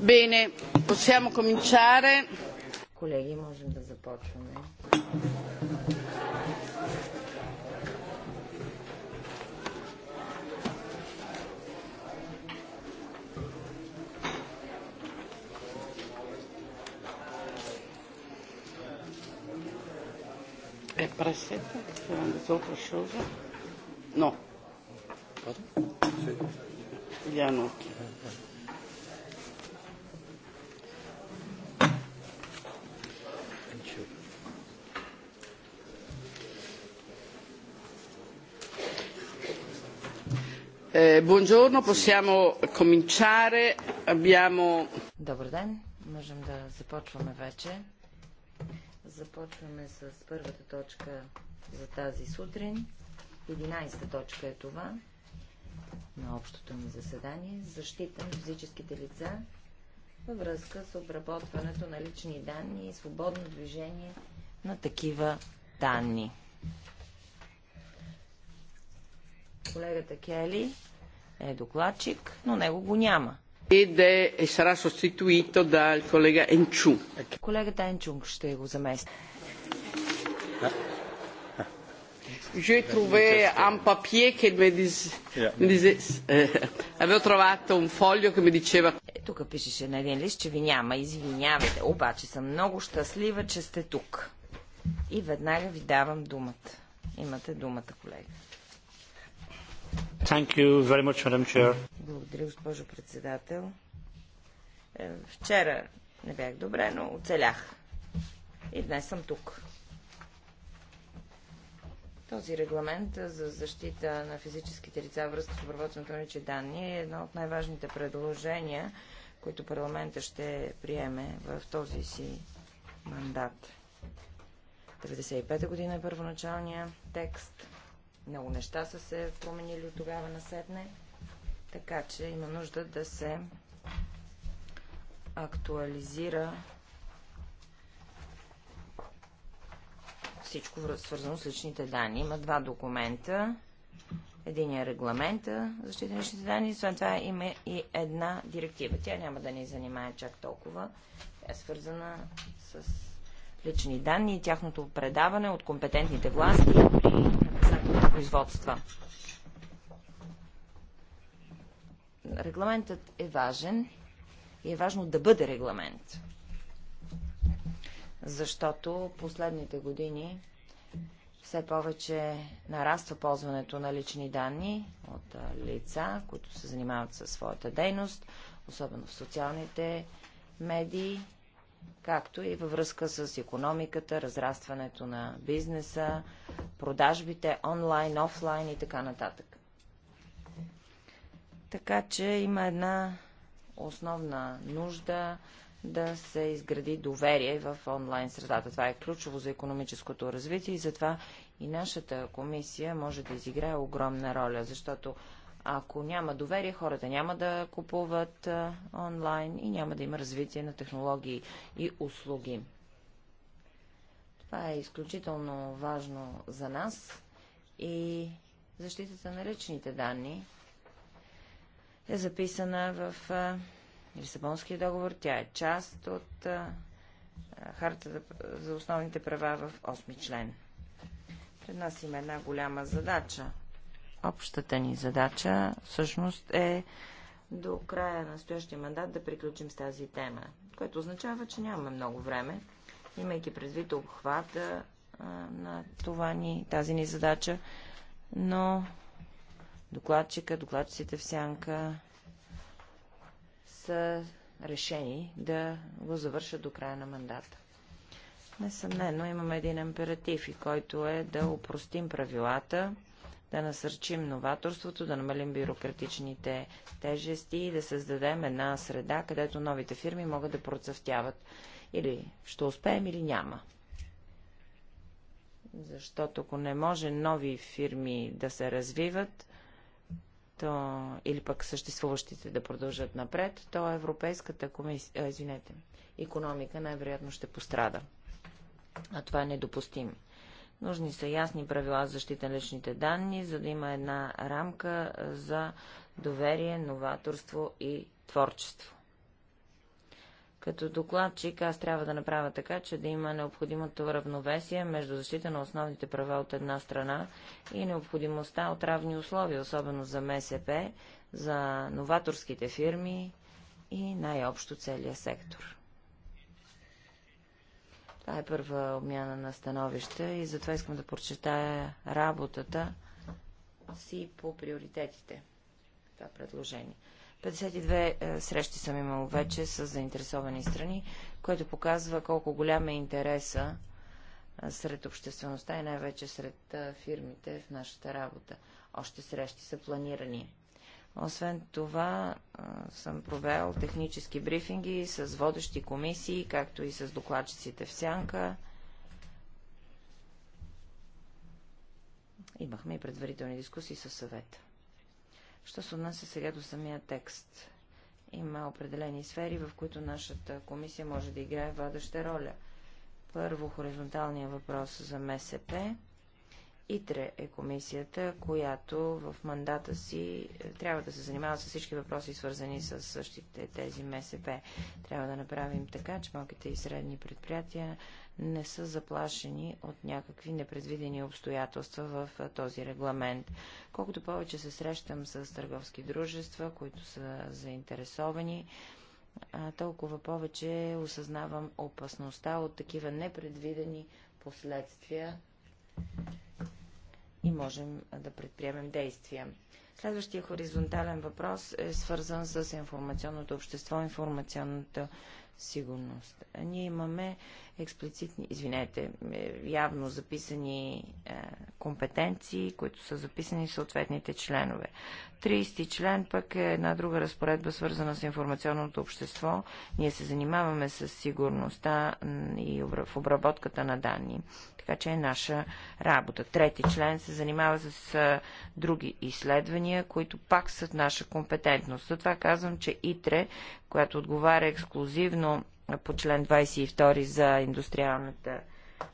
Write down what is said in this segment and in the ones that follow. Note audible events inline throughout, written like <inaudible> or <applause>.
Bene, possiamo cominciare. Колеги, можем да започваме. Е, пресета, ще вам да се опрашоза. Но. Яно. Яно. Eh, buongiorno, possiamo cominciare. Добър ден, можем да започваме вече. Започваме с първата точка за тази сутрин. 11 та точка е това на общото ни заседание. Защита на физическите лица във връзка с обработването на лични данни и свободно движение на такива данни. Колегата Кели е докладчик, но него го няма. E Колегата Енчунг ще го замести. J'ai trouvé un papier che mi euh, Avevo trovato un foglio che mi diceva. Е, тук пишеше на един лист, че ви няма. Извинявайте. Обаче съм много щастлива, че сте тук. И веднага ви давам думата. Имате думата, колега. Благодаря, госпожо председател. Е, вчера не бях добре, но оцелях. И днес съм тук. Този регламент за защита на физическите лица връзка с обработването на лични данни е едно от най-важните предложения, които парламента ще приеме в този си мандат. 95-та година е първоначалния текст. Много неща са се променили от тогава седне, така че има нужда да се актуализира всичко свързано с личните данни. Има два документа. Един е регламента за защита на личните данни, освен това има и една директива. Тя няма да ни занимае чак толкова. Тя е свързана с лични данни и тяхното предаване от компетентните власти при производства. Регламентът е важен и е важно да бъде регламент. Защото последните години все повече нараства ползването на лични данни от лица, които се занимават със своята дейност, особено в социалните медии както и във връзка с економиката, разрастването на бизнеса, продажбите онлайн, офлайн и така нататък. Така че има една основна нужда да се изгради доверие в онлайн средата. Това е ключово за економическото развитие и затова и нашата комисия може да изиграе огромна роля, защото ако няма доверие, хората няма да купуват онлайн и няма да има развитие на технологии и услуги. Това е изключително важно за нас и защитата на личните данни е записана в Лисабонския договор. Тя е част от Хартата за основните права в 8 член. Пред нас има една голяма задача Общата ни задача всъщност е до края на настоящия мандат да приключим с тази тема, което означава, че нямаме много време, имайки предвид обхвата на това ни, тази ни задача, но докладчика, докладчиците в сянка са решени да го завършат до края на мандата. Несъмнено имаме един императив, и който е да упростим правилата, да насърчим новаторството, да намалим бюрократичните тежести и да създадем една среда, където новите фирми могат да процъфтяват. Или ще успеем, или няма. Защото ако не може нови фирми да се развиват, то, или пък съществуващите да продължат напред, то Европейската комисия, извинете, економика най-вероятно ще пострада. А това е недопустимо. Нужни са ясни правила за защита на личните данни, за да има една рамка за доверие, новаторство и творчество. Като докладчик аз трябва да направя така, че да има необходимото равновесие между защита на основните права от една страна и необходимостта от равни условия, особено за МСП, за новаторските фирми и най-общо целия сектор. Това е първа обмяна на становище и затова искам да прочетая работата си по приоритетите. Това предложение. 52 е, срещи съм имал вече с заинтересовани страни, което показва колко голям е интереса е, сред обществеността и най-вече сред е, фирмите в нашата работа. Още срещи са планирани. Освен това съм провел технически брифинги с водещи комисии, както и с докладчиците в Сянка. Имахме и предварителни дискусии със съвета. Що се отнася сега до самия текст? Има определени сфери, в които нашата комисия може да играе водеща роля. Първо, хоризонталния въпрос за МСП. ИТРЕ е комисията, която в мандата си е, трябва да се занимава с всички въпроси, свързани с същите тези МСП. Трябва да направим така, че малките и средни предприятия не са заплашени от някакви непредвидени обстоятелства в е, този регламент. Колкото повече се срещам с търговски дружества, които са заинтересовани, е, толкова повече осъзнавам опасността от такива непредвидени последствия и можем да предприемем действия. Следващия хоризонтален въпрос е свързан с информационното общество, информационната сигурност. Ние имаме експлицитни, извинете, е, явно записани е, компетенции, които са записани в съответните членове. 30 член пък е една друга разпоредба, свързана с информационното общество. Ние се занимаваме с сигурността и в обработката на данни, така че е наша работа. Трети член се занимава с е, други изследвания, които пак са наша компетентност. Това казвам, че ИТРЕ, която отговаря ексклюзивно по член 22 за индустриалната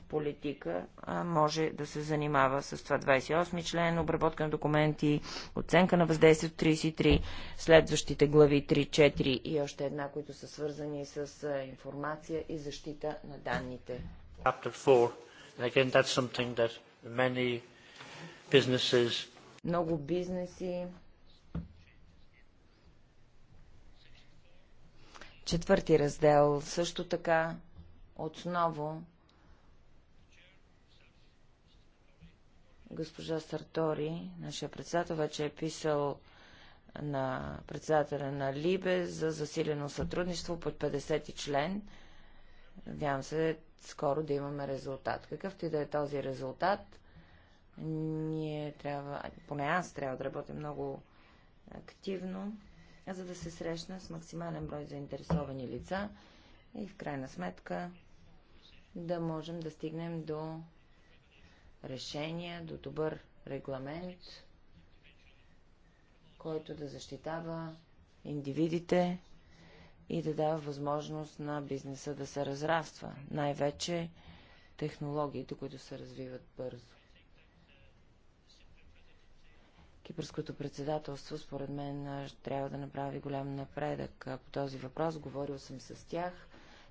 политика може да се занимава с това 28 член, обработка на документи, оценка на въздействието 33, следващите глави 3, 4 и още една, които са свързани с информация и защита на данните. Много бизнеси Четвърти раздел също така отново госпожа Сартори, нашия председател, вече е писал на председателя на Либе за засилено сътрудничество под 50 ти член. Надявам се скоро да имаме резултат. Какъвто и да е този резултат, ние трябва, поне аз трябва да работя много активно за да се срещна с максимален брой заинтересовани лица и в крайна сметка да можем да стигнем до решения, до добър регламент, който да защитава индивидите и да дава възможност на бизнеса да се разраства. Най-вече технологиите, които се развиват бързо. Кипърското председателство, според мен, трябва да направи голям напредък. По този въпрос говорил съм с тях.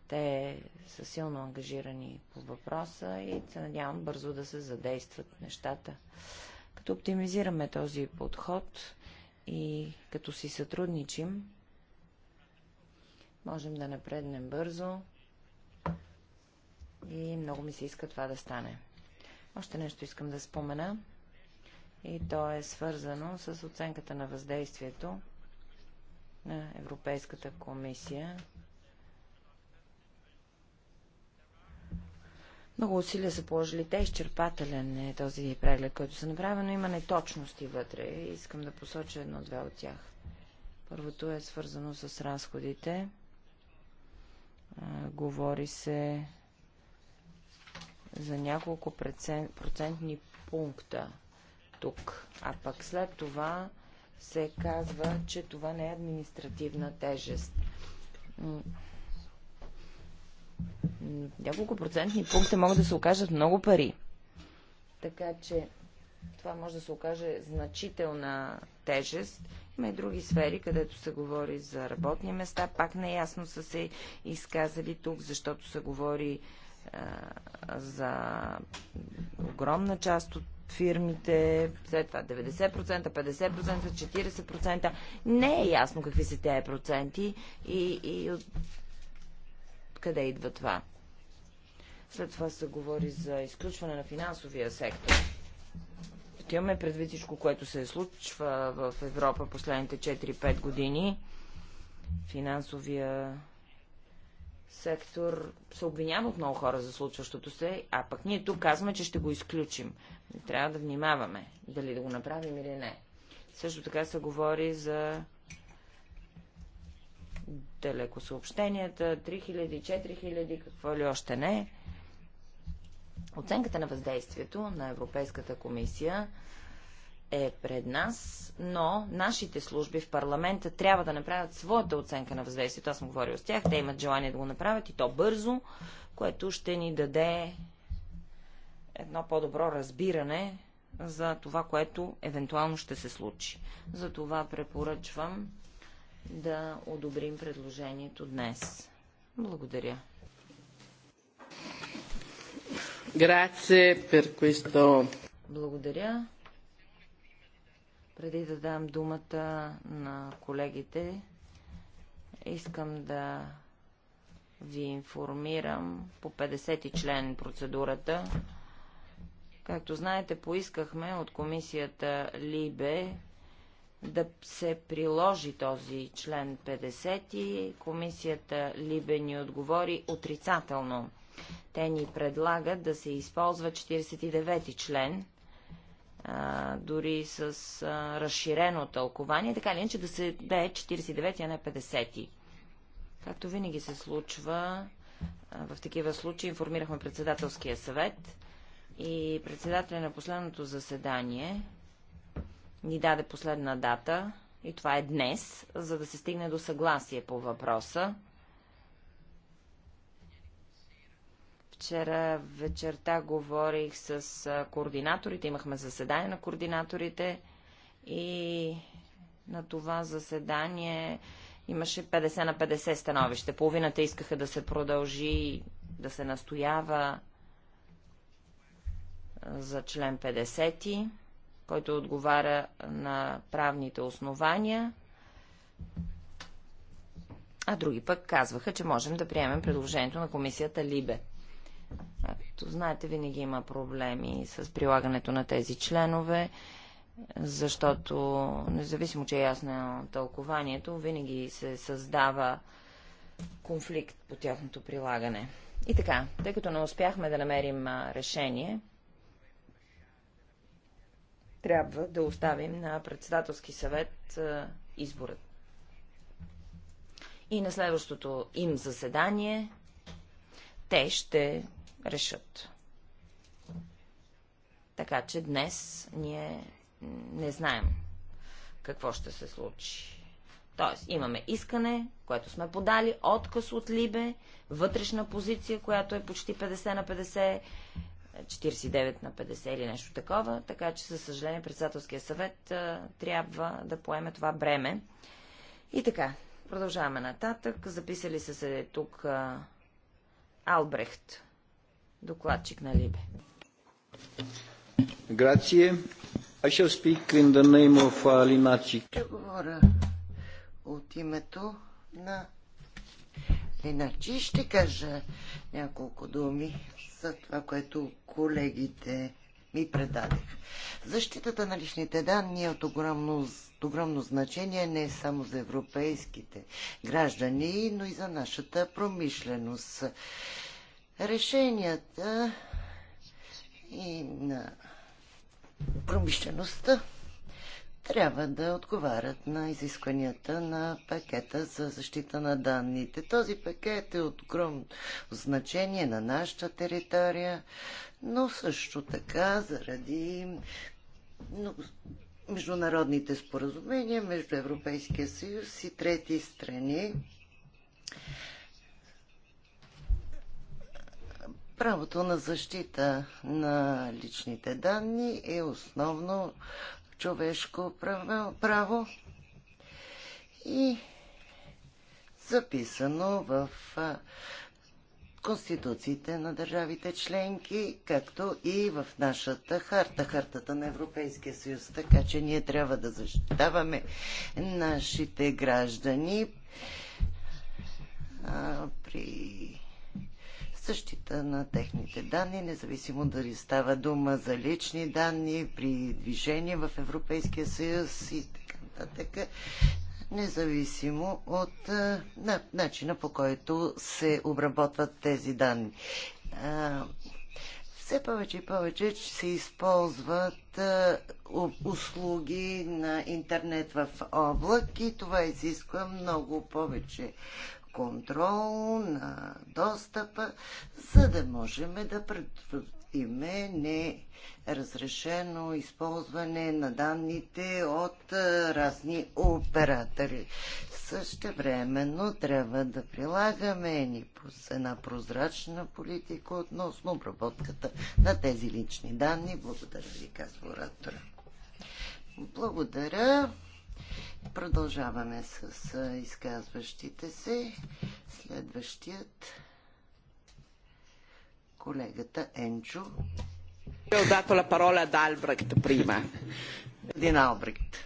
Те са силно ангажирани по въпроса и се надявам бързо да се задействат нещата. Като оптимизираме този подход и като си сътрудничим, можем да напреднем бързо и много ми се иска това да стане. Още нещо искам да спомена и то е свързано с оценката на въздействието на Европейската комисия. Много усилия са положили. Те изчерпателен е този преглед, който се направи, но има неточности вътре. Искам да посоча едно-две от тях. Първото е свързано с разходите. Говори се за няколко процентни пункта тук. А пък след това се казва, че това не е административна тежест. Няколко процентни пункта могат да се окажат много пари. Така че това може да се окаже значителна тежест. Има и други сфери, където се говори за работни места. Пак неясно са се изказали тук, защото се говори а, за огромна част от фирмите, след това 90%, 50%, 40%. Не е ясно какви са тези проценти и, и от къде идва това. След това се говори за изключване на финансовия сектор. Като имаме предвид всичко, което се случва в Европа последните 4-5 години, финансовия сектор се обвинява от много хора за случващото се, а пък ние тук казваме, че ще го изключим. Трябва да внимаваме дали да го направим или не. Също така се говори за далекосъобщенията, 3000, 4000, какво ли още не. Оценката на въздействието на Европейската комисия е пред нас, но нашите служби в парламента трябва да направят своята оценка на въздействието. Аз съм говорил с тях, те имат желание да го направят и то бързо, което ще ни даде едно по-добро разбиране за това, което евентуално ще се случи. За това препоръчвам да одобрим предложението днес. Благодаря. Grazie per questo. Благодаря преди да дам думата на колегите, искам да ви информирам по 50 ти член процедурата. Както знаете, поискахме от комисията Либе да се приложи този член 50. Комисията Либе ни отговори отрицателно. Те ни предлагат да се използва 49 ти член, а, дори с а, разширено тълкование, така ли че да, се, да е 49, а не 50. Както винаги се случва, а, в такива случаи информирахме председателския съвет и председателя на последното заседание ни даде последна дата, и това е днес, за да се стигне до съгласие по въпроса. Вчера вечерта говорих с координаторите, имахме заседание на координаторите и на това заседание имаше 50 на 50 становище. Половината искаха да се продължи, да се настоява за член 50, който отговаря на правните основания, а други пък казваха, че можем да приемем предложението на комисията Либе. Както знаете, винаги има проблеми с прилагането на тези членове, защото, независимо, че е ясно тълкованието, винаги се създава конфликт по тяхното прилагане. И така, тъй като не успяхме да намерим решение, трябва да оставим на председателски съвет изборът. И на следващото им заседание те ще решат. Така че днес ние не знаем какво ще се случи. Тоест, имаме искане, което сме подали, отказ от Либе, вътрешна позиция, която е почти 50 на 50, 49 на 50 или нещо такова, така че, със съжаление, председателския съвет трябва да поеме това бреме. И така, продължаваме нататък. Записали са се тук Албрехт докладчик на Либе. Грация. I shall speak in the name of Линачик. Uh, ще говоря от името на Линачи. Ще кажа няколко думи за това, което колегите ми предадех. Защитата на личните данни е от огромно, от огромно значение не само за европейските граждани, но и за нашата промишленост решенията и на промишлеността трябва да отговарят на изискванията на пакета за защита на данните. Този пакет е от огромно значение на нашата територия, но също така заради международните споразумения между Европейския съюз и трети страни Правото на защита на личните данни е основно човешко право и записано в конституциите на държавите членки, както и в нашата харта, хартата на Европейския съюз. Така че ние трябва да защитаваме нашите граждани а, при защита на техните данни, независимо дали става дума за лични данни, при движение в Европейския съюз и така нататък, независимо от на, начина по който се обработват тези данни. А, все повече и повече се използват а, услуги на интернет в облак и това изисква много повече контрол на достъпа, за да можем да предотвратим неразрешено използване на данните от разни оператори. Също времено трябва да прилагаме ни една прозрачна политика относно обработката на тези лични данни. Благодаря ви, казва оратора. Благодаря. Продължаваме с изказващите се. Следващият колегата Енчо. Е dato la да ad Albrecht Един Господин Албрехт.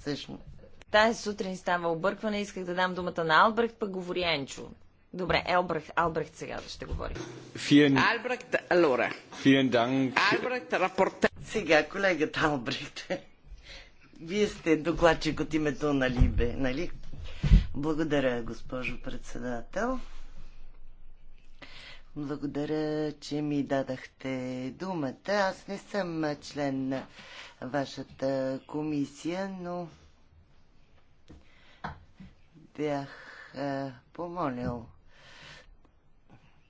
Всъщност. Тази сутрин става объркване, исках да дам думата на Албрехт, пък говори Енчо. Добре, Елбрехт, Албрехт сега ще говори. Фиен... Албрехт, Лора. Фиен данк. Албрехт, рапорта. Сега, колегата Албрехт. Вие сте докладчик от името на Либе, нали? Благодаря, госпожо председател. Благодаря, че ми дадахте думата. Аз не съм член на вашата комисия, но бях помолил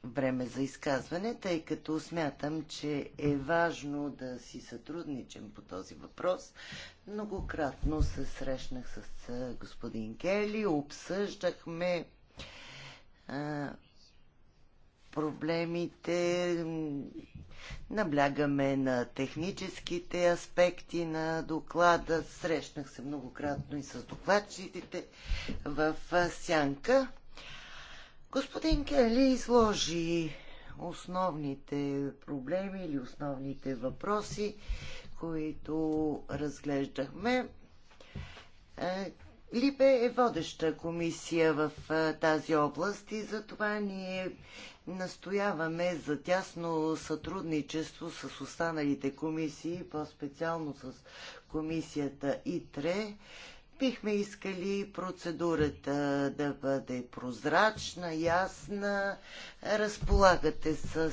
време за изказване, тъй като смятам, че е важно да си сътрудничам по този въпрос. Многократно се срещнах с господин Кели, обсъждахме а, проблемите, наблягаме на техническите аспекти на доклада. Срещнах се многократно и с докладчиците в Сянка. Господин Кели изложи основните проблеми или основните въпроси, които разглеждахме. Е, Либе е водеща комисия в е, тази област и затова ние настояваме за тясно сътрудничество с останалите комисии, по-специално с комисията ИТРЕ, Бихме искали процедурата да бъде прозрачна, ясна. Разполагате с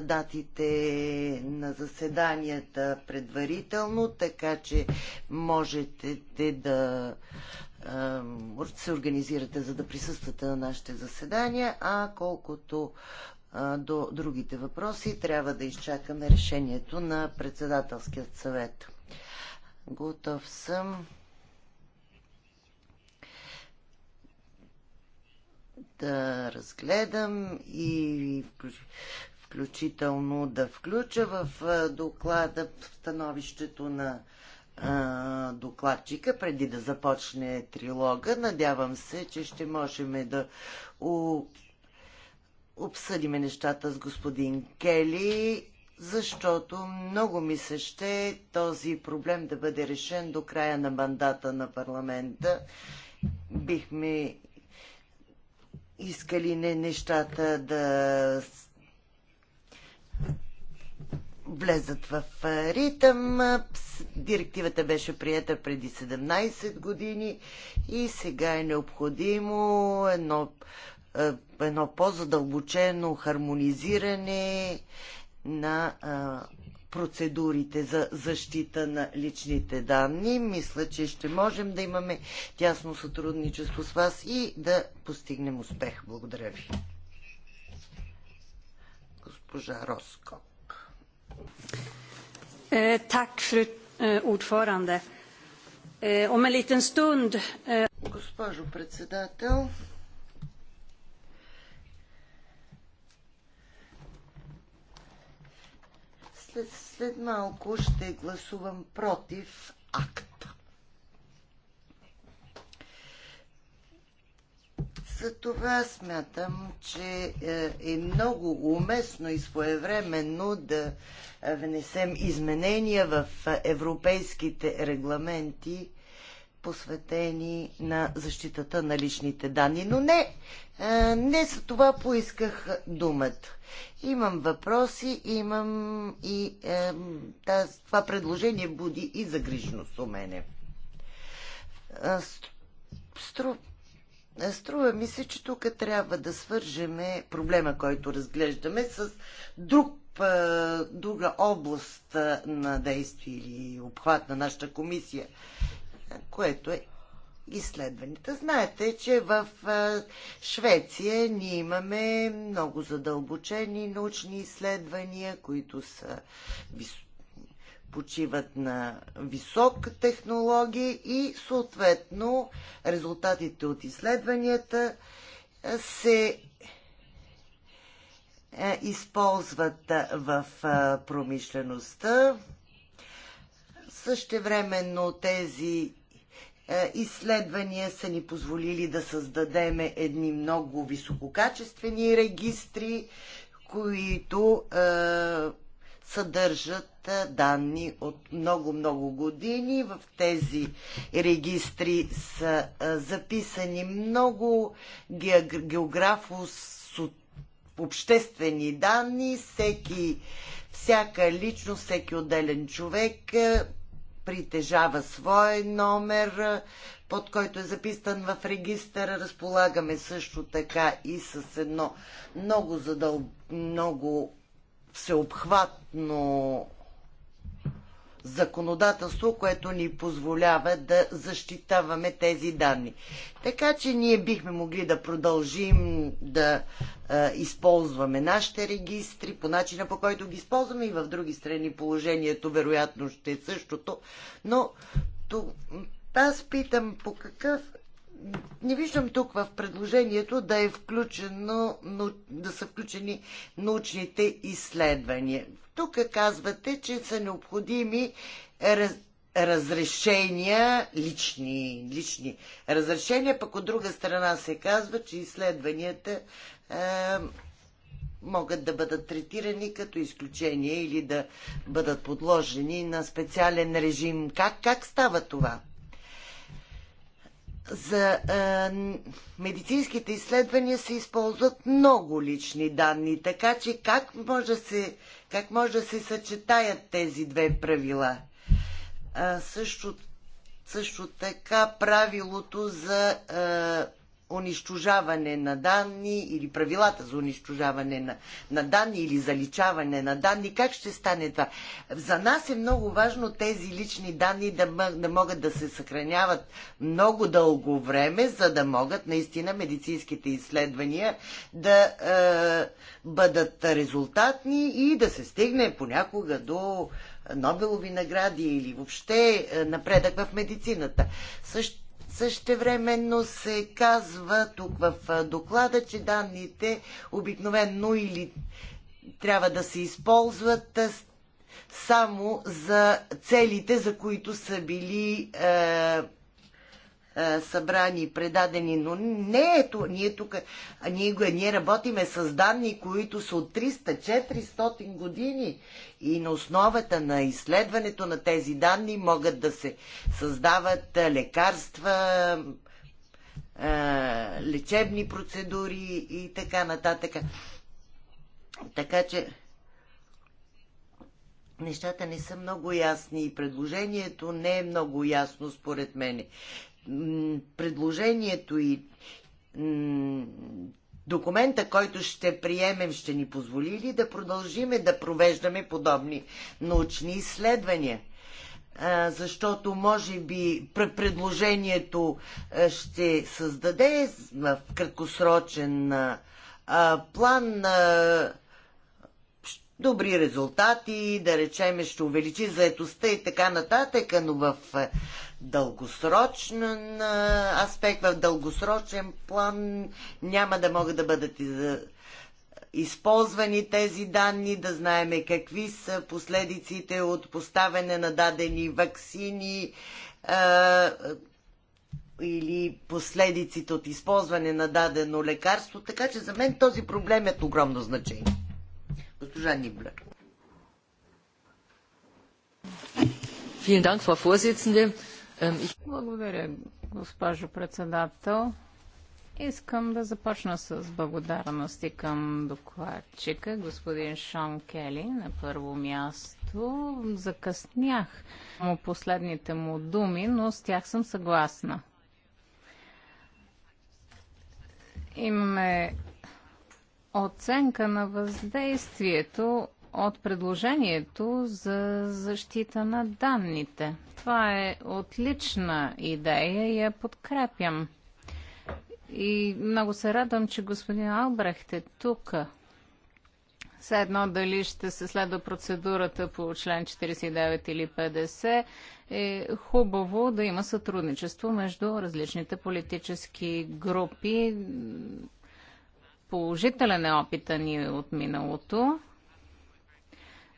датите на заседанията предварително, така че можете да се организирате, за да присъствате на нашите заседания, а колкото до другите въпроси, трябва да изчакаме решението на председателският съвет. Готов съм. да разгледам и включително да включа в доклада в становището на докладчика преди да започне трилога. Надявам се, че ще можем да обсъдиме нещата с господин Кели, защото много ми се ще този проблем да бъде решен до края на мандата на парламента. Бихме искали не нещата да влезат в ритъм. Директивата беше приета преди 17 години и сега е необходимо едно, едно по-задълбочено хармонизиране на процедурите за защита на личните данни. Мисля, че ще можем да имаме тясно сътрудничество с вас и да постигнем успех. Благодаря ви. Госпожа Роскок. Е, так, fru ordförande. Om en liten stund... Госпожо председател, след, след малко ще гласувам против акта. Затова смятам, че е, е много уместно и своевременно да е, внесем изменения в е, европейските регламенти, посветени на защитата на личните данни. Но не е, не за това поисках думата. Имам въпроси, имам и е, таз, това предложение буди и загрижност у мене. Е, стру, е, струва ми се, че тук трябва да свържеме проблема, който разглеждаме, с друг, друга област на действие или обхват на нашата комисия, което е изследванията. Знаете, че в Швеция ние имаме много задълбочени научни изследвания, които са почиват на висок технологии, и съответно резултатите от изследванията се използват в промишлеността. Същевременно тези е, изследвания са ни позволили да създадем едни много висококачествени регистри, които е, съдържат е, данни от много-много години. В тези регистри са е, записани много географос обществени данни. Всеки, всяка личност, всеки отделен човек притежава свой номер, под който е записан в регистъра. Разполагаме също така и с едно много, задъл... много всеобхватно законодателство, което ни позволява да защитаваме тези данни. Така че ние бихме могли да продължим да а, използваме нашите регистри по начина по който ги използваме и в други страни положението вероятно ще е същото. Но то, аз питам по какъв не виждам тук в предложението да, е включено, да са включени научните изследвания. Тук казвате, че са необходими раз, разрешения, лични, лични разрешения, пък от друга страна се казва, че изследванията е, могат да бъдат третирани като изключение или да бъдат подложени на специален режим. Как, как става това? за е, медицинските изследвания се използват много лични данни, така че как може да се, как може да се съчетаят тези две правила? Е, също, също така правилото за е, унищожаване на данни или правилата за унищожаване на, на данни или заличаване на данни. Как ще стане това? За нас е много важно тези лични данни да, да могат да се съхраняват много дълго време, за да могат наистина медицинските изследвания да е, бъдат резултатни и да се стигне понякога до Нобелови награди или въобще е, напредък в медицината. Също Същевременно се казва тук в доклада, че данните обикновенно или трябва да се използват само за целите, за които са били е, е, събрани, предадени, но не ето, Ние тук, ние, ние работиме с данни, които са от 300-400 години и на основата на изследването на тези данни могат да се създават е, лекарства, е, лечебни процедури и така нататък. Така че нещата не са много ясни и предложението не е много ясно според мене предложението и документа, който ще приемем, ще ни позволи ли да продължиме да провеждаме подобни научни изследвания? защото може би предложението ще създаде в краткосрочен план добри резултати, да речем ще увеличи заетостта и така нататък, но в е, дългосрочен е, аспект, в дългосрочен план няма да могат да бъдат е, използвани тези данни, да знаеме какви са последиците от поставяне на дадени вакцини или последиците от използване на дадено лекарство. Така че за мен този проблем е от огромно значение. Госпожа Нибля. Ähm, Благодаря, госпожо председател. Искам да започна с благодарности към докладчика, господин Шон Кели, на първо място. Закъснях му последните му думи, но с тях съм съгласна. Имаме оценка на въздействието от предложението за защита на данните. Това е отлична идея и я подкрепям. И много се радвам, че господин Албрехт е тук. Все едно дали ще се следва процедурата по член 49 или 50, е хубаво да има сътрудничество между различните политически групи Положителен е опита ни от миналото.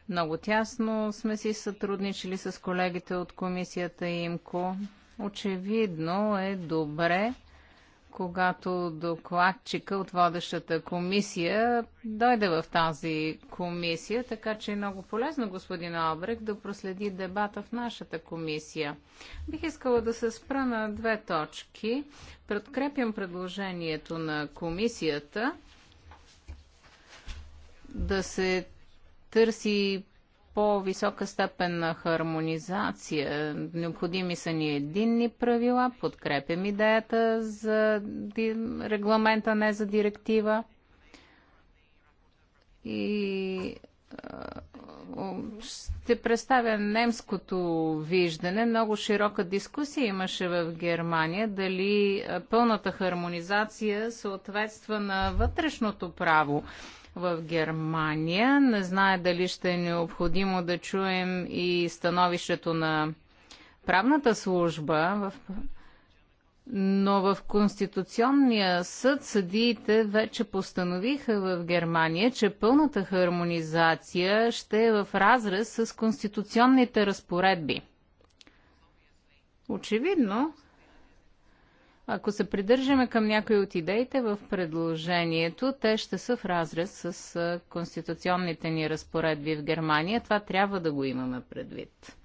Много тясно сме си сътрудничили с колегите от комисията ИМКО. Очевидно е добре когато докладчика от водещата комисия дойде в тази комисия, така че е много полезно, господин Обрек, да проследи дебата в нашата комисия. Бих искала да се спра на две точки. Предкрепям предложението на комисията да се търси по-висока степен на хармонизация. Необходими са ни единни правила. Подкрепям идеята за регламента, не за директива. И ще представя немското виждане. Много широка дискусия имаше в Германия дали пълната хармонизация съответства на вътрешното право в Германия. Не знае дали ще е необходимо да чуем и становището на правната служба в но в Конституционния съд съдиите вече постановиха в Германия, че пълната хармонизация ще е в разрез с конституционните разпоредби. Очевидно, ако се придържаме към някои от идеите в предложението, те ще са в разрез с конституционните ни разпоредби в Германия. Това трябва да го имаме предвид.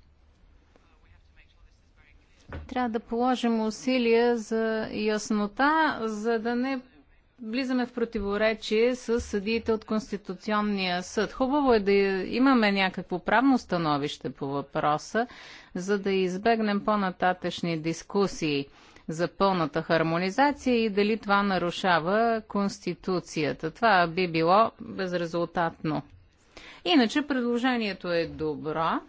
Трябва да положим усилия за яснота, за да не влизаме в противоречие с съдиите от Конституционния съд. Хубаво е да имаме някакво правно становище по въпроса, за да избегнем по-нататъчни дискусии за пълната хармонизация и дали това нарушава Конституцията. Това би било безрезултатно. Иначе предложението е добро.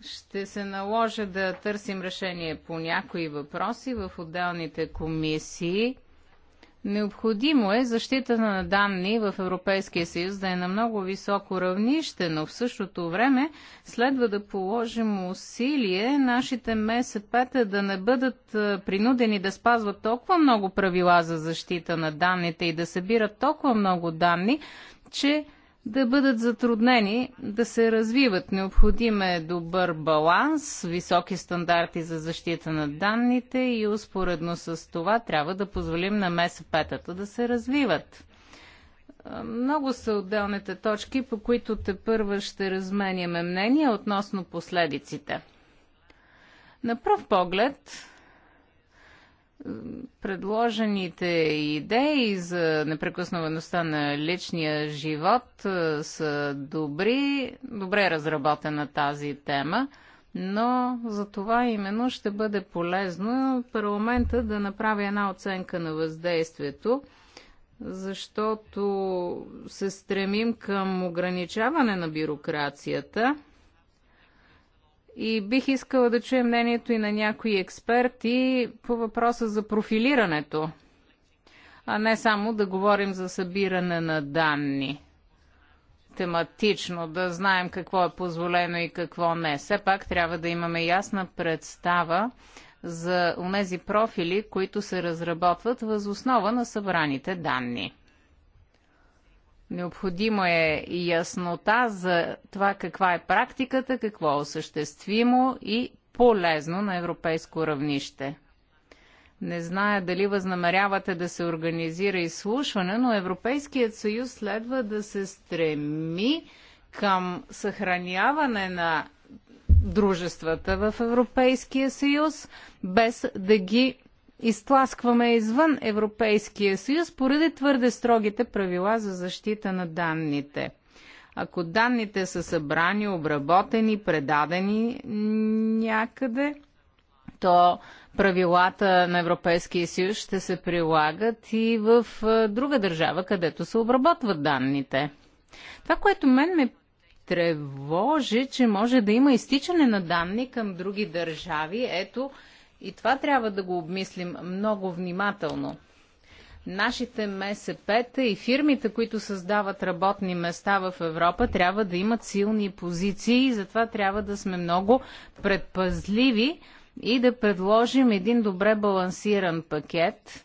Ще се наложи да търсим решение по някои въпроси в отделните комисии Необходимо е защитата на данни в Европейския съюз да е на много високо равнище, но в същото време следва да положим усилие нашите МСП-та да не бъдат принудени да спазват толкова много правила за защита на данните и да събират толкова много данни, че да бъдат затруднени да се развиват. Необходим е добър баланс, високи стандарти за защита на данните и успоредно с това трябва да позволим на МСП-тата да се развиват. Много са отделните точки, по които те първа ще разменяме мнение относно последиците. На пръв поглед, предложените идеи за непрекъснаваността на личния живот е, са добри, добре е разработена тази тема, но за това именно ще бъде полезно парламента да направи една оценка на въздействието, защото се стремим към ограничаване на бюрокрацията – и бих искала да чуя мнението и на някои експерти по въпроса за профилирането, а не само да говорим за събиране на данни тематично, да знаем какво е позволено и какво не. Все пак трябва да имаме ясна представа за тези профили, които се разработват възоснова на събраните данни. Необходима е и яснота за това каква е практиката, какво е осъществимо и полезно на европейско равнище. Не зная дали възнамерявате да се организира изслушване, но Европейският съюз следва да се стреми към съхраняване на дружествата в Европейския съюз, без да ги изтласкваме извън Европейския съюз поради твърде строгите правила за защита на данните. Ако данните са събрани, обработени, предадени някъде, то правилата на Европейския съюз ще се прилагат и в друга държава, където се обработват данните. Това, което мен ме тревожи, че може да има изтичане на данни към други държави. Ето, и това трябва да го обмислим много внимателно. Нашите МСП-та и фирмите, които създават работни места в Европа, трябва да имат силни позиции и затова трябва да сме много предпазливи и да предложим един добре балансиран пакет.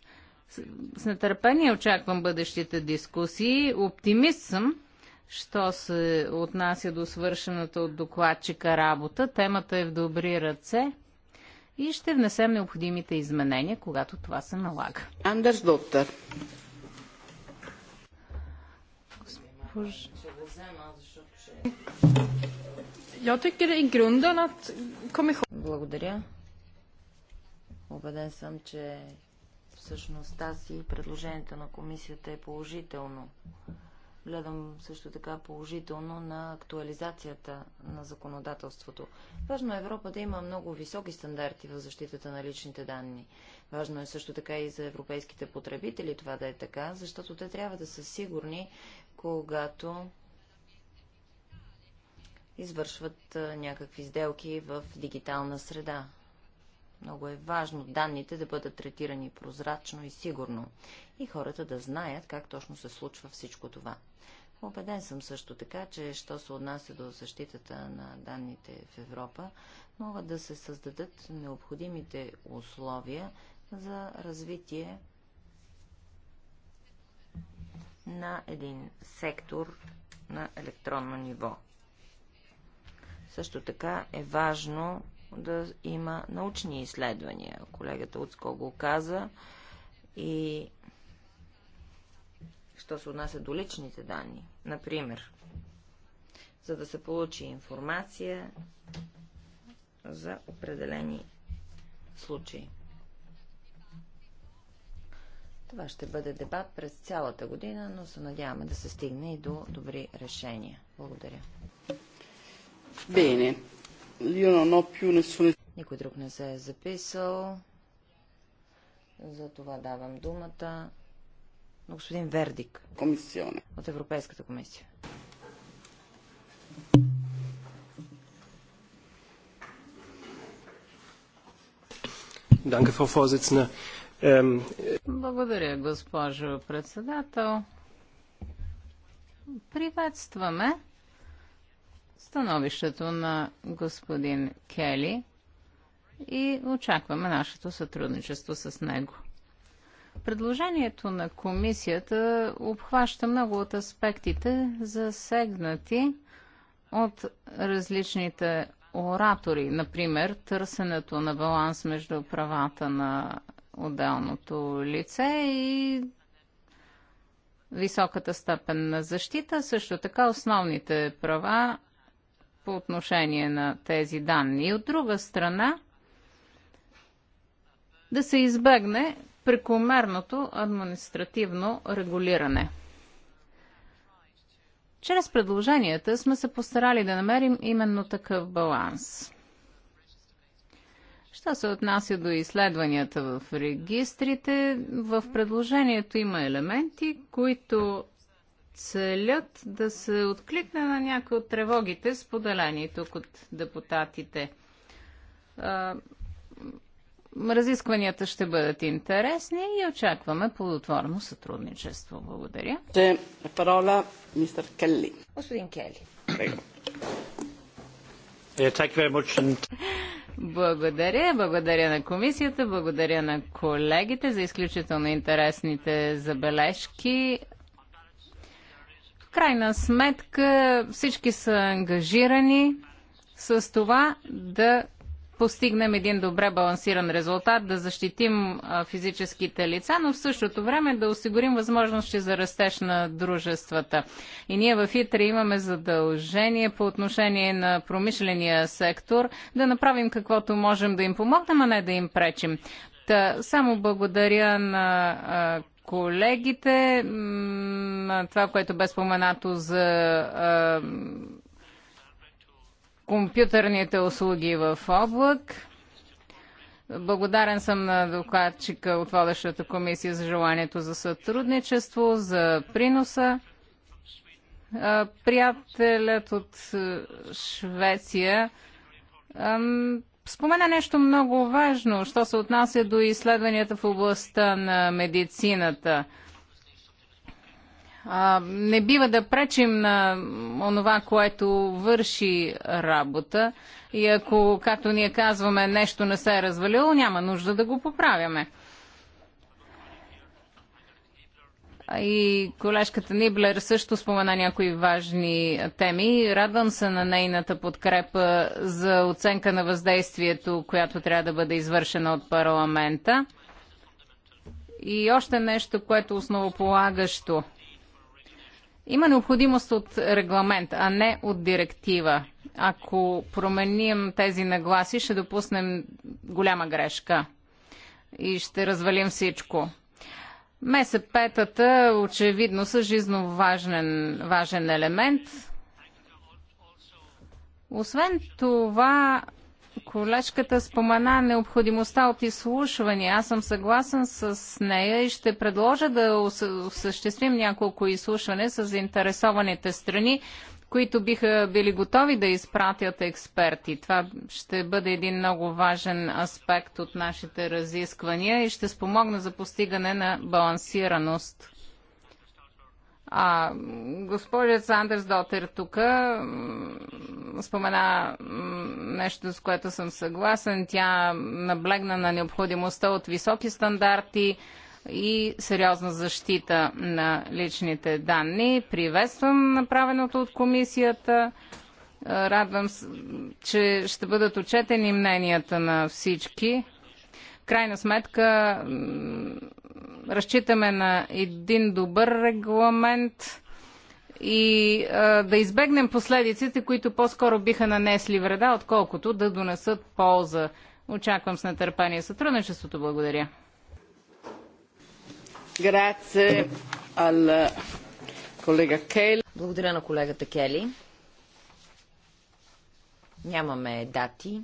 С нетърпение очаквам бъдещите дискусии. Оптимист съм, що се отнася до свършената от докладчика работа. Темата е в добри ръце и ще внесем необходимите изменения, когато това се налага. Андерс Доктор. Благодаря. Обеден съм, че всъщността си предложението на комисията е положително. Гледам също така положително на актуализацията на законодателството. Важно е Европа да има много високи стандарти в защитата на личните данни. Важно е също така и за европейските потребители това да е така, защото те трябва да са сигурни, когато извършват някакви сделки в дигитална среда. Много е важно данните да бъдат третирани прозрачно и сигурно и хората да знаят как точно се случва всичко това. Обеден съм също така, че що се отнася до защитата на данните в Европа, могат да се създадат необходимите условия за развитие на един сектор на електронно ниво. Също така е важно да има научни изследвания. Колегата Уцко го каза и що се отнася до личните данни. Например, за да се получи информация за определени случаи. Това ще бъде дебат през цялата година, но се надяваме да се стигне и до добри решения. Благодаря. Бене. Никой друг не се е записал. За това давам думата на господин Вердик. Комисионе. От Европейската комисия. Ähm, Благодаря, госпожо председател. Приветстваме становището на господин Кели и очакваме нашето сътрудничество с него. Предложението на комисията обхваща много от аспектите, засегнати от различните оратори, например търсенето на баланс между правата на отделното лице и високата степен на защита, също така основните права по отношение на тези данни. И от друга страна, да се избегне прекомерното административно регулиране. Чрез предложенията сме се постарали да намерим именно такъв баланс. Що се отнася до изследванията в регистрите, в предложението има елементи, които целят да се откликне на някои от тревогите, споделени тук от депутатите. Разискванията ще бъдат интересни и очакваме плодотворно сътрудничество. Благодаря. Е парола, мистер Келли. Господин Кели. Благодаря. Благодаря на комисията, благодаря на колегите за изключително интересните забележки. В крайна сметка всички са ангажирани с това да постигнем един добре балансиран резултат, да защитим физическите лица, но в същото време да осигурим възможности за растеж на дружествата. И ние в ИТРИ имаме задължение по отношение на промишления сектор да направим каквото можем да им помогнем, а не да им пречим. Та, само благодаря на колегите, на това, което бе споменато за а, компютърните услуги в облак. Благодарен съм на докладчика от водещата комисия за желанието за сътрудничество, за приноса. Приятелят от Швеция спомена нещо много важно, що се отнася до изследванията в областта на медицината – а, не бива да пречим на онова, което върши работа и ако, както ние казваме, нещо не се е развалило, няма нужда да го поправяме. И колежката Ниблер също спомена някои важни теми. Радвам се на нейната подкрепа за оценка на въздействието, която трябва да бъде извършена от парламента. И още нещо, което основополагащо – има необходимост от регламент, а не от директива. Ако променим тези нагласи, ще допуснем голяма грешка и ще развалим всичко. МСП-тата очевидно са жизно важен, важен елемент. Освен това, Колежката спомена необходимостта от изслушване. Аз съм съгласен с нея и ще предложа да осъществим няколко изслушване с заинтересованите страни, които биха били готови да изпратят експерти. Това ще бъде един много важен аспект от нашите разисквания и ще спомогне за постигане на балансираност. А, госпожа Сандърс Дотер тук спомена нещо, с което съм съгласен. Тя наблегна на необходимостта от високи стандарти и сериозна защита на личните данни. Приветствам направеното от комисията. Радвам се, че ще бъдат отчетени мненията на всички крайна сметка разчитаме на един добър регламент и а, да избегнем последиците, които по-скоро биха нанесли вреда, отколкото да донесат полза. Очаквам с нетърпение сътрудничеството. Благодаря. Благодаря на колегата Кели. Нямаме дати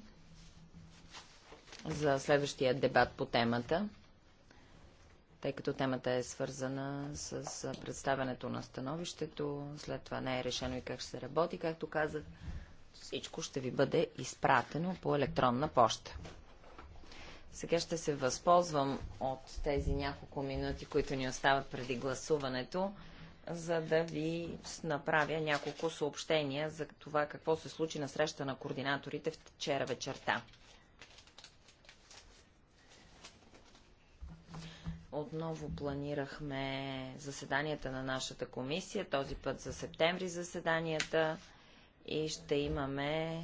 за следващия дебат по темата, тъй като темата е свързана с представянето на становището, след това не е решено и как ще се работи, както казах, всичко ще ви бъде изпратено по електронна поща. Сега ще се възползвам от тези няколко минути, които ни остават преди гласуването, за да ви направя няколко съобщения за това какво се случи на среща на координаторите вчера вечерта. отново планирахме заседанията на нашата комисия, този път за септември заседанията и ще имаме,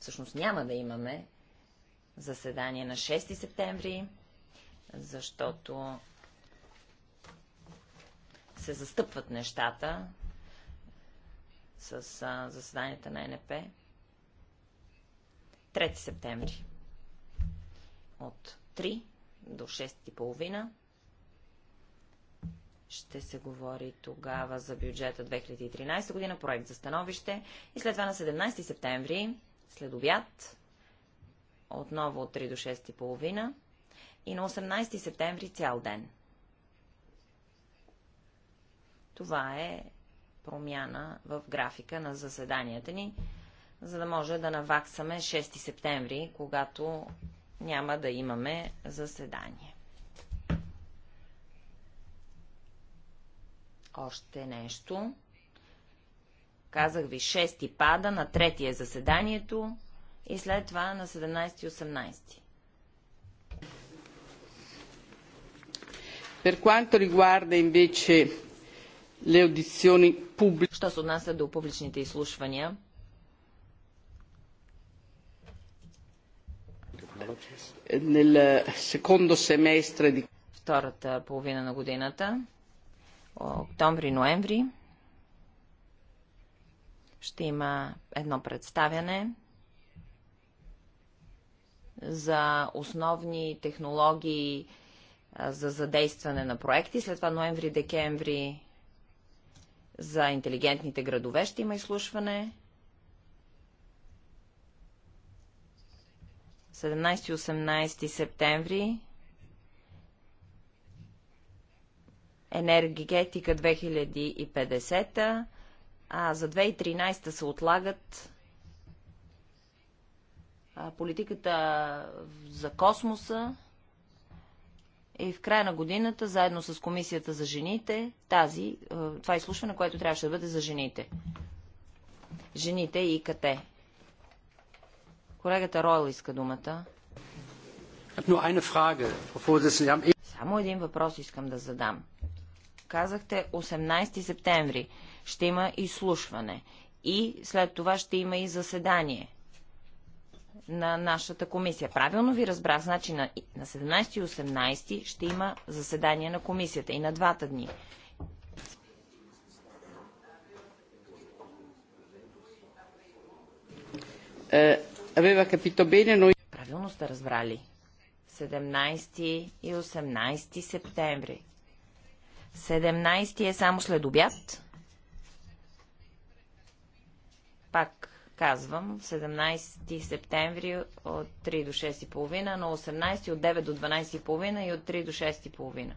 всъщност няма да имаме заседание на 6 септември, защото се застъпват нещата с заседанията на НП. 3 септември от 3 до 6.30. Ще се говори тогава за бюджета 2013 година, проект за становище. И след това на 17 септември, след обяд, отново от 3 до 6.30. И на 18 септември цял ден. Това е промяна в графика на заседанията ни, за да може да наваксаме 6 септември, когато няма да имаме заседание. Още нещо. Казах ви, 6 пада на третия заседанието и след това на 17 и 18. Per quanto riguarda invece le audizioni pubbliche. Що се отнася до публичните изслушвания, nel secondo semestre di... Втората половина на годината, октомври-ноември, ще има едно представяне за основни технологии за задействане на проекти. След това ноември-декември за интелигентните градове ще има изслушване 17 и 18 септември енергетика 2050, а за 2013 се отлагат политиката за космоса и в края на годината, заедно с Комисията за жените, тази, това изслушване, което трябваше да бъде за жените. Жените и КТ. Колегата Ройл иска думата. Само един въпрос искам да задам. Казахте 18 септември ще има изслушване и след това ще има и заседание на нашата комисия. Правилно ви разбрах, значи на, на 17 и 18 ще има заседание на комисията и на двата дни. Е, aveva capito bene, noi... Правилно сте разбрали. 17 и 18 септември. 17 е само след обяд. Пак казвам, 17 септември от 3 до 6 и половина на 18 от 9 до 12 и половина и от 3 до 6 и половина.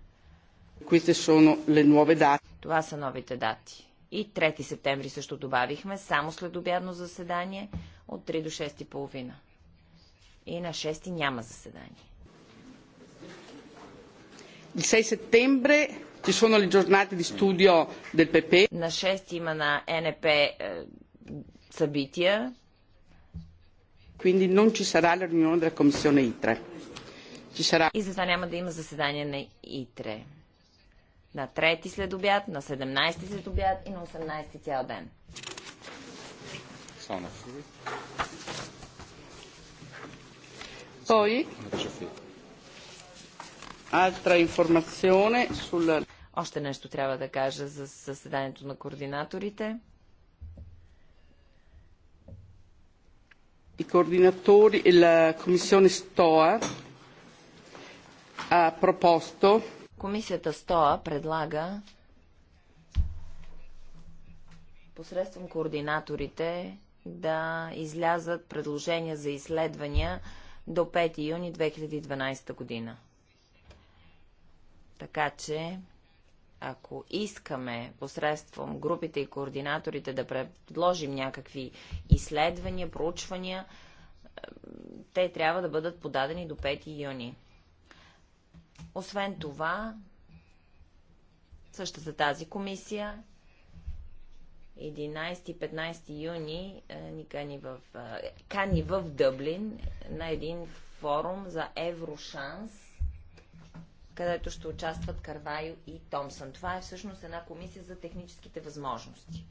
Това са новите дати. И 3 септември също добавихме, само след обядно заседание, от 3 до 6 И, половина. и на 6 няма заседание. 6 settembre ci sono le giornate di studio del PP. На 6 има на НП е, събития. Quindi non ci sarà la riunione della Commissione ITRE. Ci sarà... И затова няма да има заседание на ИТРЕ. На 3 след обяд, на 17 след обяд и на 18 цял ден. Poi altra informazione Още нещо трябва да кажа за съседанието на координаторите. I e la commissione STOA ha proposto Комисията СТОА предлага посредством координаторите да излязат предложения за изследвания до 5 юни 2012 година. Така че, ако искаме посредством групите и координаторите да предложим някакви изследвания, проучвания, е, те трябва да бъдат подадени до 5 юни. Освен това, същата тази комисия 11-15 юни е, ни кани в, е, кани в Дъблин на един форум за Еврошанс, където ще участват Карвайо и Томсън. Това е всъщност една комисия за техническите възможности.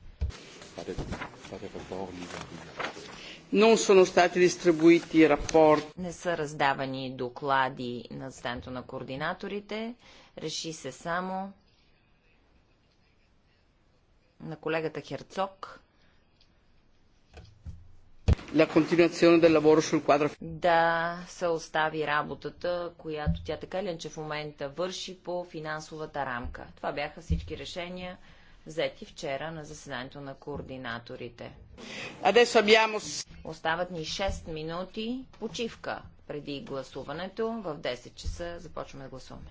Non sono stati distribuiti rapporti. Не са раздавани доклади на стенто на координаторите. Реши се само на колегата Херцог. Да се остави работата, която тя така ленче че в момента върши по финансовата рамка. Това бяха всички решения, взети вчера на заседанието на координаторите. Остават ни 6 минути почивка преди гласуването. В 10 часа започваме да гласуваме.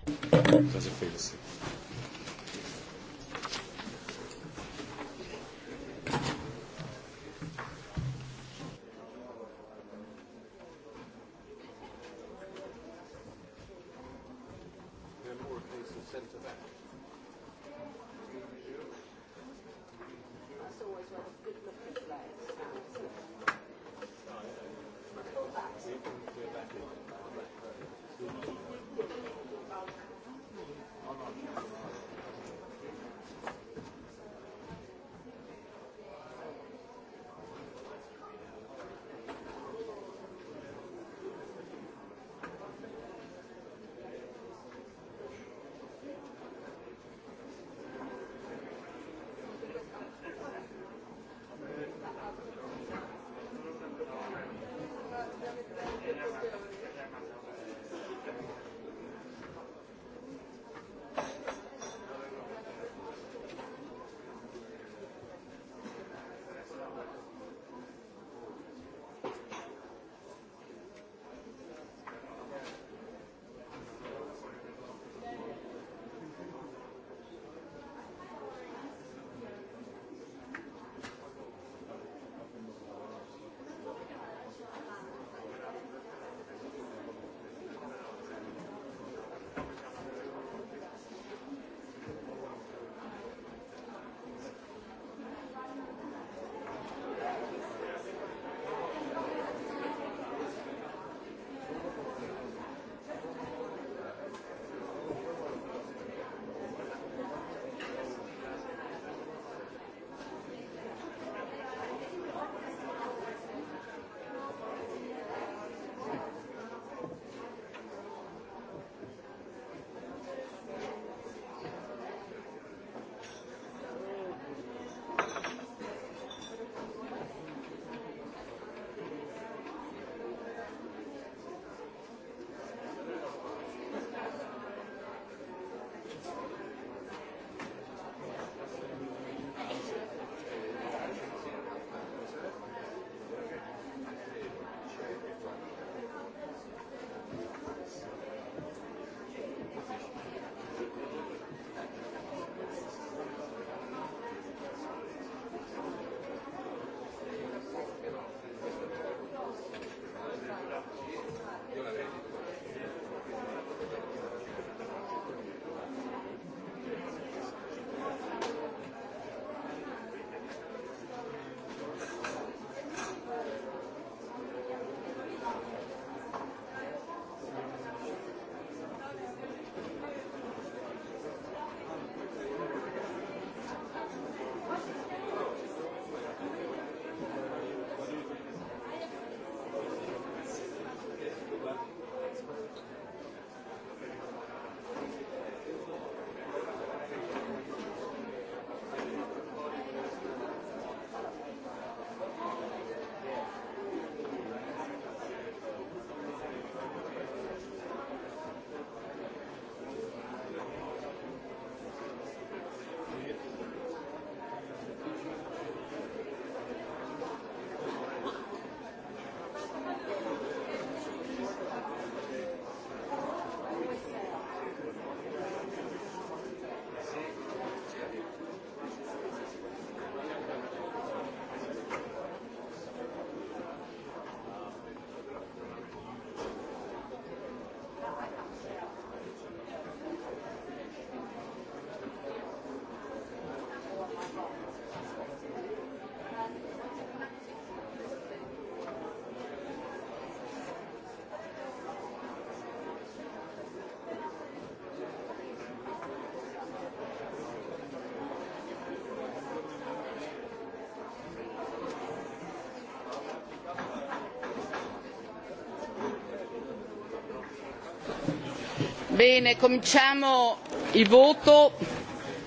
Bene, cominciamo il voto,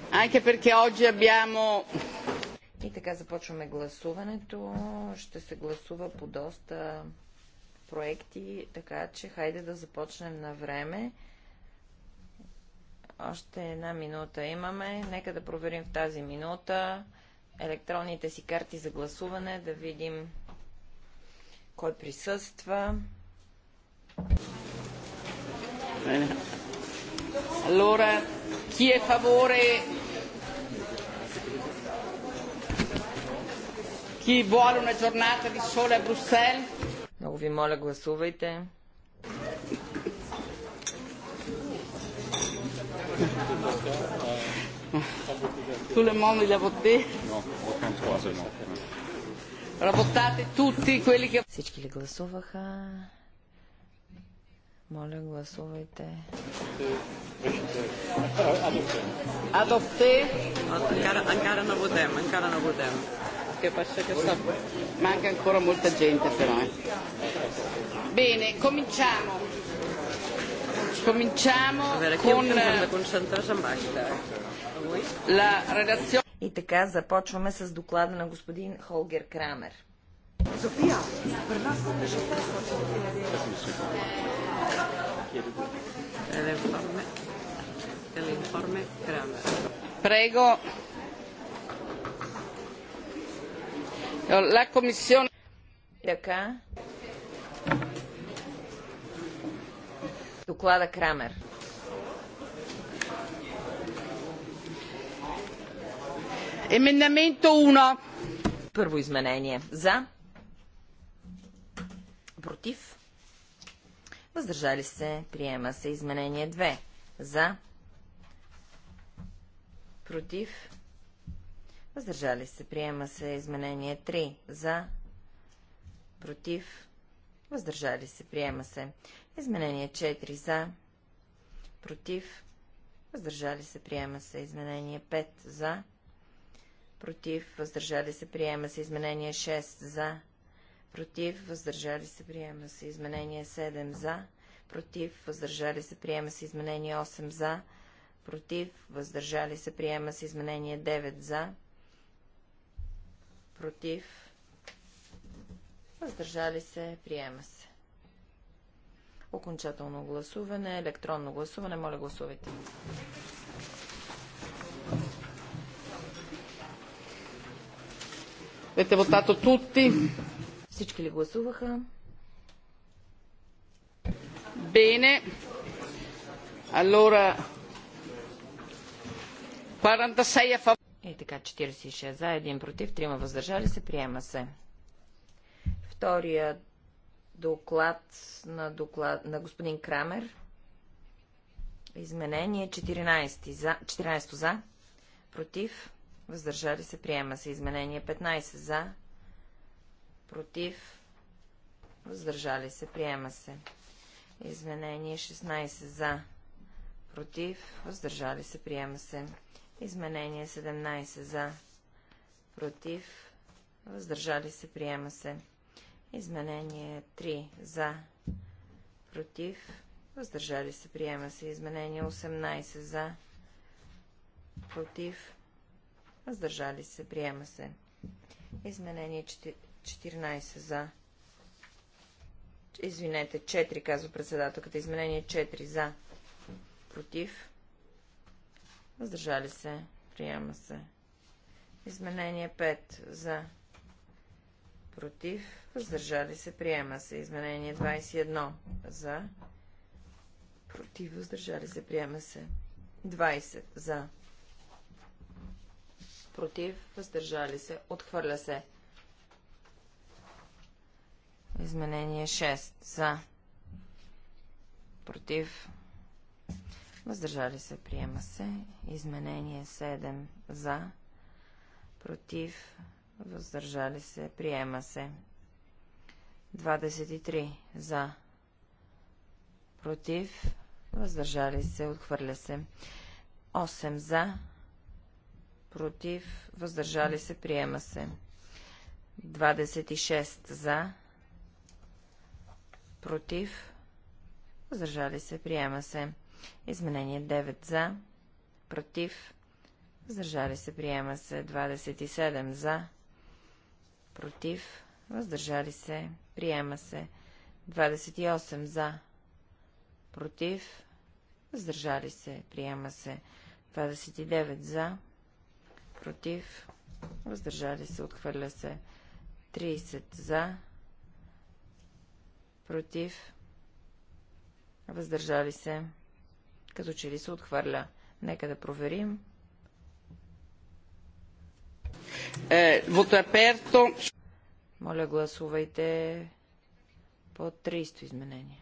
anche perché oggi abbiamo... И така започваме гласуването. Ще се гласува по доста проекти, така че хайде да започнем на време. Още една минута имаме. Нека да проверим в тази минута електронните си карти за гласуване, да видим кой присъства. Yeah. Е, Allora, chi è a favore? Chi vuole una giornata di sole a Bruxelles? Много ви моля, гласувайте. Tout le monde l'a voté? No, 83 se no. Работате tutti quelli che... Всички ли гласуваха? Моля, гласувайте. Адопте. Анкара на анкара на Che passa che sta... Manca ancora molta gente però. Eh. Bene, cominciamo. Cominciamo con eh? la redazione. И така започваме с доклада на господин Холгер Крамер. София, Prego. La Commissione. Доклада Крамер. Емендаменто 1. Първо изменение. За. Против въздържали се, приема се. Изменение 2 за, против, въздържали се, приема се. Изменение 3 за, против, въздържали се, приема се. Изменение 4 за, против, въздържали се, приема се. Изменение 5 за, против, въздържали се, приема се. Изменение 6 за, против, въздържали се, приема се. Изменение 7 за, против, въздържали се, приема се. Изменение 8 за, против, въздържали се, приема се. Изменение 9 за, против, въздържали се, приема се. Окончателно гласуване, електронно гласуване, моля гласувайте. Avete votato tutti? Всички ли гласуваха? Бене. Алора. 46 a И така 46 за, 1 против, 3 въздържали се, приема се. Втория доклад на, доклад на господин Крамер. Изменение 14 за, 14 за, против, въздържали се, приема се. Изменение 15 за, против, въздържали се, приема се. Изменение 16 за, против, въздържали се, приема се. Изменение 17 за, против, въздържали се, приема се. Изменение 3 за, против, въздържали се, приема се. Изменение 18 за, против, въздържали се, приема се. Изменение 14 за. Извинете, 4, казва председателката. Изменение 4 за. Против. Въздържали се. Приема се. Изменение 5 за. Против. Въздържали се. Приема се. Изменение 21 за. Против. Въздържали се. Приема се. 20 за. Против. Въздържали се. Отхвърля се. Изменение 6. За. Против. Въздържали се. Приема се. Изменение 7. За. Против. Въздържали се. Приема се. 23. За. Против. Въздържали се. Отхвърля се. 8. За. Против. Въздържали се. Приема се. 26. За против, въздържали се, приема се. Изменение 9 за, против, въздържали се, приема се. 27 за, против, въздържали се, приема се. 28 за, против, въздържали се, приема се. 29 за, против, въздържали се, отхвърля се. 30 за, против, въздържали се, като че ли се отхвърля. Нека да проверим. Е, е Моля, гласувайте по 300 изменения.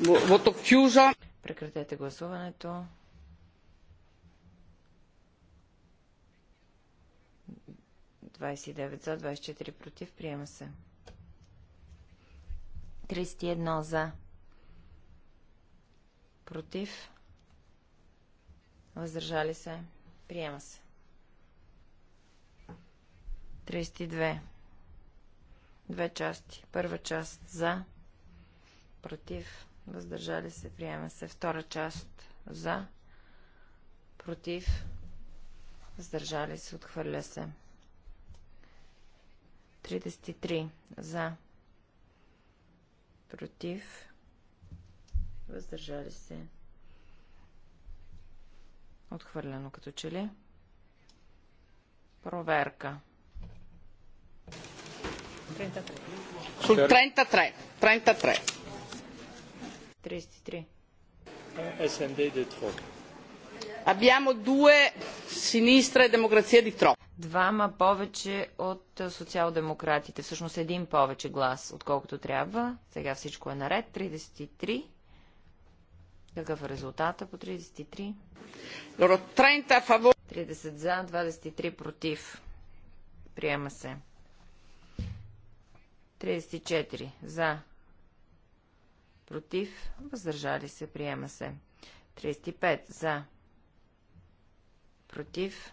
изменение. Вотокюжа. Прекратете гласуването. 29 за, 24 против. Приема се. 31 за. Против. Въздържали се. Приема се. 32. Две части. Първа част за. Против. Въздържали се. Приема се. Втора част за. Против. Въздържали се. Отхвърля се. 33. За против, въздържали се. Отхвърлено като че ли. Проверка. Сул 33. 33. 33. SND di troppo. Abbiamo due sinistra e democrazia di troppo двама повече от социал-демократите, всъщност един повече глас, отколкото трябва. Сега всичко е наред. 33. Какъв е резултата по 33? 30 за, 23 против. Приема се. 34 за, против, въздържали се, приема се. 35 за, против,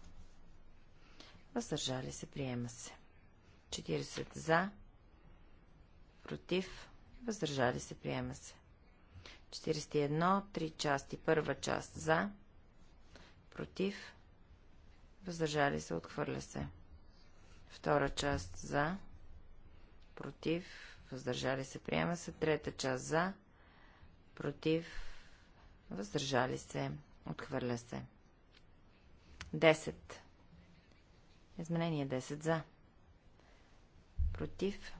Въздържали се. Приема се. 40 за. Против. Въздържали се. Приема се. 41. 3 части. Първа част за. Против. Въздържали се. Отхвърля се. Втора част за. Против. Въздържали се. Приема се. Трета част за. Против. Въздържали се. Отхвърля се. 10. Изменение 10 за. Против.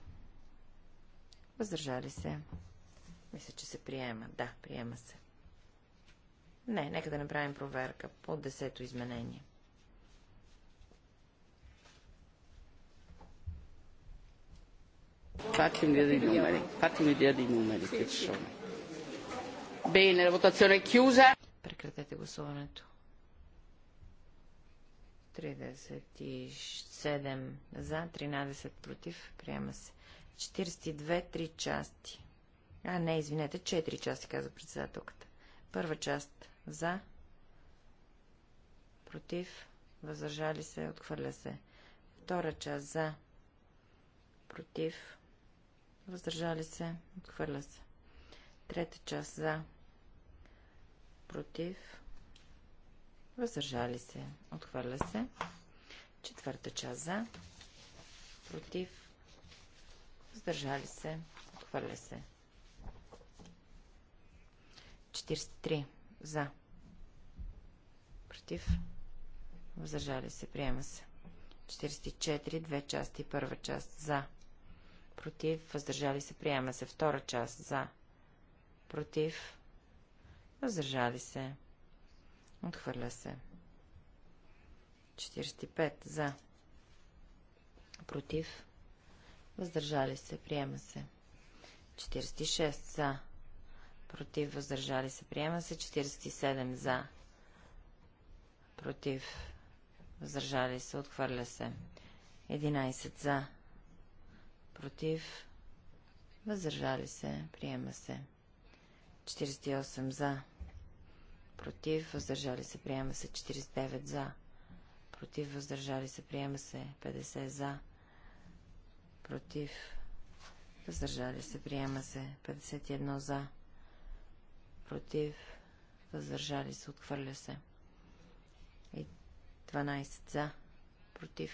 Въздържали се. Мисля, че се приема. Да, приема се. Не, нека да направим проверка по 10 изменение. Bene, la votazione è chiusa. Прекратете гласуването. 37 за, 13 против. Приема се. 42, 3 части. А, не, извинете, 4 части, каза председателката. Първа част за, против, въздържали се, отхвърля се. Втора част за, против, въздържали се, отхвърля се. Трета част за, против, Въздържали се. Отхвърля се. Четвърта част за. Против. Въздържали се. Отхвърля се. 43 за. Против. Въздържали се. Приема се. 44. Две части. Първа част за. Против. Въздържали се. Приема се. Втора част за. Против. Въздържали се. Отхвърля се. 45 за. Против. Въздържали се. Приема се. 46 за. Против. Въздържали се. Приема се. 47 за. Против. Въздържали се. Отхвърля се. 11 за. Против. Въздържали се. Приема се. 48 за против, въздържали се, приема се 49 за, против, въздържали се, приема се 50 за, против, въздържали се, приема се 51 за, против, въздържали се, отхвърля се и 12 за, против,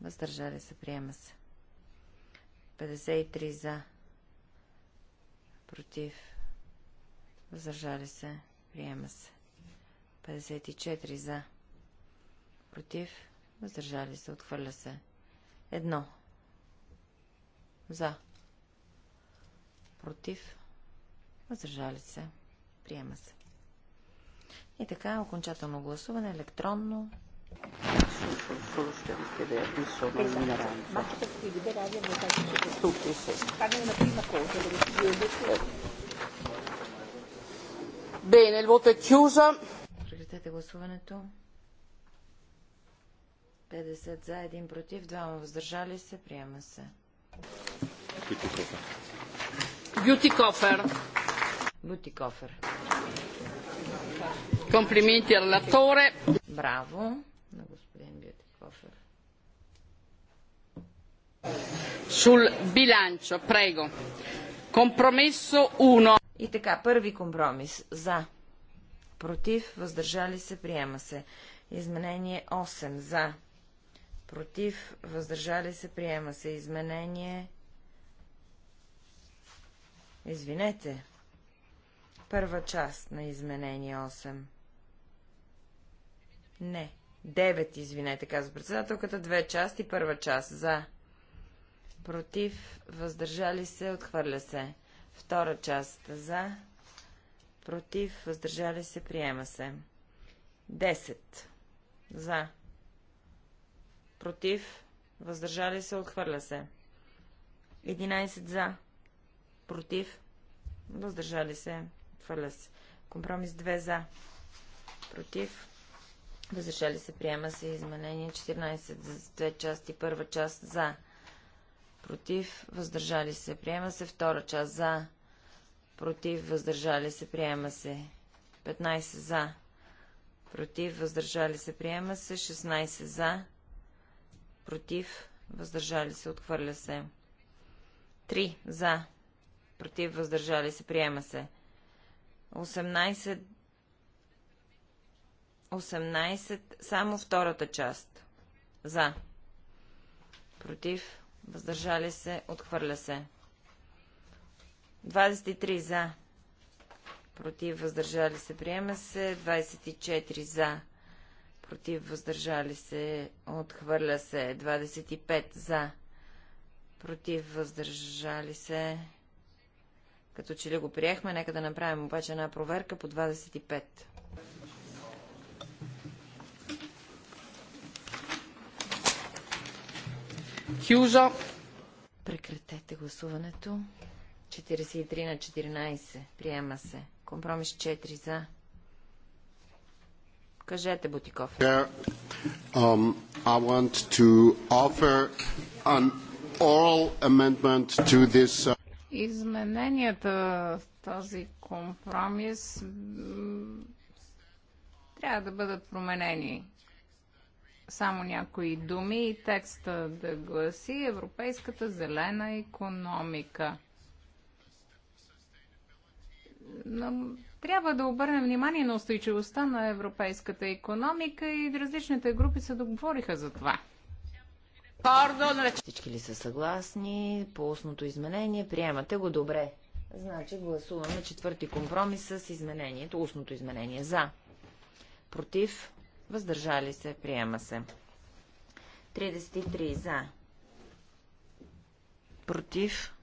въздържали се, приема се 53 за, против, въздържали се, Приема се. 54 за. Против. Въздържали се. Отхвърля се. Едно. За. Против. Въздържали се. Приема се. И така, окончателно гласуване, електронно. Ma che per cui liberare Bene, il voto è chiuso. Прекратете гласуването. 50 за, 1 против, 2 въздържали се. Приема се. Бюти кофер. Бюти кофер. Комплименти релаторе. Браво на господин Бюти кофер. Sul bilancio, prego. Compromesso 1. И така, първи компромис. За. Против. Въздържали се. Приема се. Изменение 8. За. Против. Въздържали се. Приема се. Изменение... Извинете. Първа част на изменение 8. Не. 9, извинете, казва председателката. Две части. Първа част. За. Против. Въздържали се. Отхвърля се. Втора част за, против, въздържали се, приема се. 10 за, против, въздържали се, отхвърля се. 11 за, против, въздържали се, отхвърля се. Компромис 2 за, против, въздържали се, приема се. Изменение 14 за две части, първа част за, против, въздържали се, приема се. Втора част за, против, въздържали се, приема се. 15 за, против, въздържали се, приема се. 16 за, против, въздържали се, отхвърля се. 3 за, против, въздържали се, приема се. 18, 18 само втората част. За. Против въздържали се, отхвърля се. 23 за, против, въздържали се, приема се. 24 за, против, въздържали се, отхвърля се. 25 за, против, въздържали се. Като че ли го приехме, нека да направим обаче една проверка по 25. Хюжо. Прекратете гласуването. 43 на 14. Приема се. Компромис 4 за. Кажете, Бутиков. Е, uh, Измененията в този компромис трябва да бъдат променени само някои думи и текста да гласи Европейската зелена економика. Но трябва да обърнем внимание на устойчивостта на европейската економика и различните групи се договориха за това. Всички ли са съгласни по устното изменение? Приемате го добре. Значи гласуваме четвърти компромис с изменението, устното изменение. За. Против въздържали се, приема се. 33 за, против,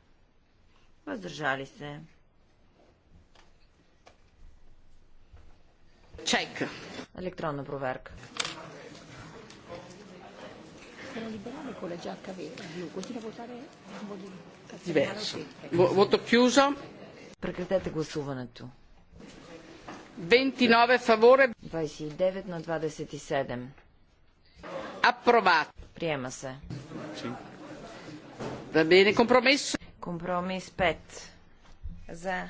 въздържали се. Чайка. Електронна проверка. diverso. Voto chiuso. Прекратете гласуването. 29 на 27. Апробат. Приема се. Значи? Да бене компромис. Компромис 5. За.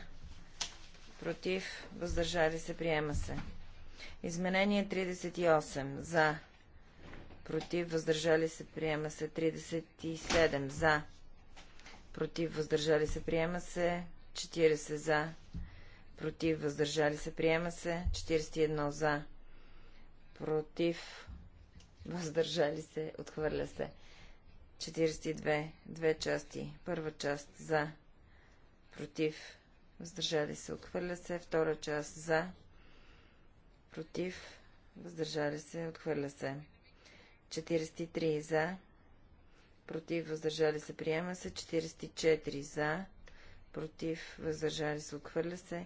Против. Въздържали се. Приема се. Изменение 38. За. Против. Въздържали се. Приема се. 37. За. Против. Въздържали се. Приема се. 40. За против, въздържали се, приема се. 41 за, против, въздържали се, отхвърля се. 42, две части. Първа част за, против, въздържали се, отхвърля се. Втора част за, против, въздържали се, отхвърля се. 43 за, против, въздържали се, приема се. 44 за, против, въздържали се, отхвърля се.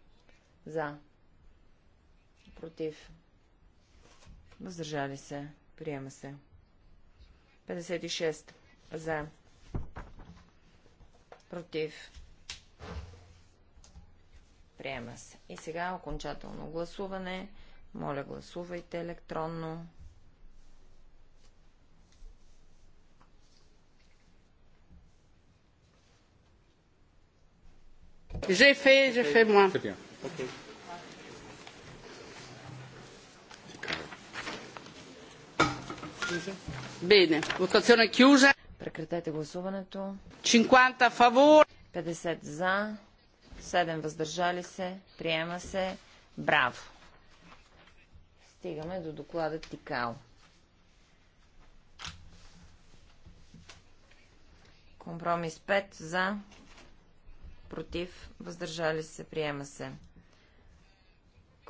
за. Против. Въздържали се. Приема се. 56. За. Против. Приема се. И сега окончателно гласуване. Моля, гласувайте електронно. J'ai fait, j'ai fait moins. Très bien. Okay. Bene, votazione chiusa. Прекратете гласуването. 50 фавор. 50 за, 7 въздържали се, приема се. Браво! Стигаме до доклада Тикао. Компромис 5 за, против, въздържали се, приема се.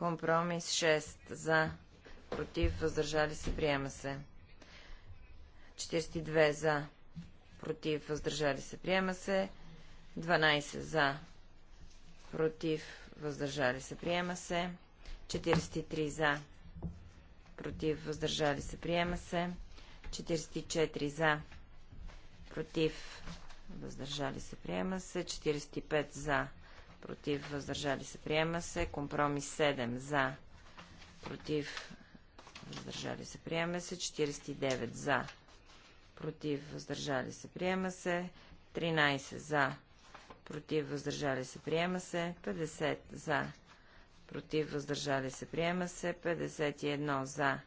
Компромис 6. За. Против. Въздържали се. Приема се. 42. За. Против. Въздържали се. Приема се. 12. За. Против. Въздържали се. Приема се. 43. За. Против. Въздържали се. Приема се. 44. За. Против. Въздържали се. Приема се. 45. За против, въздържали се, приема се. Компромис 7 за, против, въздържали се, приема се. 49 за, против, въздържали се, приема се. 13 за, против, въздържали се, приема се. 50 за, против, въздържали се, приема се. 51 за,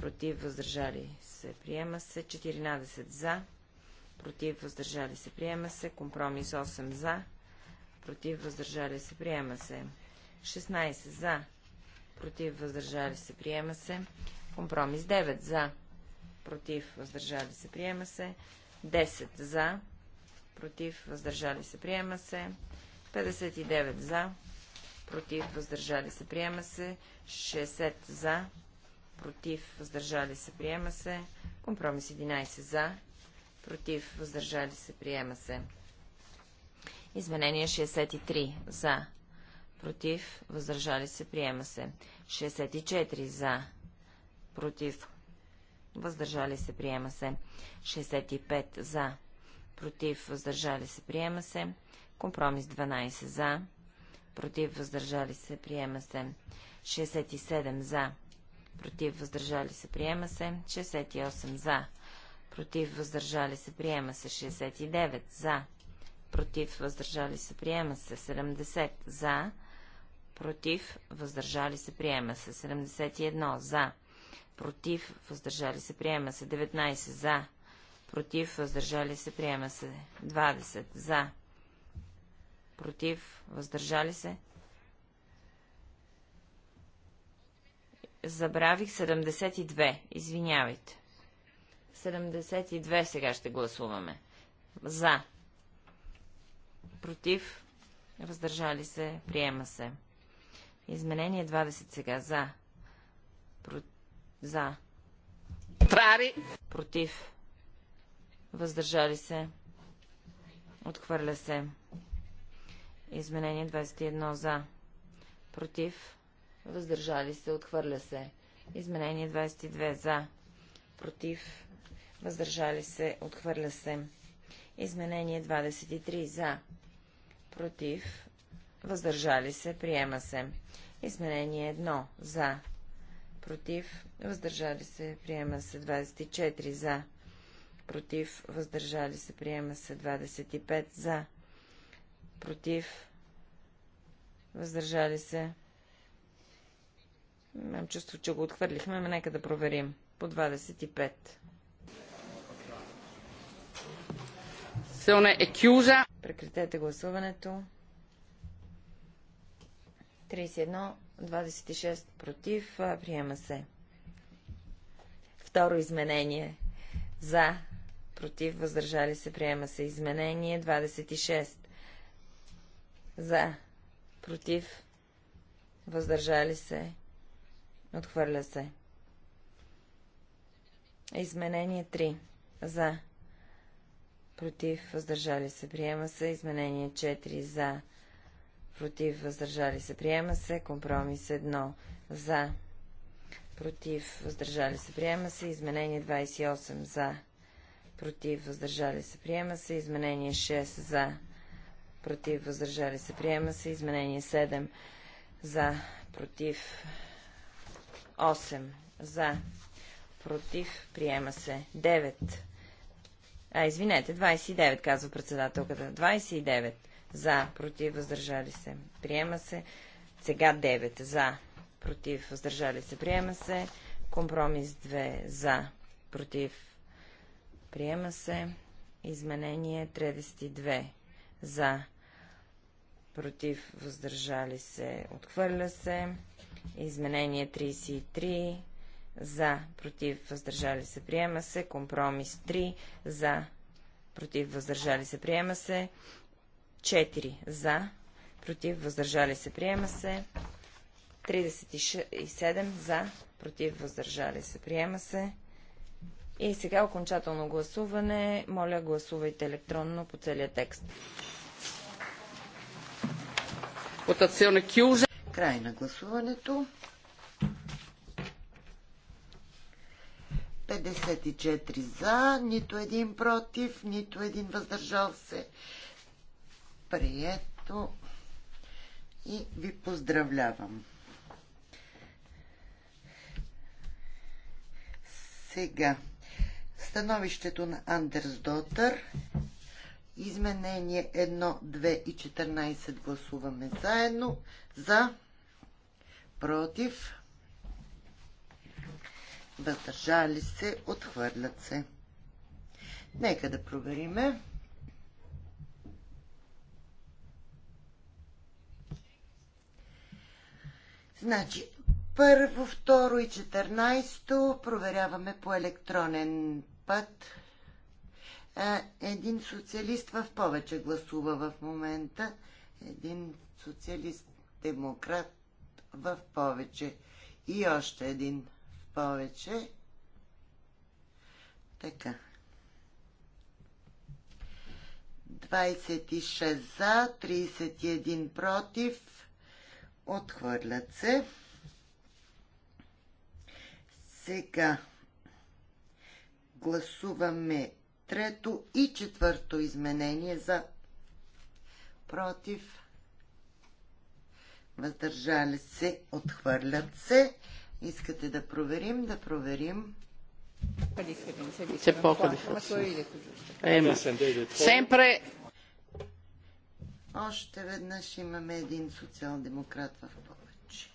против, въздържали се, приема се. 14 за, против, въздържали се, приема се. Компромис 8 за, против, въздържали се, приема се. 16 за, против, въздържали се, приема се. Компромис 9 за, против, въздържали се, приема се. 10 за, против, въздържали се, приема се. 59 за, против, въздържали се, приема се. 60 за, против, въздържали се, приема се. Компромис 11 за, против, въздържали се, приема се. Изменение 63 за. Против. Въздържали се. Приема се. 64 за. Против. Въздържали се. Приема се. 65 за. Против. Въздържали се. Приема се. Компромис 12 за. Против. Въздържали се. Приема се. 67 за. Против. Въздържали се. Приема се. 68 за. Против. Въздържали се. Приема се. 69 за против, въздържали се, приема се. 70 за, против, въздържали се, приема се. 71 за, против, въздържали се, приема се. 19 за, против, въздържали се, приема се. 20 за, против, въздържали се. Забравих 72. Извинявайте. 72 сега ще гласуваме. За против, въздържали се, приема се. Изменение 20 сега за. Про... За. Трари. Против. Въздържали се. Отхвърля се. Изменение 21 за. Против. Въздържали се. Отхвърля се. Изменение 22 за. Против. Въздържали се. Отхвърля се. Изменение 23 за против, въздържали се, приема се. Изменение 1 за, против, въздържали се, приема се 24 за, против, въздържали се, приема се 25 за, против, въздържали се. Имам чувство, че го отхвърлихме, но нека да проверим. По 25. votazione è chiusa. Прекратете гласуването. 31, 26 против. Приема се. Второ изменение. За, против, въздържали се. Приема се. Изменение 26. За, против, въздържали се. Отхвърля се. Изменение 3. За, против, въздържали се, приема се. Изменение 4 за, против, въздържали се, приема се. Компромис 1 за, против, въздържали се, приема се. Изменение 28 за, против, въздържали се, приема се. Изменение 6 за, против, въздържали се, приема се. Изменение 7 за, против, 8 за, против, приема се. 9 а, извинете, 29, казва председателката. 29 за, против, въздържали се. Приема се. Сега 9 за, против, въздържали се. Приема се. Компромис 2 за, против. Приема се. Изменение 32 за, против, въздържали се. Отхвърля се. Изменение 33 за, против, въздържали се, приема се. Компромис 3 за, против, въздържали се, приема се. 4 за, против, въздържали се, приема се. 37 за, против, въздържали се, приема се. И сега окончателно гласуване. Моля, гласувайте електронно по целия текст. Край на гласуването. 54 за, нито един против, нито един въздържал се. Прието и ви поздравлявам. Сега, становището на Андерс Дотър, изменение 1, 2 и 14 гласуваме заедно, за, против, въздържали се, отхвърлят се. Нека да провериме. Значи, първо, второ и четърнайсто проверяваме по електронен път. Е, един социалист в повече гласува в момента. Един социалист-демократ в повече. И още един повече. Така. 26 за, 31 против. Отхвърлят се. Сега гласуваме трето и четвърто изменение за против. Въздържали се, отхвърлят се. Искате да проверим? Да проверим. C'è poca differenza. Eh, Още веднъж имаме един социал-демократ в повече.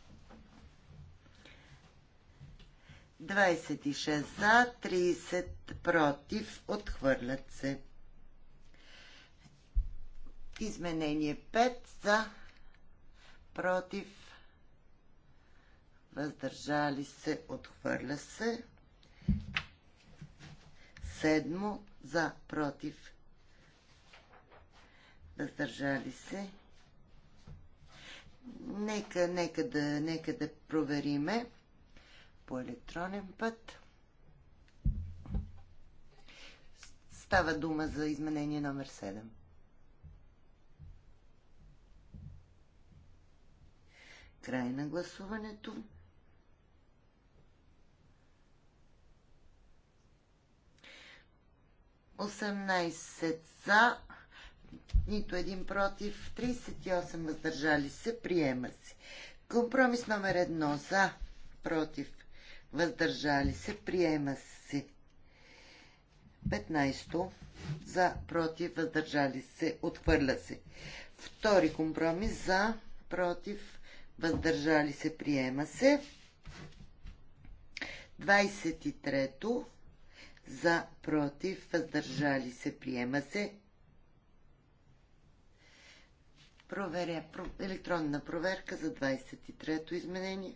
26 за, 30 против, отхвърлят се. Изменение 5 за, против, въздържали се, отхвърля се. Седмо за, против, въздържали се. Нека, нека да, нека да провериме по електронен път. Става дума за изменение номер 7. Край на гласуването. 18 за, нито един против, 38 въздържали се, приема се. Компромис номер едно за, против, въздържали се, приема се. 15 за, против, въздържали се, отхвърля се. Втори компромис за, против, въздържали се, приема се. 23 за, против, въздържали се, приема се. Проверя, про, електронна проверка за 23-то изменение.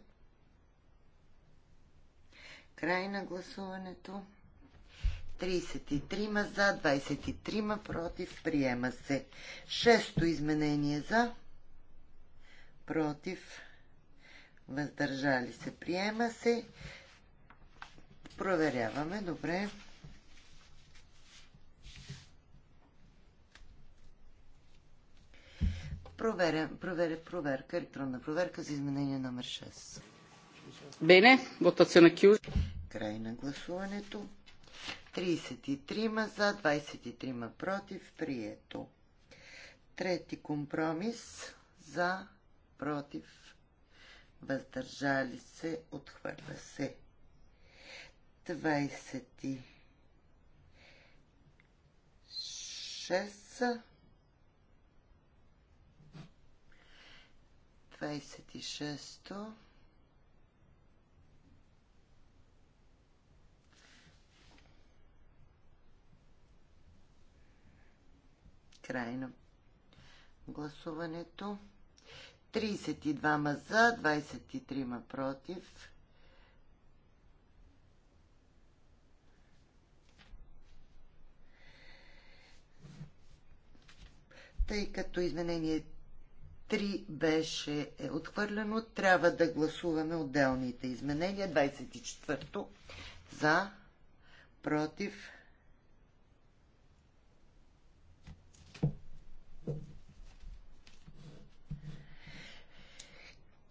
Край на гласуването. 33 за, 23 против, приема се. Шесто изменение за, против, въздържали се, приема се. Проверяваме, добре. Проверя, проверя, проверка, електронна проверка за изменение номер 6. Бене, на кюз. Край на гласуването. 33 за, 23 против, прието. Трети компромис за, против, въздържали се, отхвърля се. 26 26 край на гласуването. 32 ма за, 23 ма против. Тъй като изменение 3 беше е отхвърлено, трябва да гласуваме отделните изменения. 24-то за, против,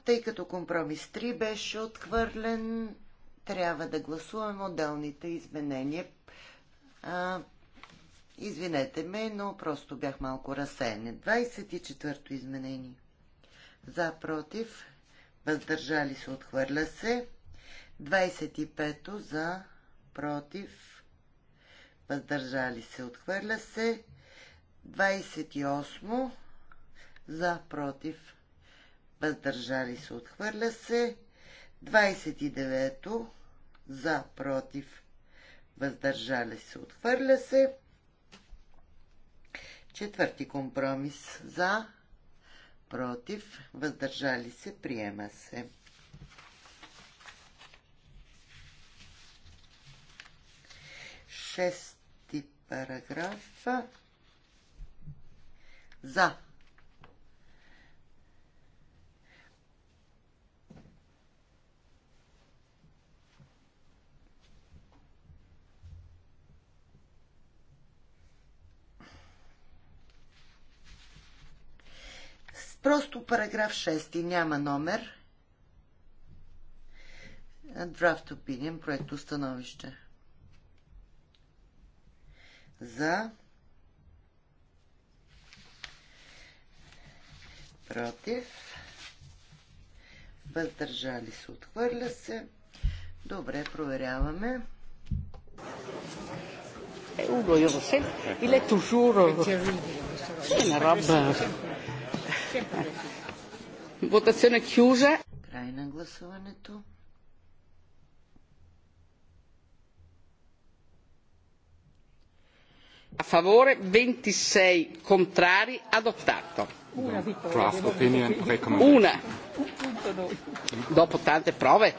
Тъй като компромис 3 беше отхвърлен, трябва да гласуваме отделните изменения. Извинете ме, но просто бях малко разсеяне. 24-то изменение. За, против, въздържали се, отхвърля се. 25-то за, против, въздържали се, отхвърля се. 28 за, против, въздържали се, отхвърля се. 29 то за, против, въздържали се, отхвърля се. Четвърти компромис за, против, въздържали се, приема се. Шести параграф за Просто параграф 6 няма номер. Draft Opinion, проекто становище. За. Против. Въздържали се, отхвърля се. Добре, проверяваме. Uno, io lo sento, il è toujours... È е, una Votazione chiusa. Край на гласуването. A favore 26 contrari adottato. Una vittoria. Una. Dopo tante prove.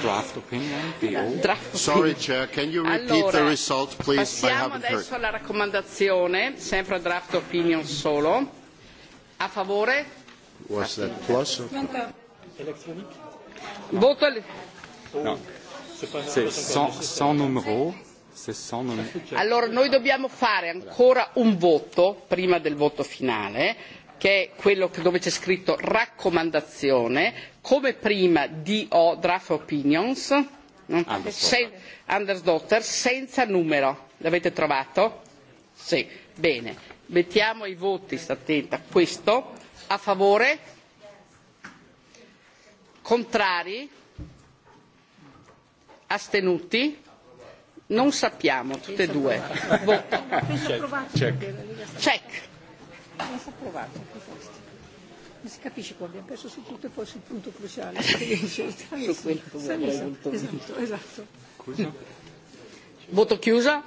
Draft opinion, Sorry, Chair, can you repeat the result, please? Passiamo adesso alla raccomandazione, sempre a draft opinion solo. A favore? Was that plus? Voto. No. C'est sans numéro. Allora noi dobbiamo fare ancora un voto prima del voto finale, che è quello dove c'è scritto raccomandazione, come prima di o draft opinions undersdotter senza numero l'avete trovato? sì bene mettiamo ai voti sta attenta questo a favore contrari astenuti non sappiamo tutte e due voto check si capisce qua abbiamo perso tutto e poi sul punto cruciale. su esatto, esatto, esatto. Voto chiusa.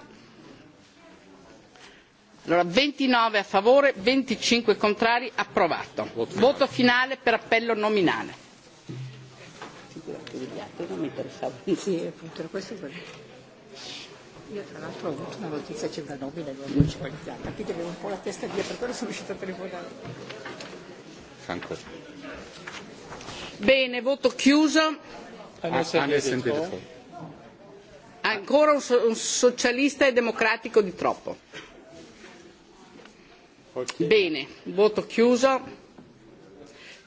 Allora, 29 a favore, 25 contrari, approvato. Voto finale per appello nominale. Sì, appunto, quello. Io tra l'altro ho avuto una notizia, c'è una nomina, non l'ho centralizzata, quindi avevo un po' la testa via, per quello sono riuscita a telefonare ancora. Bene, voto chiuso. Ancora un socialista e democratico di troppo. Bene, voto chiuso.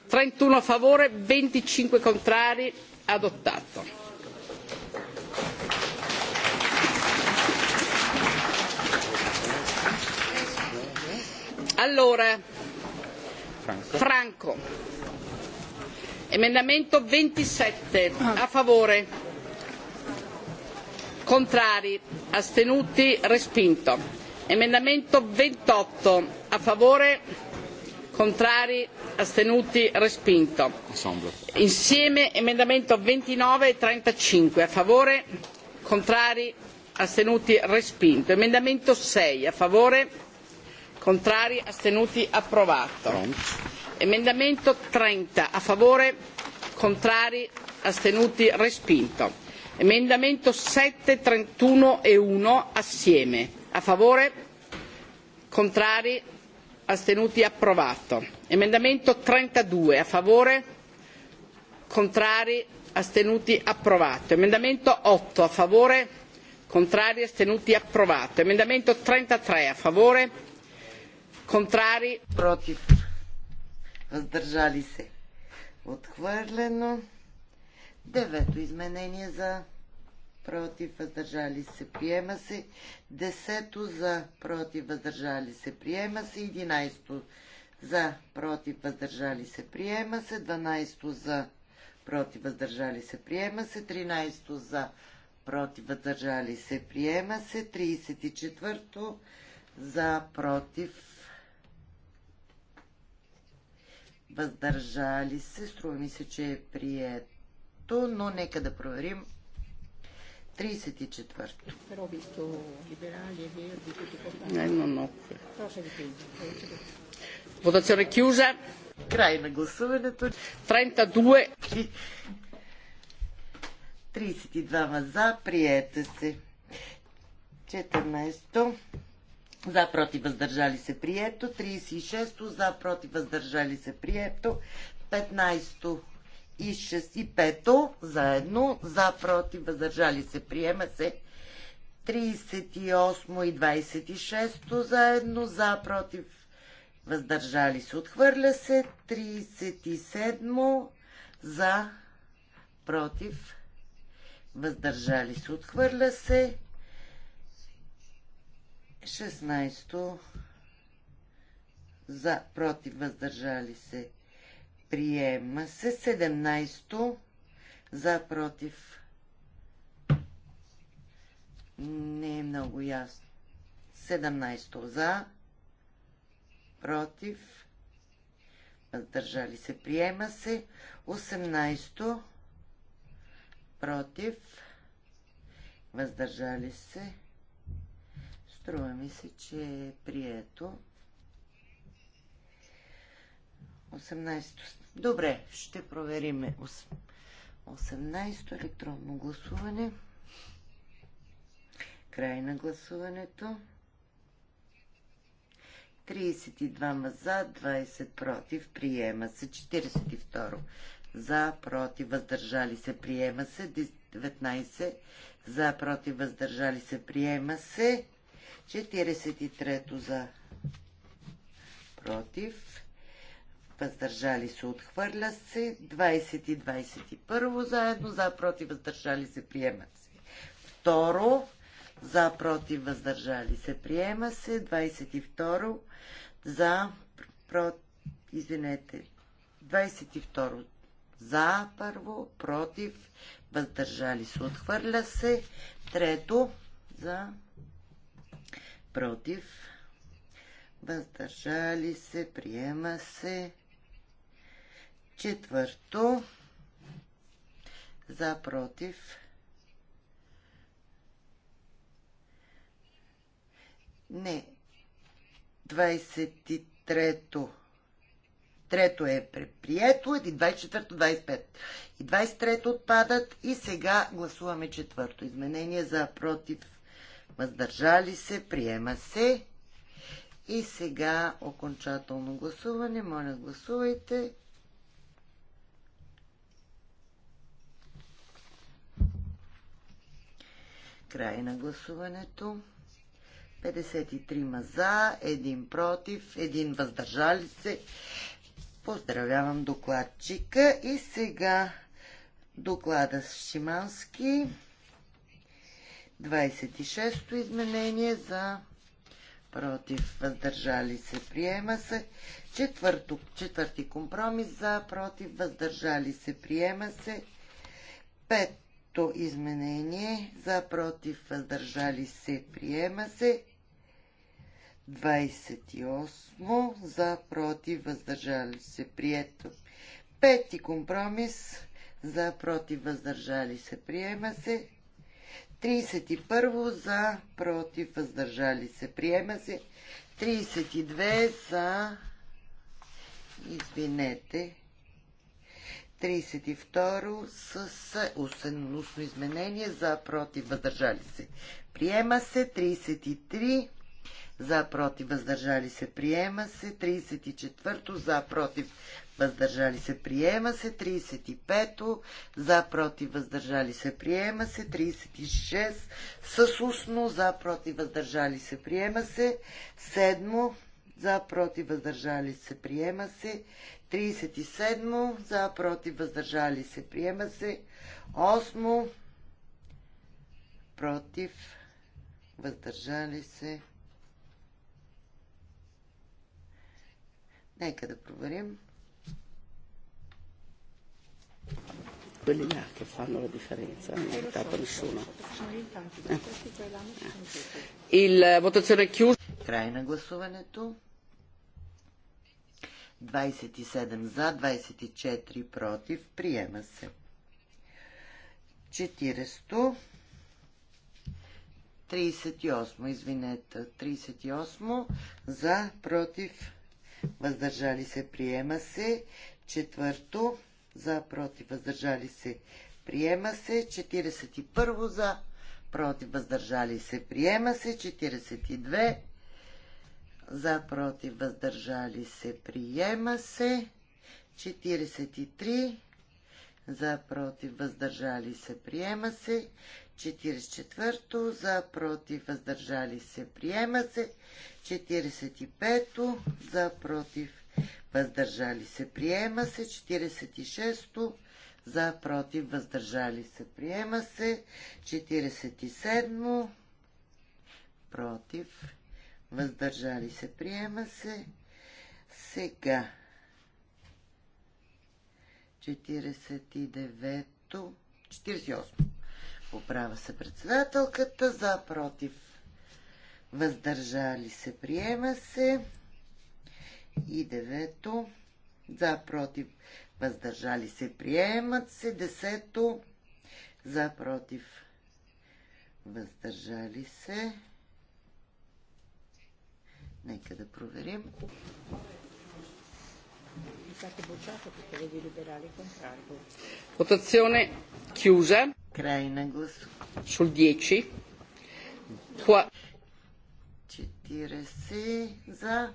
31 a favore, 25 contrari, adottato. Allora, Franco. Emendamento ventisette. A favore. Contrari. Astenuti. Respinto. Emendamento ventotto. A favore. Contrari. Astenuti. Respinto. Insieme emendamento ventinove e trentacinque. A favore. Contrari. Astenuti. Respinto. Emendamento sei. A favore Contrari, astenuti, approvato. Emendamento 30, a favore, contrari, astenuti, respinto. Emendamento 7, 31 e 1 assieme. A favore, contrari, astenuti, approvato. Emendamento 32, a favore, contrari, astenuti, approvato. Emendamento 8, a favore, contrari, astenuti, approvato. Emendamento 33, a favore, Контрари. Против. Въздържали се. Отхвърлено. Девето изменение за против, въздържали се, приема се. Десето за против, въздържали се, приема се. Единайсто за против, въздържали се, приема се. Дванайсто за против, въздържали се, приема се. Тринайсто за против, въздържали се, приема се. Тридесет и четвърто за против, въздържали се. Струва ми се, че е прието, но нека да проверим 34-то. Però ho visto liberali Votazione chiusa. Край на гласуването. 32. 32 за, приете се. 14 за против въздържали се прието, 36 за против въздържали се прието, 15 и 6 и 5 заедно за против въздържали се приема се 38 и 26 заедно за против въздържали се отхвърля се 37 за против въздържали се отхвърля се 16 за против въздържали се приема се 17 за против не е много ясно 17 за против въздържали се приема се 18 против въздържали се Струва ми се, че е прието. 18-то. Добре, ще провериме. 18-то електронно гласуване. Край на гласуването. 32 за, 20 против, приема се. 42 за, против, въздържали се, приема се. 19 за, против, въздържали се, приема се. 43-то за против. Въздържали се, отхвърля се. 20 и 21 заедно, за против, въздържали се, приема се. Второ, за против, въздържали се, приема се. 22 за против, извинете, 22 за първо, против, въздържали се, отхвърля се. Трето, за против, въздържали се, приема се. Четвърто, за против. Не, 23-то. Трето е прието, и 24-то, 25. И 23-то отпадат и сега гласуваме четвърто изменение за против въздържали се, приема се. И сега окончателно гласуване. Моля, гласувайте. Край на гласуването. 53 за, 1 против, 1 въздържали се. Поздравявам докладчика и сега доклада с Шимански. 26-то изменение за против, въздържали се, приема се. Четвърто, четвърти компромис за против, въздържали се, приема се. Пето изменение за против, въздържали се, приема се. 28 за против, въздържали се, прието. Пети компромис за против, въздържали се, приема се. 31 за, против, въздържали се, приема се. 32 за, извинете, 32 с устно изменение за, против, въздържали се. Приема се 33 за против въздържали се приема се 34-то за против въздържали се приема се 35-то за против въздържали се приема се 36 със устно за против въздържали се приема се 7 за против въздържали се приема се 37 за против въздържали се приема се 8 против въздържали се Нека да проверим. Eh. Eh. Eh, Край на гласуването. 27 за, 24 против. Приема се. 40. 38, извинете. 38 за, против въздържали се, приема се. Четвърто, за, против, въздържали се, приема се. 41 за, против, въздържали се, приема се. 42 за, против, въздържали се, приема се. 43 за против въздържали се приема се. 44-то за против въздържали се приема се. 45-то за против въздържали се приема се. 46-то за против въздържали се приема се. 47 то против въздържали се приема се. Сега 49-то, 48 Поправа се председателката, за, против, въздържали се, приема се и девето, за, против, въздържали се, приемат се, десето, за, против, въздържали се. Нека да проверим. Votazione chiusa. Sul 10. Qua... 40 за,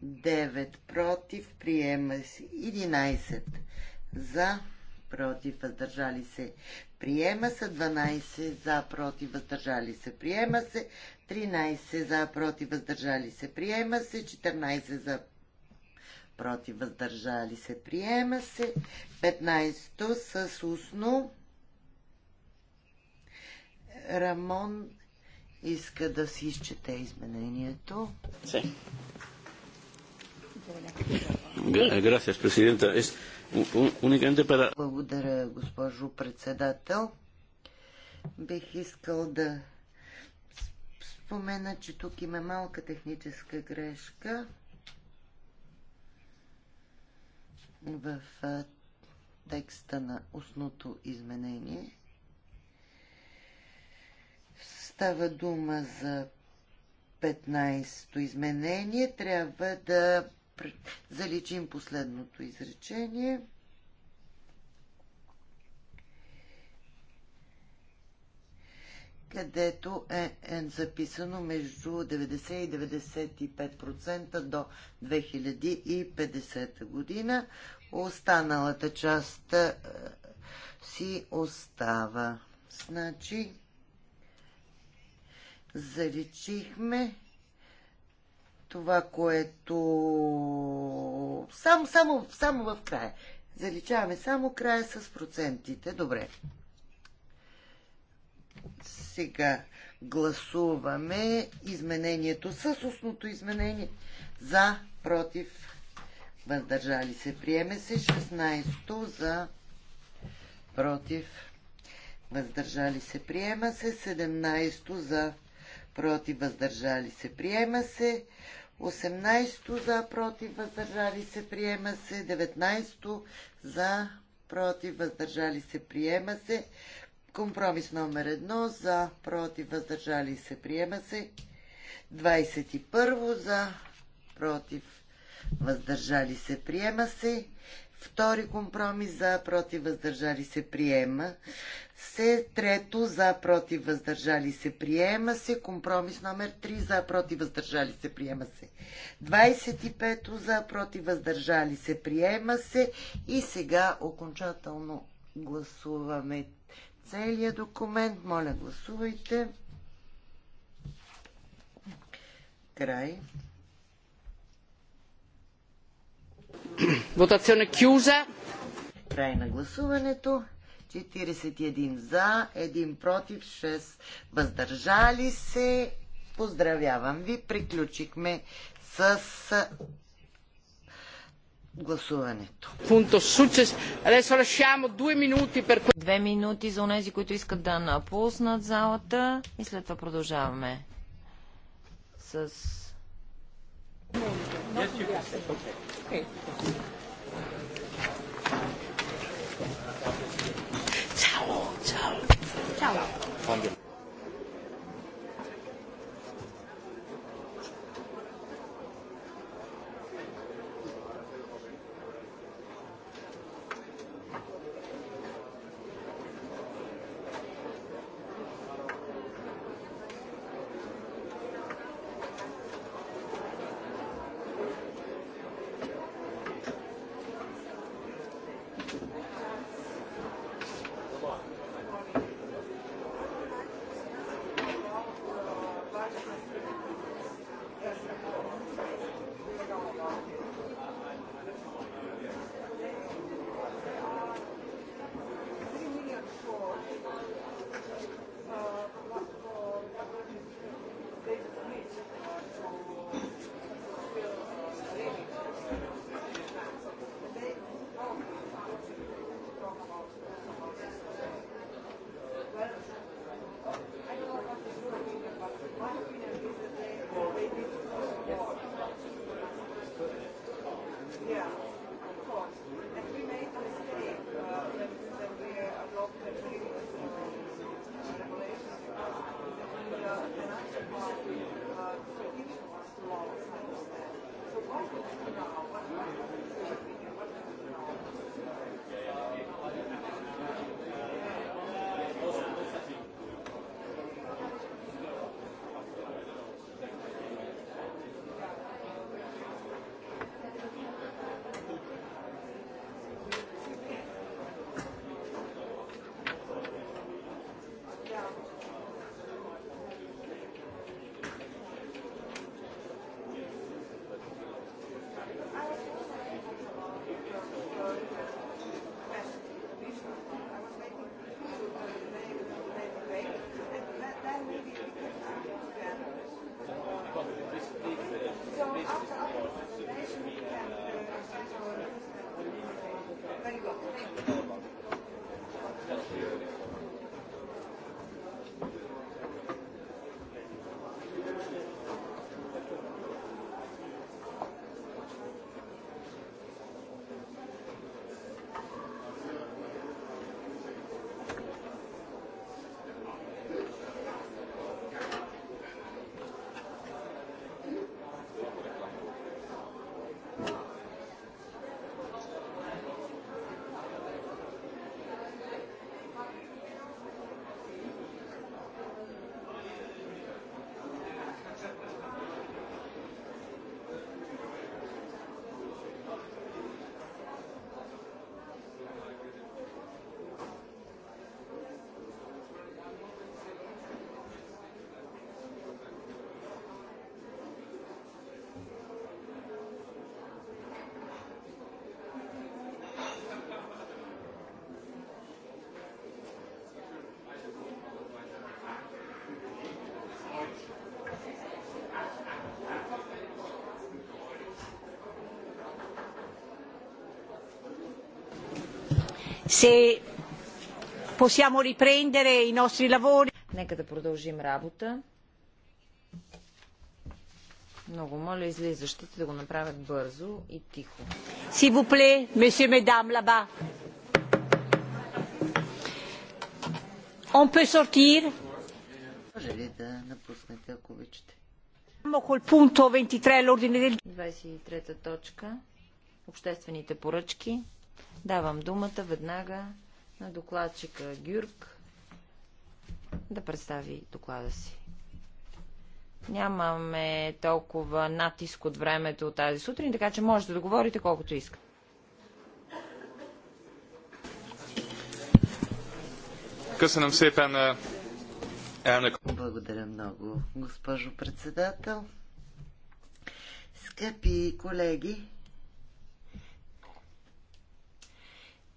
9 против, приема се 11 за, против, въздържали се, приема се 12 за, против, въздържали се, приема се 13 за, против, въздържали се, приема се 14 за, против, въздържали се, приема се. 15-то с устно. Рамон иска да си изчете изменението. Sí. Gracias, президента. Es пара. Благодаря, госпожо председател. Бих искал да спомена, че тук има малка техническа грешка. в текста на устното изменение. Става дума за 15-то изменение. Трябва да заличим последното изречение. където е, е, записано между 90 и 95% до 2050 година. Останалата част е, си остава. Значи, заличихме това, което... Само, само, само в края. Заличаваме само края с процентите. Добре. Сега гласуваме изменението с устното изменение за, против, въздържали се. Приеме се 16 за, против, въздържали се. Приема се 17 за, против, въздържали се. Приема се 18 за, против, въздържали се. Приема се 19 за, против, въздържали се. Приема се Компромис номер едно за против въздържали се приема се. 21 за против въздържали се приема се. Втори компромис за против въздържали се приема се. Трето за против въздържали се приема се. Компромис номер 3 за против въздържали се приема се. 25 за против въздържали се приема се. И сега окончателно гласуваме целият документ. Моля, гласувайте. Край. Votazione chiusa. Край на гласуването. 41 за, 1 против, 6 въздържали се. Поздравявам ви. Приключихме с гласуването. Две минути за унези, които искат да напуснат залата и след това продължаваме с... Чао, чао. Чао. Се possiamo riprendere i nostri lavori. Нека да продължим работа. Много моля излизащите да го направят бързо и тихо. Си вупле, plaît, медам лаба. Он пе сортир. Може ли да напуснете, ако обичате? Col punto 23 23 точка. Обществените поръчки. Давам думата веднага на докладчика Гюрк да представи доклада си. Нямаме толкова натиск от времето от тази сутрин, така че можете да говорите колкото искате. Благодаря много, госпожо председател. Скъпи колеги,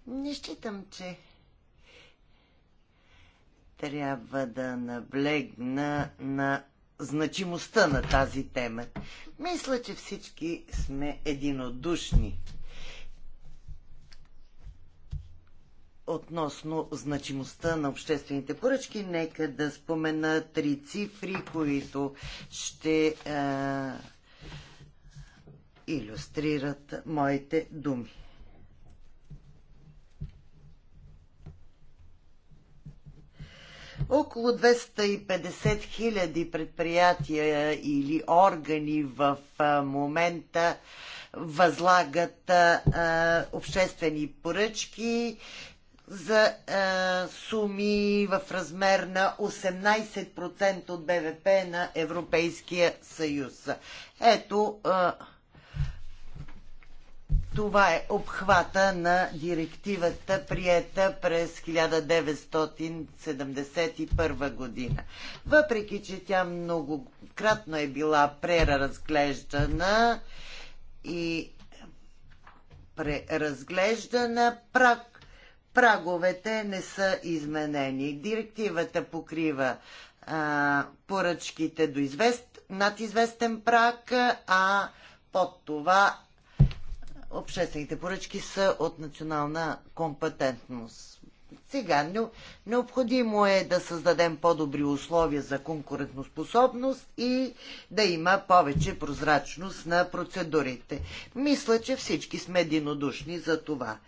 Не считам, че трябва да наблегна на значимостта на тази тема. Мисля, че всички сме единодушни относно значимостта на обществените поръчки. Нека да спомена три цифри, които ще а, иллюстрират моите думи. Около 250 хиляди предприятия или органи в момента възлагат обществени поръчки за суми в размер на 18% от БВП на Европейския съюз. Ето това е обхвата на директивата, приета през 1971 година. Въпреки, че тя многократно е била преразглеждана и преразглеждана, прак, праговете не са изменени. Директивата покрива а, поръчките до извест, над известен прак, а под това обществените поръчки са от национална компетентност. Сега необходимо е да създадем по-добри условия за конкурентоспособност и да има повече прозрачност на процедурите. Мисля, че всички сме единодушни за това.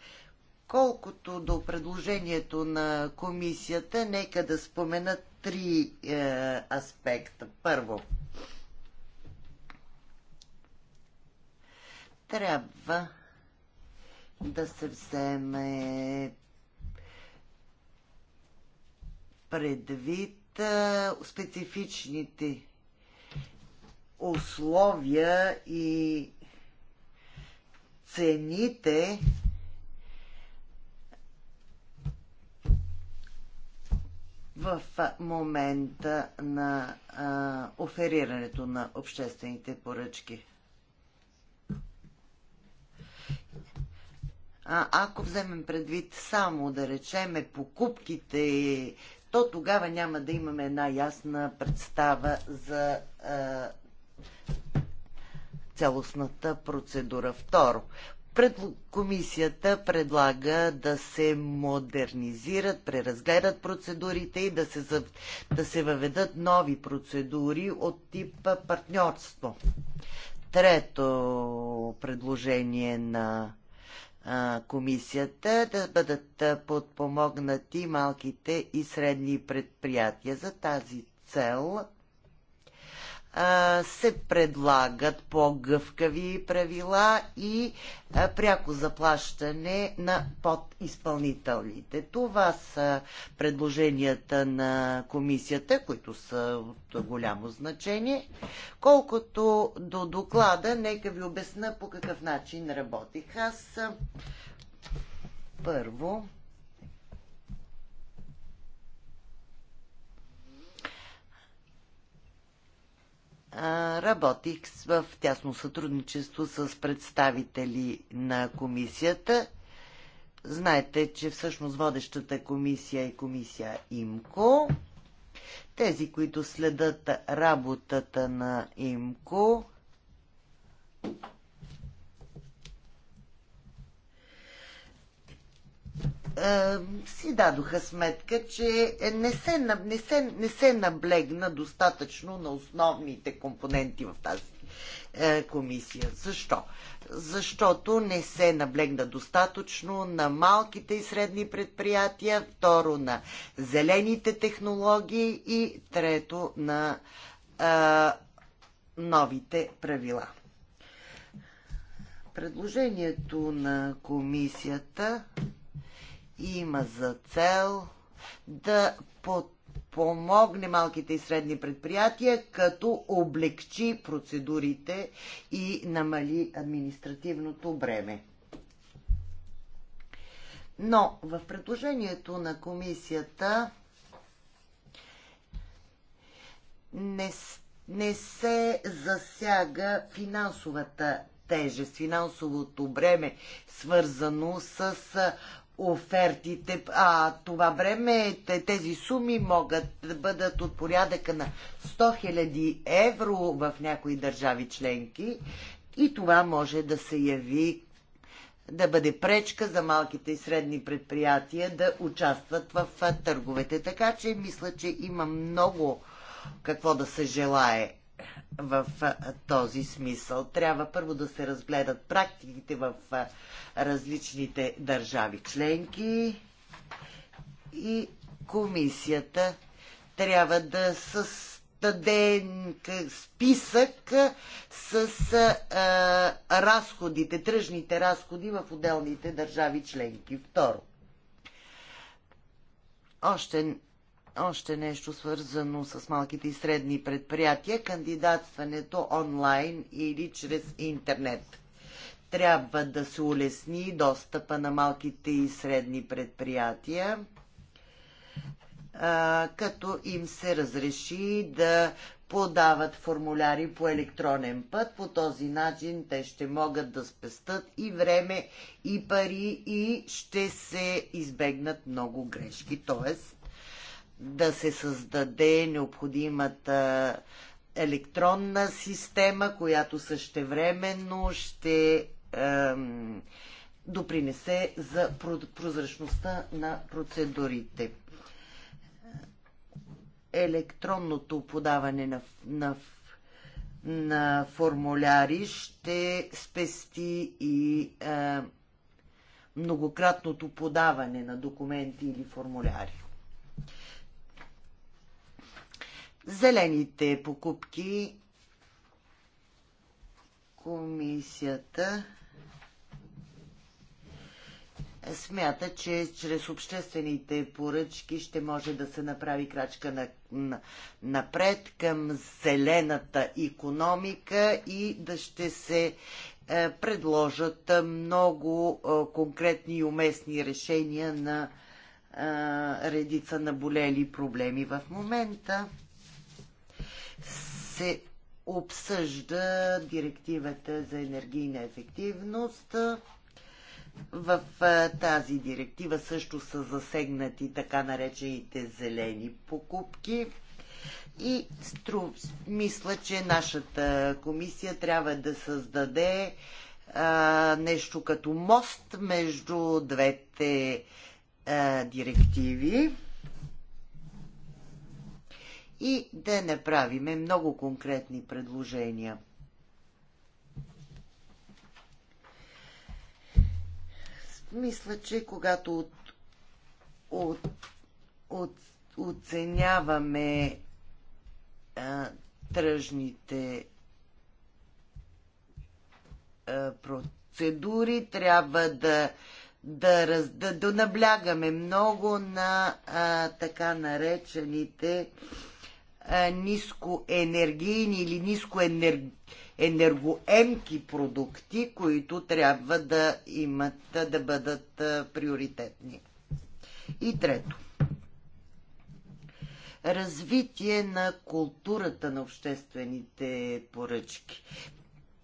Колкото до предложението на комисията, нека да спомена три е, аспекта. Първо, трябва да се вземе предвид специфичните условия и цените в момента на а, оферирането на обществените поръчки. А, ако вземем предвид само, да речеме, покупките, то тогава няма да имаме една ясна представа за цялостната процедура. Второ, пред, комисията предлага да се модернизират, преразгледат процедурите и да се, да се въведат нови процедури от типа партньорство. Трето предложение на комисията да бъдат подпомогнати малките и средни предприятия. За тази цел се предлагат по-гъвкави правила и пряко заплащане на подизпълнителите. Това са предложенията на комисията, които са от голямо значение. Колкото до доклада, нека ви обясна по какъв начин работих. Аз първо работих в тясно сътрудничество с представители на комисията. Знаете, че всъщност водещата комисия е комисия ИМКО. Тези, които следат работата на ИМКО, Е, си дадоха сметка, че не се, не, се, не се наблегна достатъчно на основните компоненти в тази е, комисия. Защо? Защото не се наблегна достатъчно на малките и средни предприятия, второ на зелените технологии и трето на а, е, новите правила. Предложението на комисията има за цел да подпомогне малките и средни предприятия, като облегчи процедурите и намали административното бреме. Но в предложението на комисията не, не се засяга финансовата тежест, финансовото бреме, свързано с офертите, а това време тези суми могат да бъдат от порядъка на 100 000 евро в някои държави членки и това може да се яви да бъде пречка за малките и средни предприятия да участват в търговете. Така че мисля, че има много какво да се желае в този смисъл. Трябва първо да се разгледат практиките в различните държави членки и комисията трябва да създаде списък с разходите, тръжните разходи в отделните държави членки. Второ, още още нещо свързано с малките и средни предприятия, кандидатстването онлайн или чрез интернет. Трябва да се улесни достъпа на малките и средни предприятия, като им се разреши да подават формуляри по електронен път. По този начин те ще могат да спестат и време, и пари, и ще се избегнат много грешки. Тоест, да се създаде необходимата електронна система, която същевременно ще ем, допринесе за прозрачността на процедурите. Електронното подаване на, на, на формуляри ще спести и е, многократното подаване на документи или формуляри. Зелените покупки. Комисията смята, че чрез обществените поръчки ще може да се направи крачка на, на, напред към зелената економика и да ще се е, предложат много е, конкретни и уместни решения на е, редица наболели проблеми в момента се обсъжда директивата за енергийна ефективност. В тази директива също са засегнати така наречените зелени покупки. И стру, мисля, че нашата комисия трябва да създаде а, нещо като мост между двете а, директиви и да направиме много конкретни предложения. Мисля, че когато от, от, от, оценяваме а, тръжните а, процедури, трябва да, да, раз, да, да наблягаме много на а, така наречените а, е, нискоенергийни или нискоенергоемки продукти, които трябва да имат, да бъдат е, приоритетни. И трето. Развитие на културата на обществените поръчки.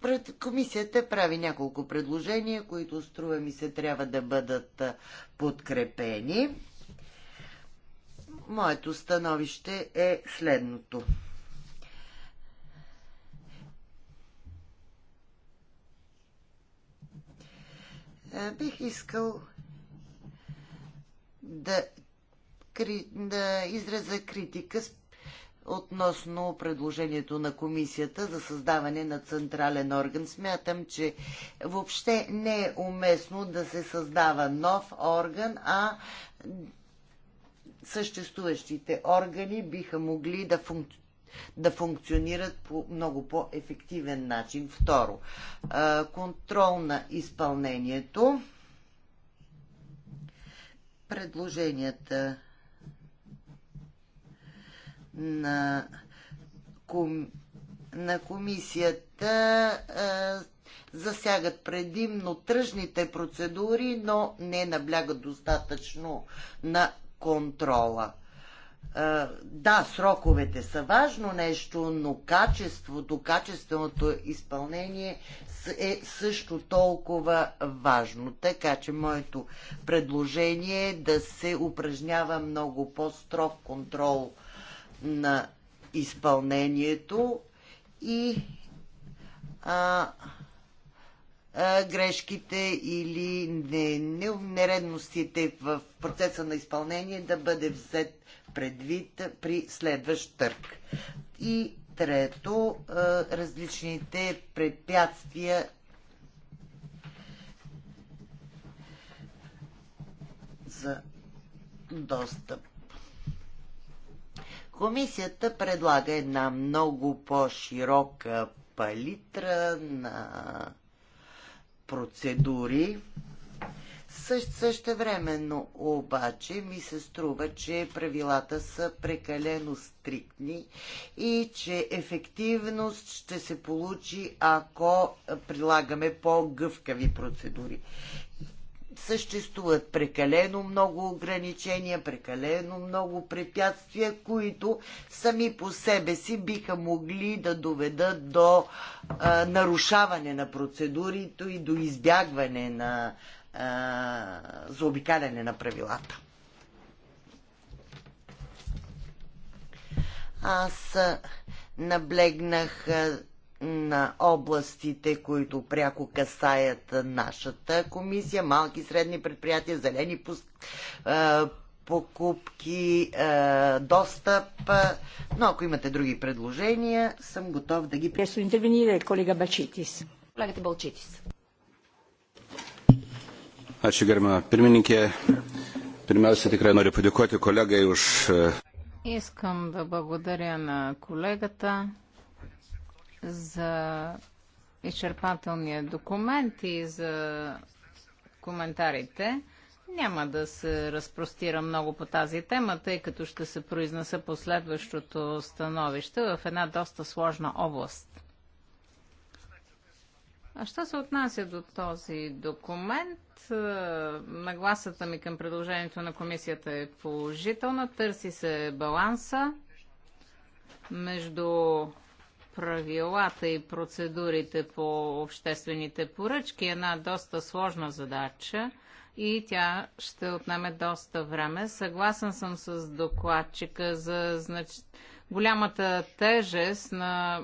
Пред комисията прави няколко предложения, които струва ми се трябва да бъдат е, подкрепени. Моето становище е следното. Е, бих искал да, да изреза критика относно предложението на комисията за създаване на централен орган. Смятам, че въобще не е уместно да се създава нов орган, а съществуващите органи биха могли да, функ... да функционират по много по-ефективен начин. Второ, контрол на изпълнението. Предложенията на, ком... на комисията засягат предимно тръжните процедури, но не наблягат достатъчно на контрола. Да, сроковете са важно нещо, но качеството, качественото изпълнение е също толкова важно. Така че моето предложение е да се упражнява много по-строг контрол на изпълнението и а, грешките или не, не, нередностите в процеса на изпълнение да бъде взет предвид при следващ търг. И трето, различните препятствия за достъп. Комисията предлага една много по-широка палитра на процедури. Също, същевременно обаче ми се струва, че правилата са прекалено стриктни и че ефективност ще се получи, ако прилагаме по-гъвкави процедури съществуват прекалено много ограничения, прекалено много препятствия, които сами по себе си биха могли да доведат до а, нарушаване на процедурите и до избягване на а, заобикаляне на правилата. Аз наблегнах на областите, които пряко касаят нашата комисия, малки и средни предприятия, зелени покупки, достъп. Но ако имате други предложения, съм готов да ги... Пресо интервенира колега Бачитис. Колегата Балчитис. Ačiū germa pirmininkė. Pirmiausia, tikrai noriu padėkoti kolegai už. Искам да благодаря на колегата за изчерпателния документ и за коментарите. Няма да се разпростира много по тази тема, тъй като ще се произнеса последващото становище в една доста сложна област. А що се отнася до този документ, е, нагласата ми към предложението на комисията е положителна. Търси се баланса между правилата и процедурите по обществените поръчки е една доста сложна задача и тя ще отнеме доста време. Съгласен съм с докладчика за знач... голямата тежест на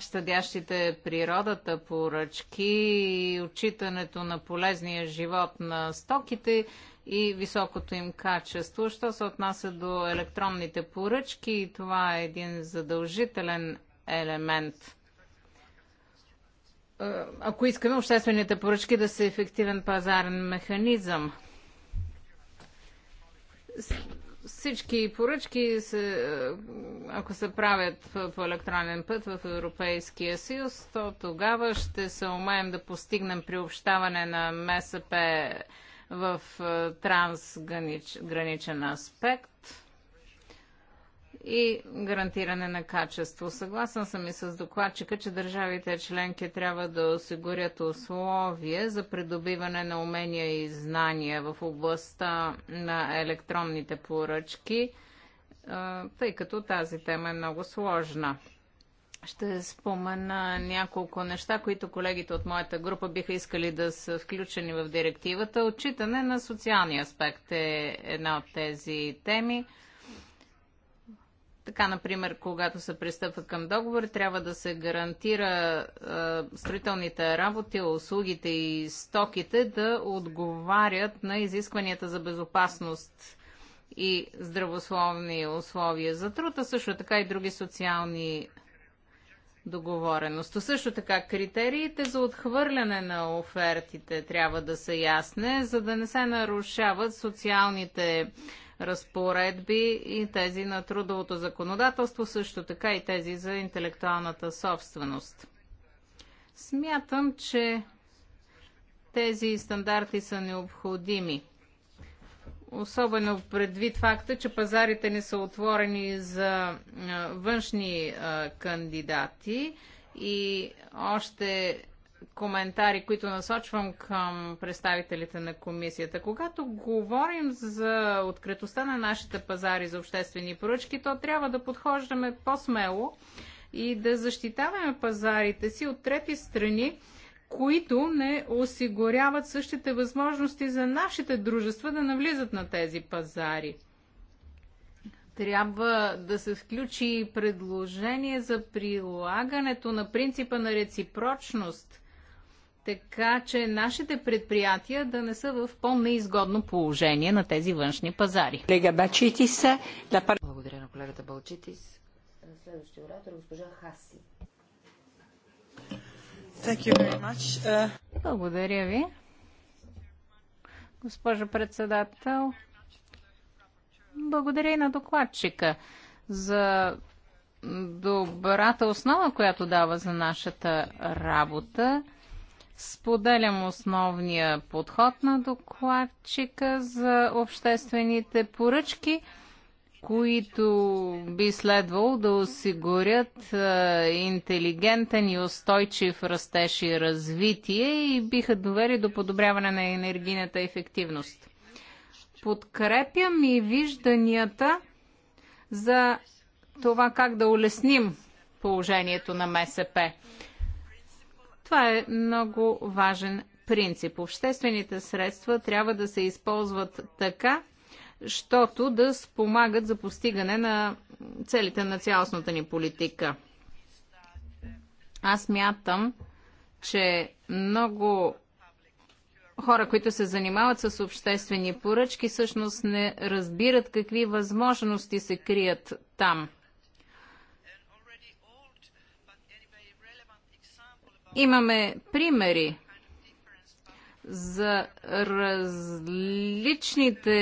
щадящите природата поръчки и отчитането на полезния живот на стоките и високото им качество. Що се отнася до електронните поръчки, това е един задължителен елемент. Е, ако искаме обществените поръчки да са ефективен пазарен механизъм, всички поръчки, се, е, ако се правят по електронен път в Европейския съюз, то тогава ще се умеем да постигнем приобщаване на МСП в е, трансграничен аспект и гарантиране на качество. Съгласен съм и с докладчика, че държавите членки трябва да осигурят условия за придобиване на умения и знания в областта на електронните поръчки, тъй като тази тема е много сложна. Ще спомена няколко неща, които колегите от моята група биха искали да са включени в директивата. Отчитане на социалния аспект е една от тези теми. Така, например, когато се пристъпва към договор, трябва да се гарантира е, строителните работи, услугите и стоките да отговарят на изискванията за безопасност и здравословни условия за труд, а също така и други социални договореност. Също така критериите за отхвърляне на офертите трябва да са ясни, за да не се нарушават социалните разпоредби и тези на трудовото законодателство, също така и тези за интелектуалната собственост. Смятам, че тези стандарти са необходими. Особено предвид факта, че пазарите не са отворени за външни кандидати и още коментари, които насочвам към представителите на комисията. Когато говорим за откритостта на нашите пазари за обществени поръчки, то трябва да подхождаме по-смело и да защитаваме пазарите си от трети страни, които не осигуряват същите възможности за нашите дружества да навлизат на тези пазари. Трябва да се включи предложение за прилагането на принципа на реципрочност – така че нашите предприятия да не са в по-неизгодно положение на тези външни пазари. Е, благодаря на колегата Балчитис. Следващия оратор е госпожа Хаси. Uh... Благодаря ви. Госпожо председател, благодаря и на докладчика за добрата основа, която дава за нашата работа. Споделям основния подход на докладчика за обществените поръчки, които би следвало да осигурят интелигентен и устойчив растеж и развитие и биха довели до подобряване на енергийната ефективност. Подкрепям и вижданията за това как да улесним положението на МСП. Това е много важен принцип. Обществените средства трябва да се използват така, щото да спомагат за постигане на целите на цялостната ни политика. Аз мятам, че много хора, които се занимават с обществени поръчки, всъщност не разбират какви възможности се крият там. Имаме примери за различните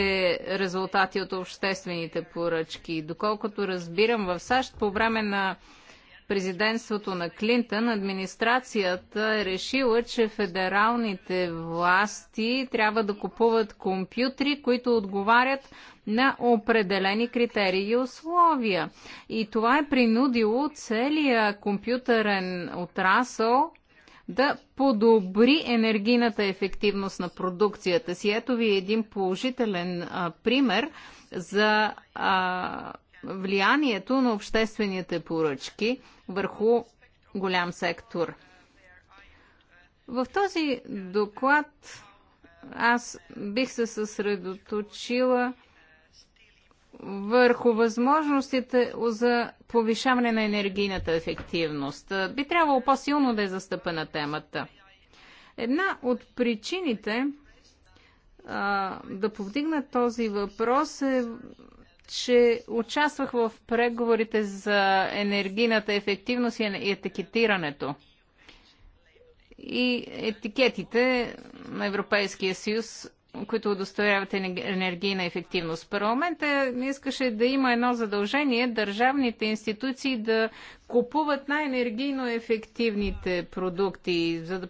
резултати от обществените поръчки. Доколкото разбирам, в САЩ по време на президентството на Клинтън, администрацията е решила, че федералните власти трябва да купуват компютри, които отговарят на определени критерии и условия. И това е принудило целия компютърен отрасъл да подобри енергийната ефективност на продукцията си. Ето ви един положителен а, пример за а, влиянието на обществените поръчки върху голям сектор. В този доклад аз бих се съсредоточила върху възможностите за повишаване на енергийната ефективност. Би трябвало по-силно да е застъпена темата. Една от причините а, да повдигна този въпрос е, че участвах в преговорите за енергийната ефективност и етикетирането. И етикетите на Европейския съюз които удостоверяват енергийна ефективност. Парламента искаше да има едно задължение държавните институции да купуват най-енергийно ефективните продукти, за да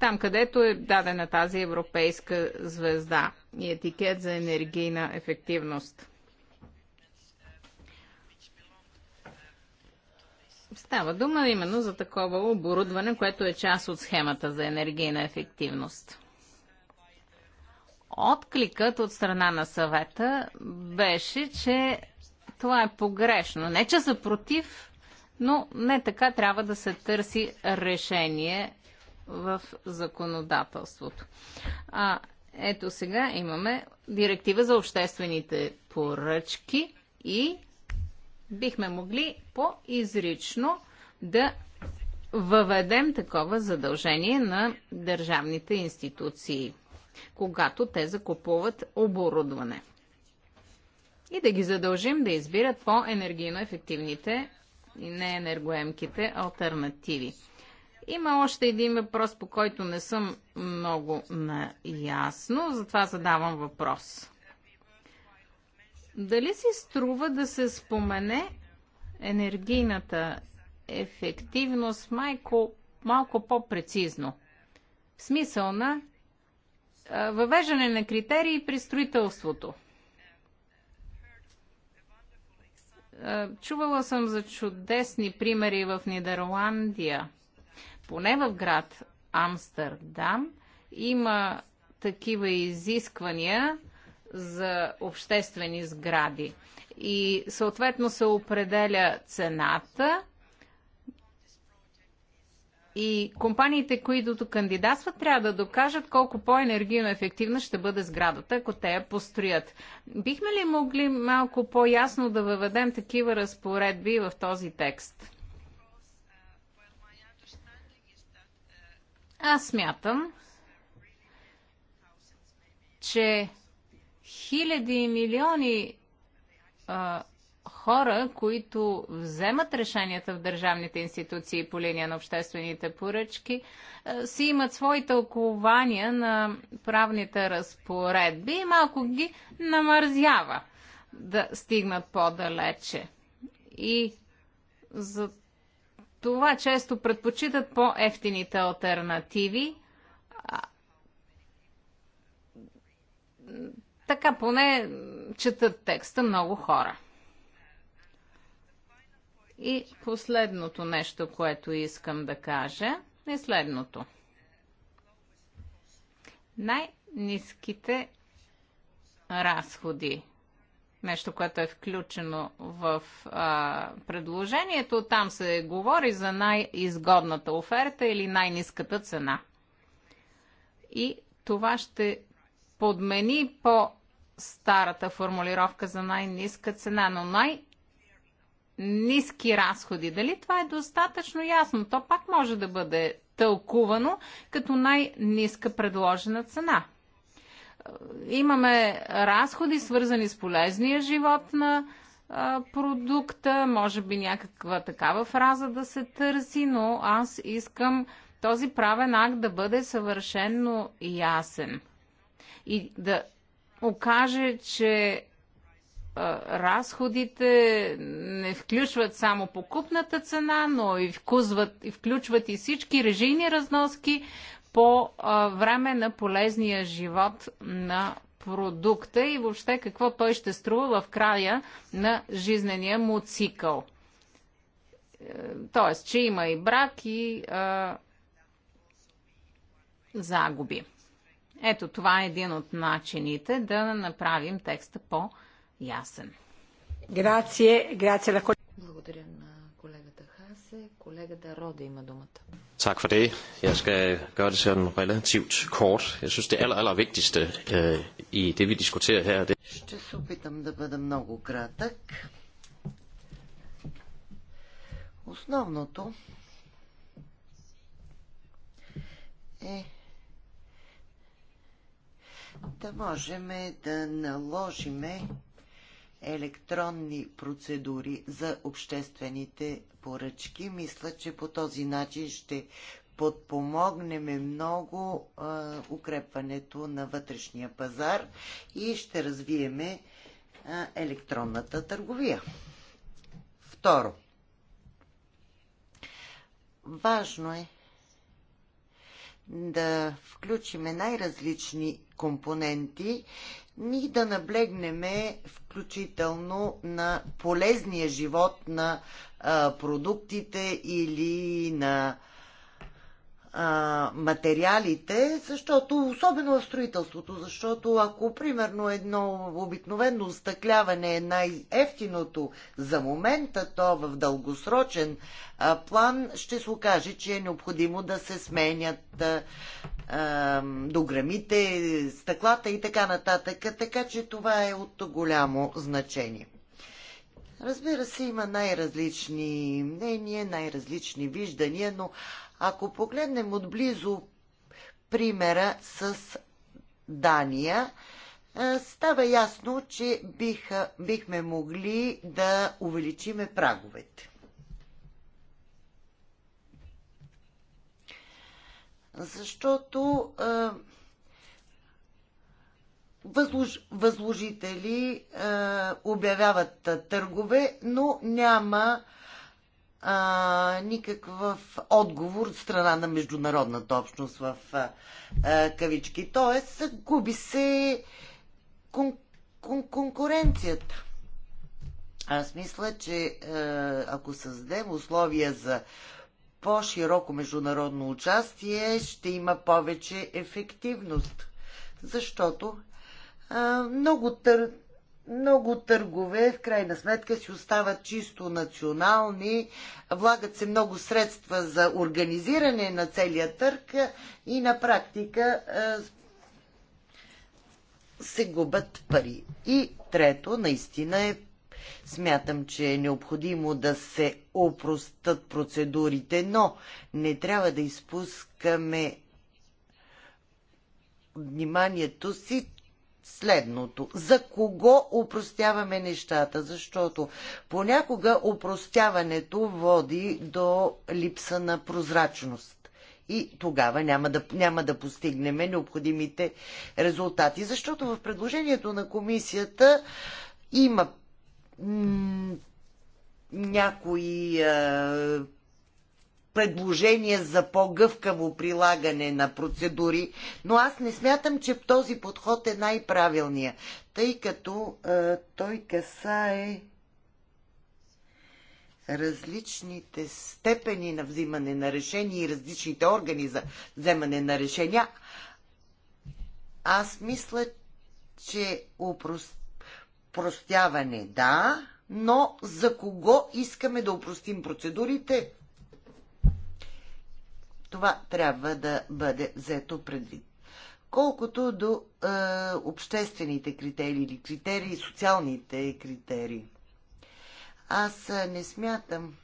там, където е дадена тази европейска звезда и етикет за енергийна ефективност. Става дума именно за такова оборудване, което е част от схемата за енергийна ефективност откликът от страна на съвета беше, че това е погрешно. Не, че са против, но не така трябва да се търси решение в законодателството. А, ето сега имаме директива за обществените поръчки и бихме могли по-изрично да въведем такова задължение на държавните институции когато те закупуват оборудване. И да ги задължим да избират по-енергийно ефективните и неенергоемките альтернативи. Има още един въпрос, по който не съм много наясно, затова задавам въпрос. Дали си струва да се спомене енергийната ефективност майко, малко по-прецизно? В смисъл на въвеждане на критерии при строителството. Чувала съм за чудесни примери в Нидерландия. Поне в град Амстердам има такива изисквания за обществени сгради. И съответно се определя цената и компаниите, които кандидатстват, трябва да докажат колко по-енергийно ефективна ще бъде сградата, ако те я построят. Бихме ли могли малко по-ясно да въведем такива разпоредби в този текст? Аз смятам, че хиляди и милиони а, хора, които вземат решенията в държавните институции по линия на обществените поръчки, е, си имат свои тълкования на правните разпоредби и малко ги намързява да стигнат по-далече. И за това често предпочитат по-ефтините альтернативи. Така поне четат текста много хора. И последното нещо, което искам да кажа, е следното. Най-низките разходи. Нещо, което е включено в а, предложението. Там се говори за най-изгодната оферта или най-низката цена. И това ще подмени по старата формулировка за най-низка цена, но най- ниски разходи. Дали това е достатъчно ясно? То пак може да бъде тълкувано като най-ниска предложена цена. Имаме разходи, свързани с полезния живот на продукта, може би някаква такава фраза да се търси, но аз искам този правен акт да бъде съвършенно ясен и да окаже, че разходите не включват само покупната цена, но и, вкусват, и включват и всички режийни разноски по а, време на полезния живот на продукта и въобще какво той ще струва в края на жизнения му цикъл. Е, тоест, че има и брак, и а, загуби. Ето това е един от начините да направим текста по-добре ясен. Грация, грация на Благодаря на колегата Хасе. Колегата Рода има думата. Tak for det. Jeg skal gøre det sådan relativt kort. Jeg synes, det aller, aller vigtigste øh, i det, vi diskuterer her... Det... Ще се опитам да бъда много кратък. Основното е да можем да наложиме електронни процедури за обществените поръчки. Мисля, че по този начин ще подпомогнем много а, укрепването на вътрешния пазар и ще развиеме а, електронната търговия. Второ. Важно е да включиме най-различни компоненти ни да наблегнеме включително на полезния живот на а, продуктите или на материалите, защото, особено в строителството, защото ако, примерно, едно обикновено стъкляване е най-ефтиното за момента, то в дългосрочен а, план ще се окаже, че е необходимо да се сменят а, а, дограмите, стъклата и така нататък. Така че това е от голямо значение. Разбира се, има най-различни мнения, най-различни виждания, но ако погледнем отблизо примера с Дания, е, става ясно, че бих, бихме могли да увеличиме праговете. Защото е, възложители е, обявяват търгове, но няма а, никакъв отговор от страна на международната общност в а, а, кавички. Тоест, губи се кон, кон, конкуренцията. Аз мисля, че ако създадем условия за по-широко международно участие, ще има повече ефективност. Защото а, много тър много търгове в крайна сметка си остават чисто национални, влагат се много средства за организиране на целия търг и на практика се губят пари. И трето, наистина е Смятам, че е необходимо да се опростат процедурите, но не трябва да изпускаме вниманието си, следното. За кого упростяваме нещата? Защото понякога упростяването води до липса на прозрачност. И тогава няма да, няма да постигнем необходимите резултати. Защото в предложението на комисията има някои а, предложения за по-гъвкаво прилагане на процедури, но аз не смятам, че този подход е най-правилният, тъй като а, той касае различните степени на взимане на решения и различните органи за вземане на решения. Аз мисля, че упрост... да, но за кого искаме да упростим процедурите? Това трябва да бъде взето предвид. Колкото до е, обществените критерии или критерии, социалните критерии. Аз е, не смятам,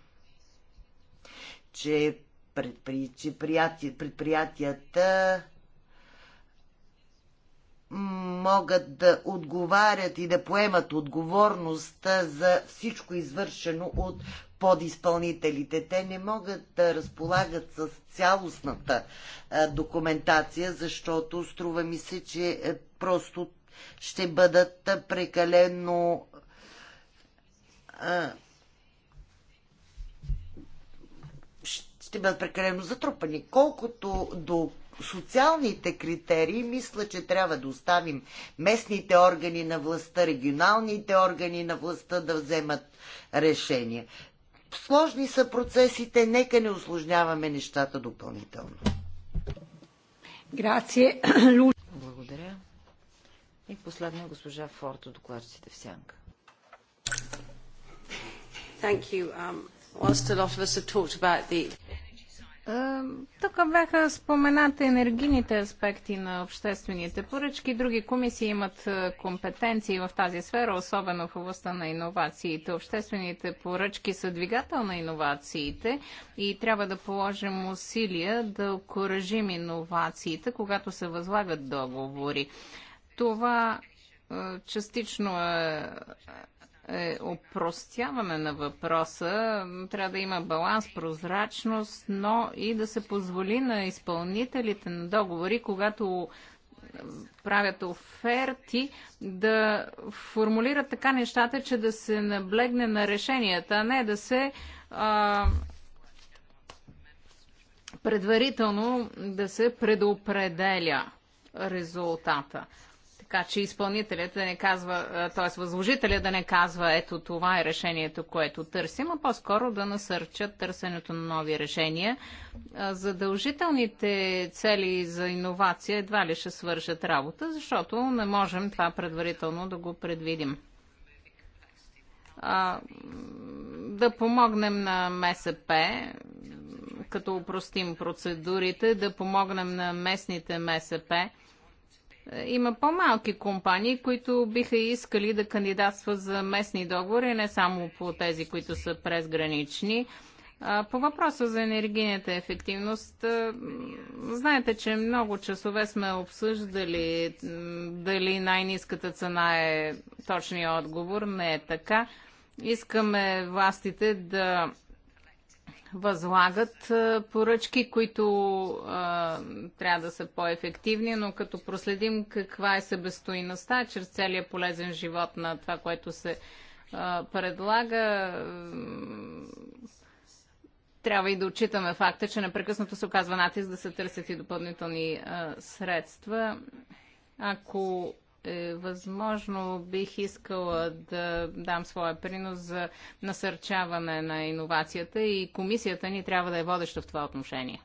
че предприятията могат да отговарят и да поемат отговорността за всичко извършено от подизпълнителите. Те не могат да разполагат с цялостната документация, защото струва ми се, че е, просто ще бъдат прекалено ще бъдат прекалено затрупани. Колкото до социалните критерии, мисля, че трябва да оставим местните органи на властта, регионалните органи на властта да вземат решения. Сложни са процесите, нека не осложняваме нещата допълнително. Грация. Благодаря. И последно е госпожа Форто, докладчите в сянка. Thank you. Um, whilst a lot of us have talked about the е, тук бяха споменати енергийните аспекти на обществените поръчки. Други комисии имат е, компетенции в тази сфера, особено в областта на иновациите. Обществените поръчки са двигател на иновациите и трябва да положим усилия да окоръжим иновациите, когато се възлагат договори. Това е, частично е е, упростяване на въпроса. Трябва да има баланс, прозрачност, но и да се позволи на изпълнителите на договори, когато правят оферти, да формулират така нещата, че да се наблегне на решенията, а не да се а, предварително да се предопределя резултата. Така че изпълнителят да не казва, т.е. възложителят да не казва, ето това е решението, което търсим, а по-скоро да насърчат търсенето на нови решения. Задължителните цели за иновация едва ли ще свършат работа, защото не можем това предварително да го предвидим да помогнем на МСП, като упростим процедурите, да помогнем на местните МСП има по-малки компании, които биха искали да кандидатстват за местни договори, не само по тези, които са презгранични. По въпроса за енергийната ефективност, знаете, че много часове сме обсъждали дали най-низката цена е точния отговор. Не е така. Искаме властите да възлагат поръчки, които а, трябва да са по-ефективни, но като проследим каква е себестоиността чрез целия полезен живот на това, което се а, предлага, трябва и да отчитаме факта, че непрекъснато се оказва натиск да се търсят и допълнителни а, средства. Ако е възможно, бих искала да дам своя принос за насърчаване на иновацията и комисията ни трябва да е водеща в това отношение.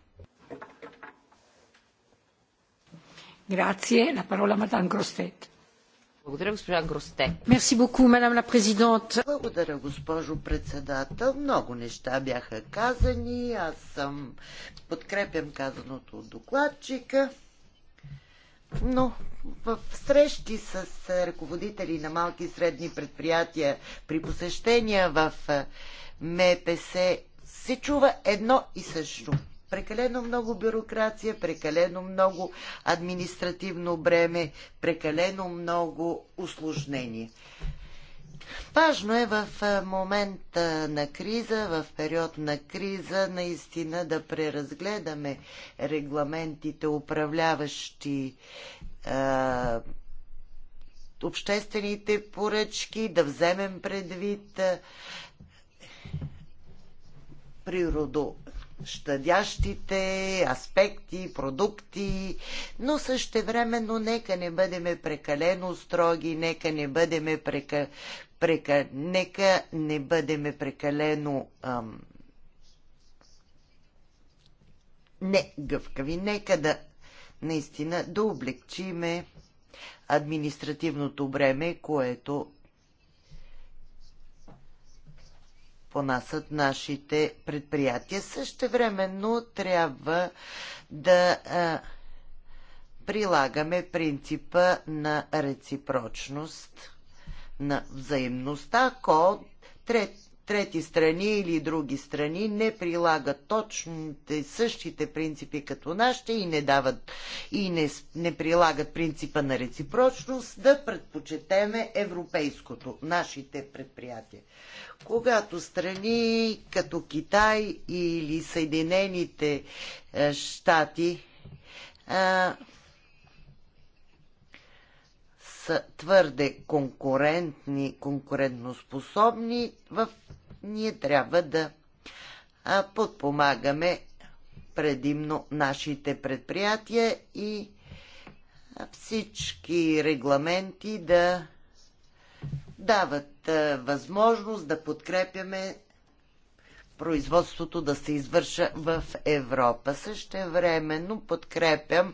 Грация. мадам Гростет. Благодаря, госпожа Гросте. Мерси боку, мадам президент. Благодаря, госпожо председател. Много неща бяха казани. Аз съм подкрепям казаното от докладчика но в срещи с е, ръководители на малки и средни предприятия, при посещения в е, МПС, се чува едно и също. Прекалено много бюрокрация, прекалено много административно бреме, прекалено много усложнение. Важно е в момента на криза, в период на криза, наистина да преразгледаме регламентите, управляващи е, обществените поръчки, да вземем предвид е, природо щадящите аспекти, продукти, но същевременно нека не бъдеме прекалено строги, нека не бъдеме, прека, прека, нека не бъдеме прекалено ам, не гъвкави, нека да наистина да облегчиме административното бреме, което понасят нашите предприятия. Също времено трябва да а, прилагаме принципа на реципрочност, на взаимността, ако трет, трети страни или други страни не прилагат точно същите принципи като нашите и не дават и не, не прилагат принципа на реципрочност, да предпочетеме европейското, нашите предприятия. Когато страни като Китай или Съединените е, щати а, е, са твърде конкурентни, конкурентноспособни в ние трябва да подпомагаме предимно нашите предприятия и всички регламенти да дават възможност да подкрепяме производството да се извърша в Европа. времено подкрепям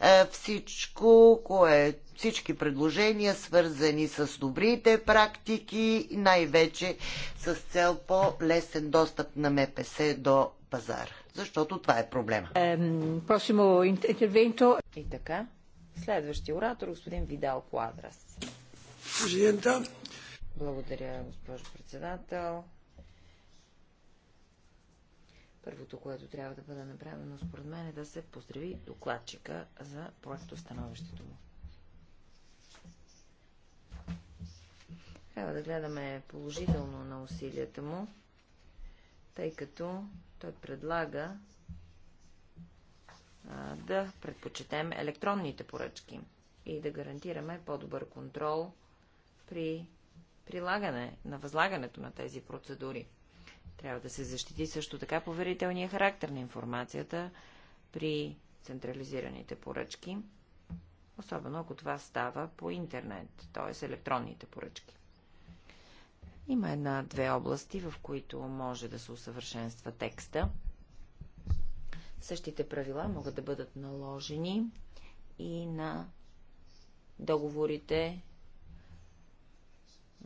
е, всичко, кое, всички предложения, свързани с добрите практики, най-вече с цел по-лесен достъп на МПС до пазара. Защото това е проблема. И така, следващия оратор, господин Видал Куадрас. Благодаря, госпожо председател. Първото, което трябва да бъде направено, според мен, е да се поздрави докладчика за проекто становището му. Трябва да гледаме положително на усилията му, тъй като той предлага да предпочетем електронните поръчки и да гарантираме по-добър контрол при прилагане на възлагането на тези процедури. Трябва да се защити също така поверителния характер на информацията при централизираните поръчки, особено ако това става по интернет, т.е. електронните поръчки. Има една-две области, в които може да се усъвършенства текста. Същите правила могат да бъдат наложени и на договорите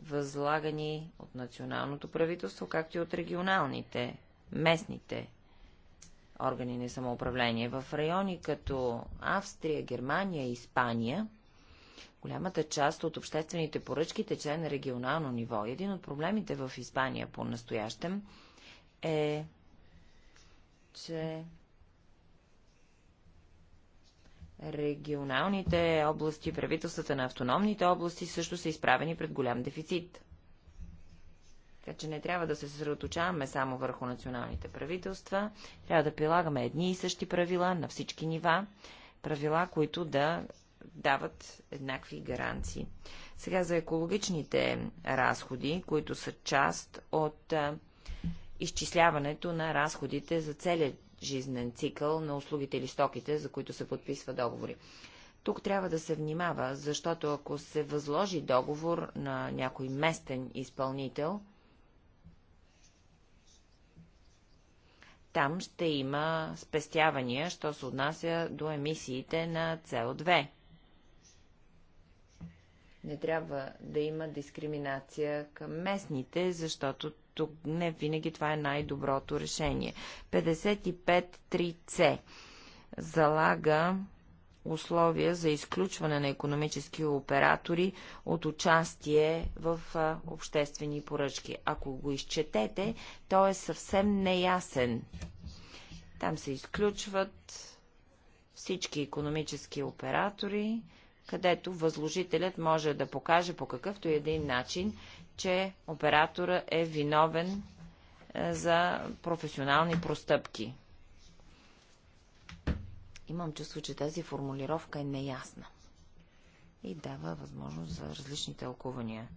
възлагани от националното правителство, както и от регионалните, местните органи на самоуправление. В райони като Австрия, Германия и Испания, голямата част от обществените поръчки тече на регионално ниво. Един от проблемите в Испания по-настоящем е, че регионалните области, правителствата на автономните области също са изправени пред голям дефицит. Така че не трябва да се съсредоточаваме само върху националните правителства, трябва да прилагаме едни и същи правила на всички нива, правила, които да дават еднакви гаранции. Сега за екологичните разходи, които са част от изчисляването на разходите за целия жизнен цикъл на услугите или стоките, за които се подписва договори. Тук трябва да се внимава, защото ако се възложи договор на някой местен изпълнител, там ще има спестявания, що се отнася до емисиите на co 2 Не трябва да има дискриминация към местните, защото тук не винаги това е най-доброто решение. 55.3c залага условия за изключване на економически оператори от участие в обществени поръчки. Ако го изчетете, то е съвсем неясен. Там се изключват всички економически оператори, където възложителят може да покаже по какъвто и един начин, че оператора е виновен е, за професионални простъпки. Имам чувство, че тази формулировка е неясна и дава възможност за различни тълкувания.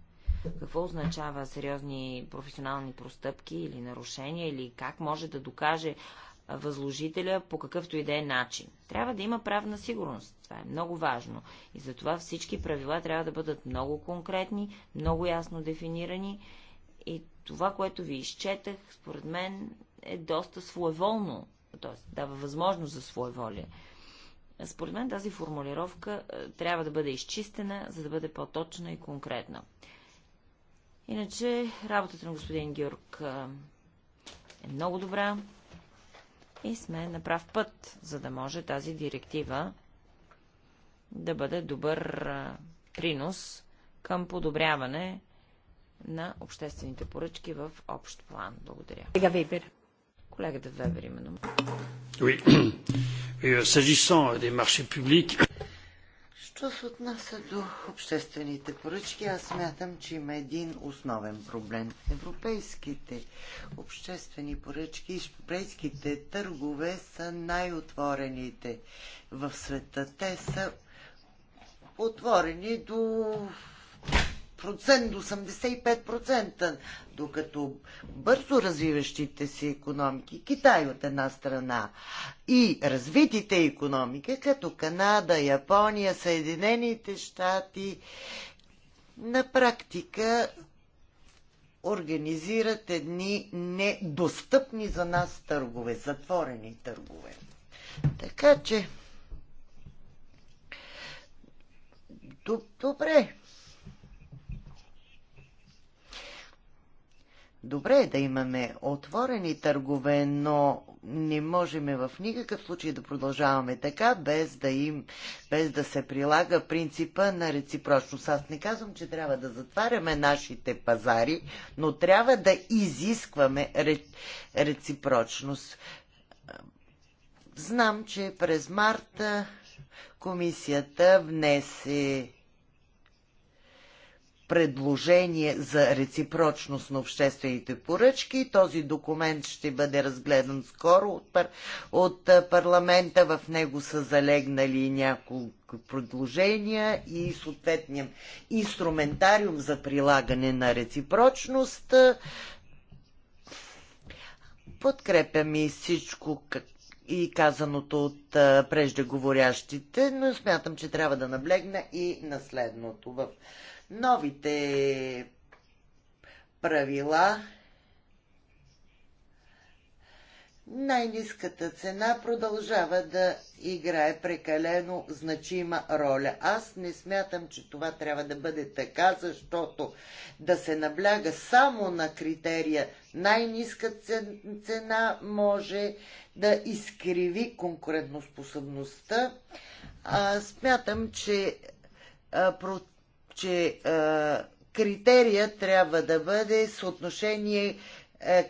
Какво означава сериозни професионални простъпки или нарушения, или как може да докаже възложителя по какъвто и да е начин. Трябва да има правна сигурност. Това е много важно. И затова всички правила трябва да бъдат много конкретни, много ясно дефинирани. И това, което ви изчетах, според мен е доста своеволно, т.е. дава възможност за своеволие. Според мен тази формулировка е, трябва да бъде изчистена, за да бъде по-точна и конкретна. Иначе работата на господин Георг е, е много добра и сме на прав път, за да може тази директива да бъде добър принос към подобряване на обществените поръчки в общ план. Благодаря. Колега Вебер. Колегата Вебер именно. Oui. <clears throat> Euh, s'agissant des marchés publics, Що се отнася до обществените поръчки, аз смятам, че има един основен проблем. Европейските обществени поръчки, европейските търгове са най-отворените в света. Те са отворени до процент 85%, докато бързо развиващите си економики, Китай от една страна и развитите економики, като Канада, Япония, Съединените щати, на практика организират едни недостъпни за нас търгове, затворени търгове. Така че, добре, Добре е да имаме отворени търгове, но не можем в никакъв случай да продължаваме така, без да, им, без да се прилага принципа на реципрочност. Аз не казвам, че трябва да затваряме нашите пазари, но трябва да изискваме реципрочност. Знам, че през марта комисията внесе предложение за реципрочност на обществените поръчки. Този документ ще бъде разгледан скоро от, пар... от парламента. В него са залегнали няколко предложения и съответния инструментариум за прилагане на реципрочност. Подкрепям и всичко как и казаното от преждеговорящите, но смятам, че трябва да наблегна и на следното. В новите правила най-низката цена продължава да играе прекалено значима роля. Аз не смятам, че това трябва да бъде така, защото да се набляга само на критерия най-низка цена може да изкриви конкурентоспособността. А, смятам, че че а, критерия трябва да бъде съотношение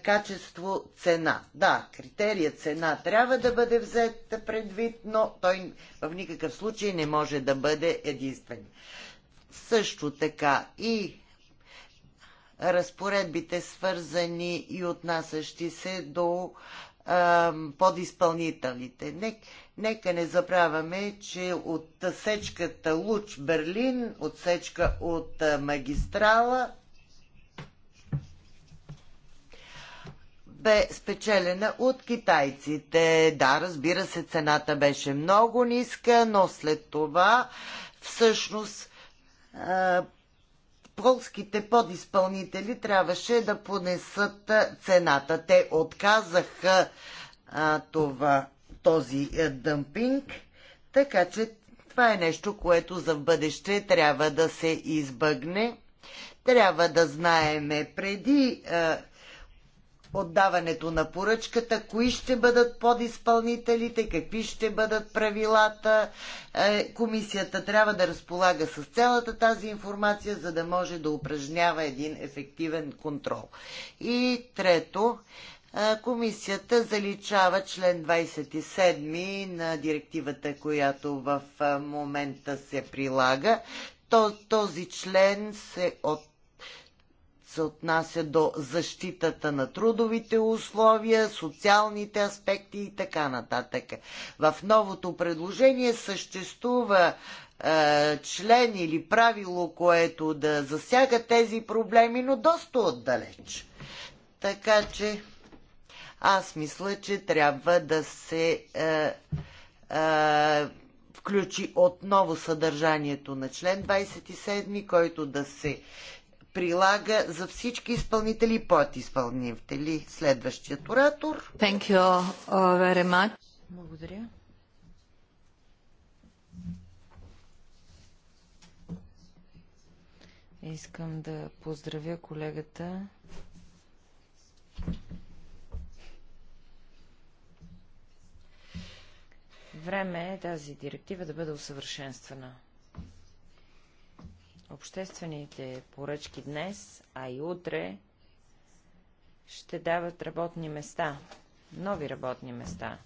качество-цена. Да, критерия цена трябва да бъде взет предвид, но той в никакъв случай не може да бъде единствен. Също така и разпоредбите свързани и отнасящи се до подизпълнителите. Нека Нека не забравяме, че от сечката Луч Берлин, отсечка от магистрала, бе спечелена от китайците. Да, разбира се, цената беше много ниска, но след това всъщност полските подизпълнители трябваше да понесат цената. Те отказаха а, това този е, дъмпинг. Така че това е нещо, което за бъдеще трябва да се избъгне. Трябва да знаеме преди е, отдаването на поръчката, кои ще бъдат подизпълнителите, какви ще бъдат правилата. Е, комисията трябва да разполага с цялата тази информация, за да може да упражнява един ефективен контрол. И трето, Комисията заличава член 27 на директивата, която в момента се прилага. Този член се, от... се отнася до защитата на трудовите условия, социалните аспекти и така нататък. В новото предложение съществува член или правило, което да засяга тези проблеми, но доста отдалеч. Така че аз мисля, че трябва да се е, е, включи отново съдържанието на член 27, който да се прилага за всички изпълнители и подизпълнители. Следващият оратор. Thank you uh, very much. Благодаря. Искам да поздравя колегата Време е тази директива да бъде усъвършенствана. Обществените поръчки днес, а и утре, ще дават работни места, нови работни места,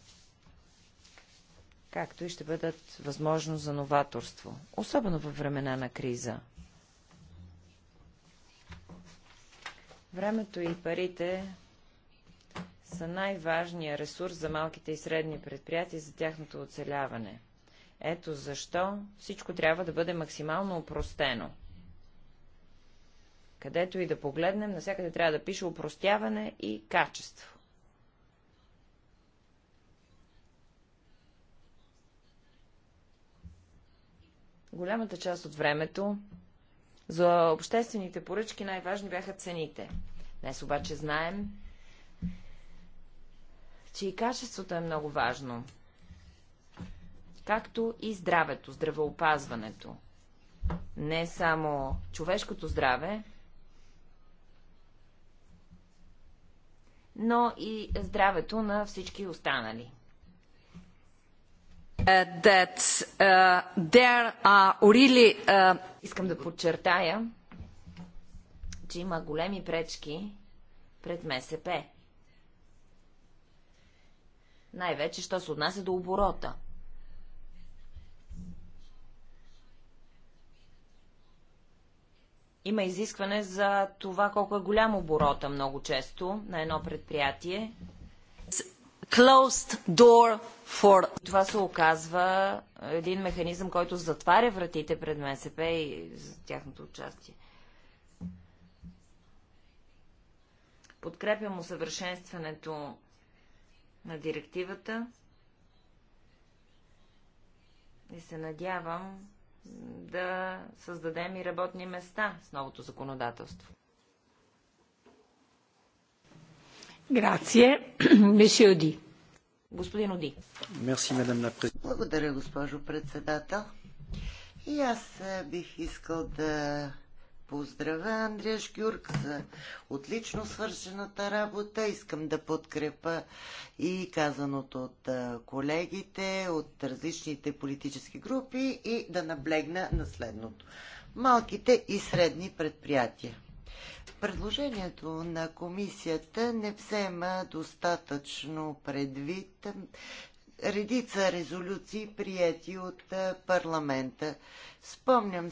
както и ще бъдат възможност за новаторство, особено във времена на криза. Времето и парите са най важния ресурс за малките и средни предприятия за тяхното оцеляване. Ето защо всичко трябва да бъде максимално упростено. Където и да погледнем, насякъде трябва да пише упростяване и качество. голямата част от времето за обществените поръчки най-важни бяха цените. Днес обаче знаем, че и качеството е много важно. Както и здравето, здравеопазването. Не само човешкото здраве, но и здравето на всички останали. Uh, that, uh, really, uh... Искам да подчертая, че има големи пречки пред МСП. Най-вече, що се отнася до оборота. Има изискване за това колко е голям оборота много често на едно предприятие. For... Това се оказва един механизъм, който затваря вратите пред МСП и за тяхното участие. Подкрепям усъвършенстването на директивата и се надявам да създадем и работни места с новото законодателство. Грация, <clears throat> Меси Оди. Господин Оди. Мерси, мадам ла Благодаря, госпожо председател. И аз е, бих искал да поздравя Андрея Шкюрк за отлично свършената работа. Искам да подкрепа и казаното от колегите, от различните политически групи и да наблегна на следното. Малките и средни предприятия. Предложението на комисията не взема достатъчно предвид редица резолюции, прияти от парламента. Спомням,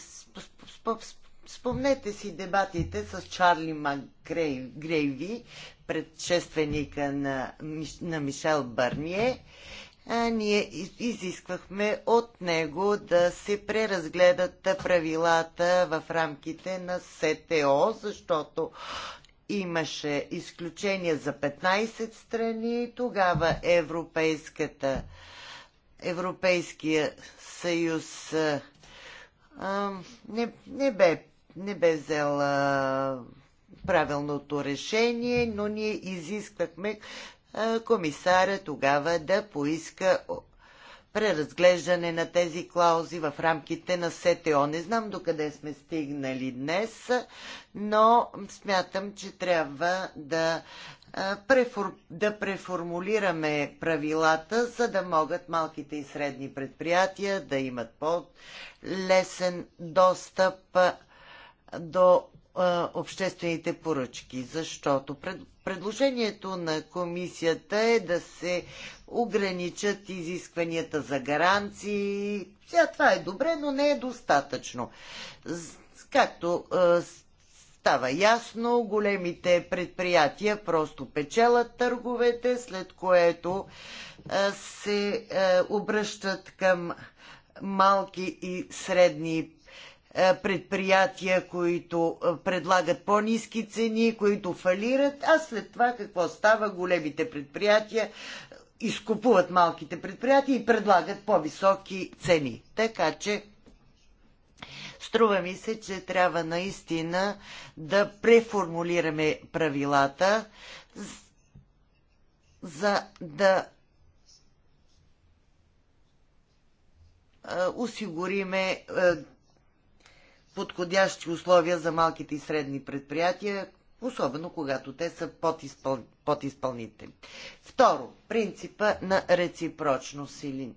Спомнете си дебатите с Чарли Макгрейви, предшественика на, на Мишел Бърние. А, ние изисквахме от него да се преразгледат правилата в рамките на СТО, защото имаше изключения за 15 страни. Тогава Европейската, Европейския съюз а, не, не бе не бе взела правилното решение, но ние изисквахме комисаря тогава да поиска преразглеждане на тези клаузи в рамките на СТО. Не знам докъде сме стигнали днес, но смятам, че трябва да, префор... да преформулираме правилата, за да могат малките и средни предприятия да имат по-лесен достъп до обществените поръчки, защото пред, предложението на комисията е да се ограничат изискванията за гаранции. Сега това е добре, но не е достатъчно. Както а, става ясно, големите предприятия просто печелят търговете, след което а, се а, обръщат към малки и средни е, предприятия, които е, предлагат по-низки цени, които фалират, а след това какво става? Големите предприятия е, изкупуват малките предприятия и предлагат по-високи цени. Така че Струва ми се, че трябва наистина да преформулираме правилата, за да осигуриме подходящи условия за малките и средни предприятия, особено когато те са подизпъл... подизпълнители. Второ, принципа на реципрочност или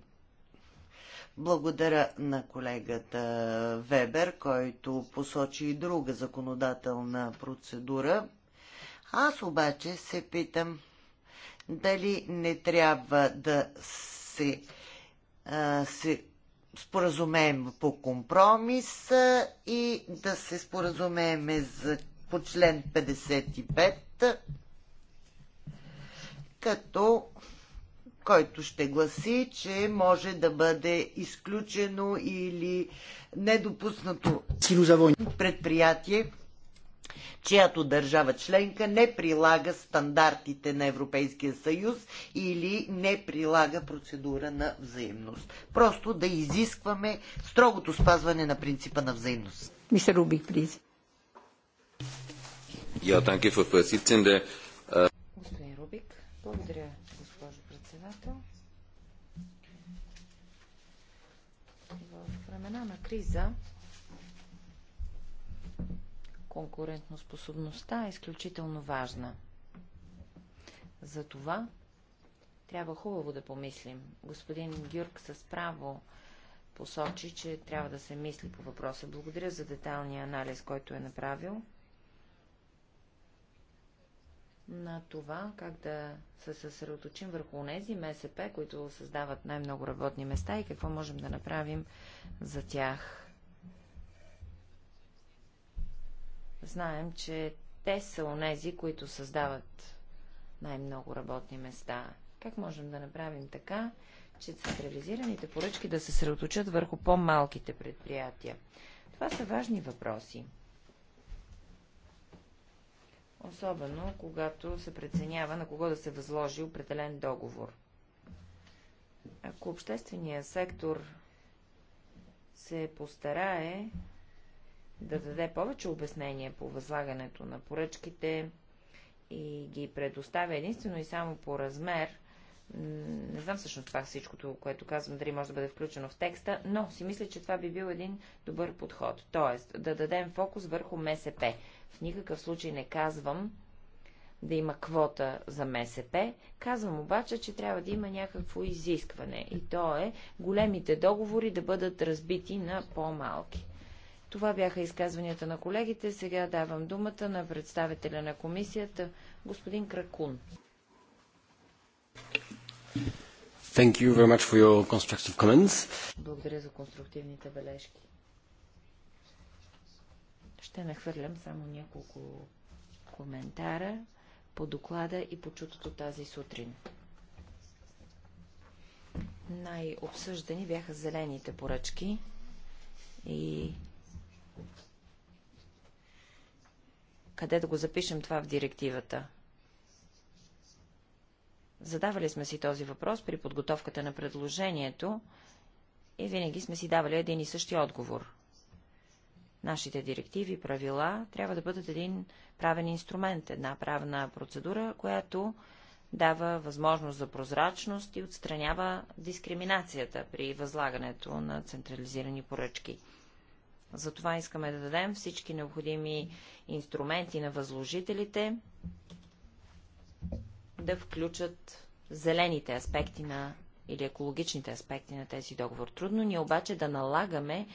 благодаря на колегата Вебер, който посочи и друга законодателна процедура. Аз обаче се питам дали не трябва да се, а, се споразумеем по компромис и да се споразумееме за, по член 55, като който ще гласи, че може да бъде изключено или недопуснато предприятие чиято държава членка не прилага стандартите на Европейския съюз или не прилага процедура на взаимност. Просто да изискваме строгото спазване на принципа на взаимност. Мисля Руби, плиз. Господин Рубик, благодаря, госпожо председател. В времена на криза Конкурентноспособността е изключително важна. За това трябва хубаво да помислим. Господин Гюрк с право посочи, че трябва да се мисли по въпроса. Благодаря за деталния анализ, който е направил на това, как да се съсредоточим върху тези МСП, които създават най-много работни места и какво можем да направим за тях. Знаем, че те са онези, които създават най-много работни места. Как можем да направим така, че централизираните поръчки да се средоточат върху по-малките предприятия? Това са важни въпроси. Особено, когато се преценява на кого да се възложи определен договор. Ако обществения сектор се постарае да даде повече обяснение по възлагането на поръчките и ги предоставя единствено и само по размер. Не знам всъщност това всичкото, което казвам, дали може да бъде включено в текста, но си мисля, че това би бил един добър подход. Тоест, да дадем фокус върху МСП. В никакъв случай не казвам да има квота за МСП. Казвам обаче, че трябва да има някакво изискване и то е големите договори да бъдат разбити на по-малки. Това бяха изказванията на колегите. Сега давам думата на представителя на комисията, господин Кракун. Thank you very much for your constructive comments. Благодаря за конструктивните бележки. Ще нахвърлям само няколко коментара по доклада и по чутото тази сутрин. Най-обсъждани бяха зелените поръчки и къде да го запишем това в директивата? Задавали сме си този въпрос при подготовката на предложението и винаги сме си давали един и същи отговор. Нашите директиви, правила трябва да бъдат един правен инструмент, една правна процедура, която дава възможност за прозрачност и отстранява дискриминацията при възлагането на централизирани поръчки. Затова искаме да дадем всички необходими инструменти на възложителите да включат зелените аспекти на или екологичните аспекти на тези договор. Трудно ни е обаче да налагаме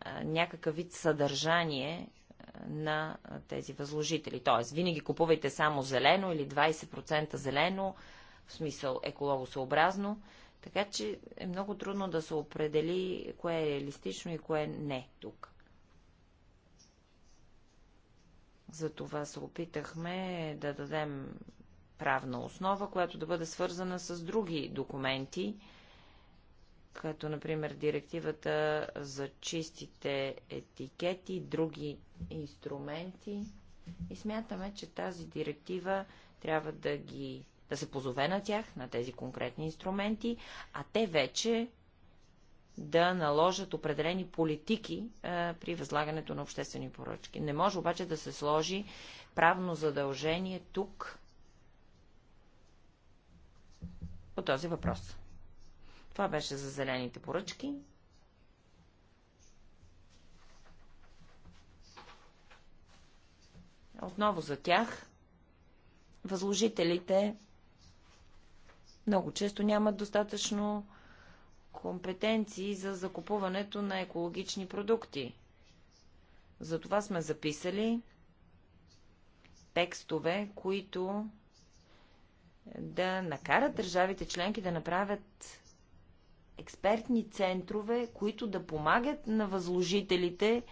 а, някакъв вид съдържание на тези възложители. Тоест, винаги купувайте само зелено или 20% зелено, в смисъл екологосъобразно, така че е много трудно да се определи кое е реалистично и кое не тук. Затова се опитахме да дадем правна основа, която да бъде свързана с други документи, като например директивата за чистите етикети, други инструменти. И смятаме, че тази директива трябва да ги да се позове на тях, на тези конкретни инструменти, а те вече да наложат определени политики а, при възлагането на обществени поръчки. Не може обаче да се сложи правно задължение тук по този въпрос. Това беше за зелените поръчки. Отново за тях. Възложителите много често нямат достатъчно компетенции за закупуването на екологични продукти. Затова сме записали текстове, които да накарат държавите членки да направят експертни центрове, които да помагат на възложителите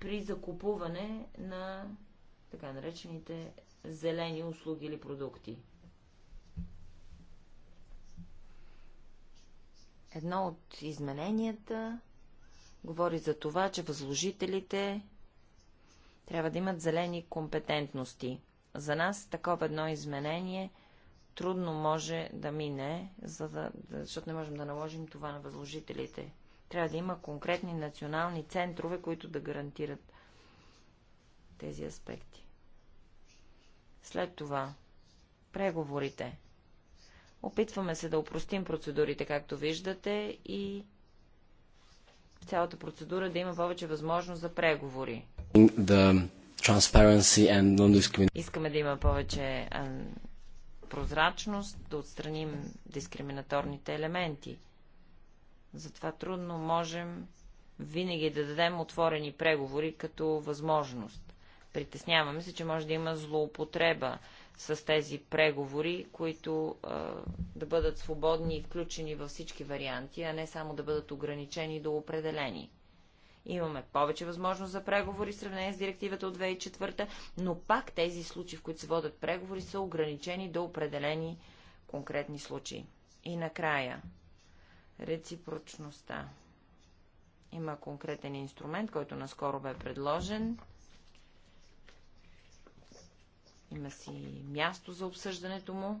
при закупуване на така наречените зелени услуги или продукти. Едно от измененията говори за това, че възложителите трябва да имат зелени компетентности. За нас такова едно изменение трудно може да мине, за да, защото не можем да наложим това на възложителите. Трябва да има конкретни национални центрове, които да гарантират тези аспекти. След това, преговорите. Опитваме се да упростим процедурите, както виждате, и цялата процедура да има повече възможност за преговори. Искаме да има повече а, прозрачност, да отстраним дискриминаторните елементи. Затова трудно можем винаги да дадем отворени преговори като възможност. Притесняваме се, че може да има злоупотреба с тези преговори, които а, да бъдат свободни и включени във всички варианти, а не само да бъдат ограничени до определени. Имаме повече възможност за преговори в сравнение с директивата от 2004, но пак тези случаи, в които се водят преговори, са ограничени до определени конкретни случаи. И накрая, реципрочността. Има конкретен инструмент, който наскоро бе предложен има си място за обсъждането му,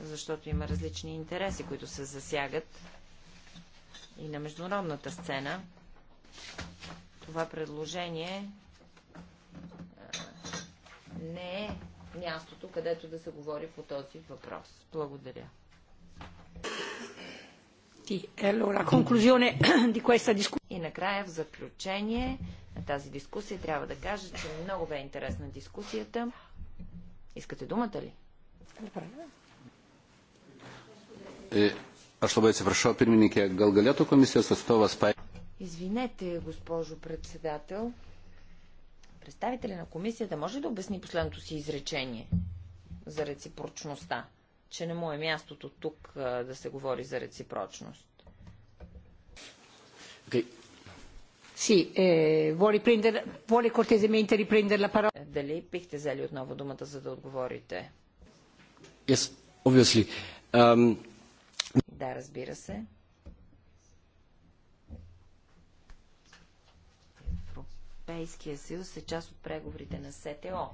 защото има различни интереси, които се засягат и на международната сцена. Това предложение не е мястото, където да се говори по този въпрос. Благодаря. E <clears throat> И накрая в заключение на тази дискусия трябва да кажа, че много бе интересна дискусията. Искате думата ли? Е, Извинете, госпожо председател. Представителя на комисията може да обясни последното си изречение за реципрочността? че не му е мястото тук да се говори за реципрочност. Okay. Sì, eh, vuole, vuole cortesemente riprendere la parola. Е, дали бихте взели отново думата, за да отговорите? Yes, obviously. Um... Да, разбира се. Европейския съюз е част от преговорите на СТО.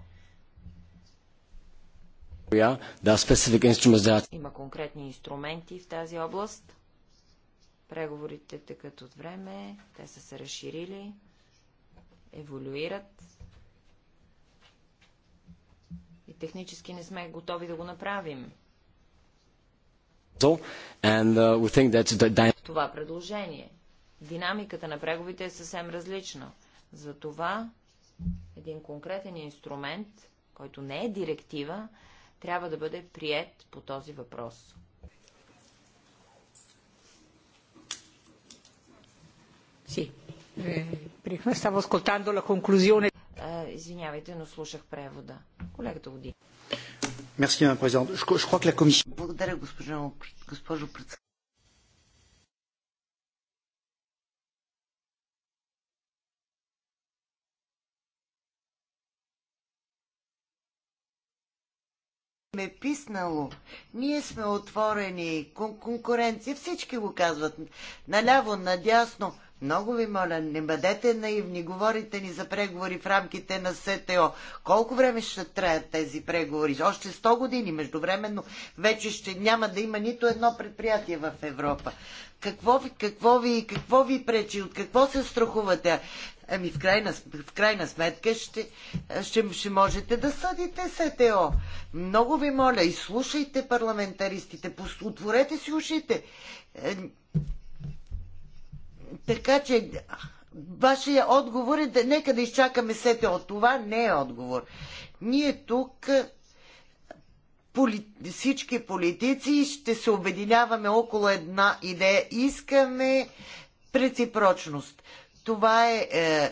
Има конкретни инструменти в тази област. Преговорите текат от време, те са се разширили, еволюират. И технически не сме готови да го направим. Uh, това предложение. Динамиката на преговорите е съвсем различна. Затова един конкретен инструмент, който не е директива, трябва да бъде прият по този въпрос. Си. Е, приехме става ascoltando la conclusione. Извинявайте, но слушах превода. Колегата Води. Благодаря, госпожо председател. ме писнало. Ние сме отворени, кон- конкуренция, всички го казват. Наляво, надясно. Много ви моля, не бъдете наивни, говорите ни за преговори в рамките на СТО. Колко време ще траят тези преговори? Още 100 години, междувременно вече ще няма да има нито едно предприятие в Европа. Какво ви, какво ви, какво ви пречи? От какво се страхувате? Ами в крайна, в крайна сметка ще, ще, ще можете да съдите СТО. Много ви моля, изслушайте парламентаристите, отворете си ушите е, така че вашия отговор е да нека да изчакаме сете от това. Не е отговор. Ние тук всички политици ще се обединяваме около една идея. Искаме реципрочност. Това е, е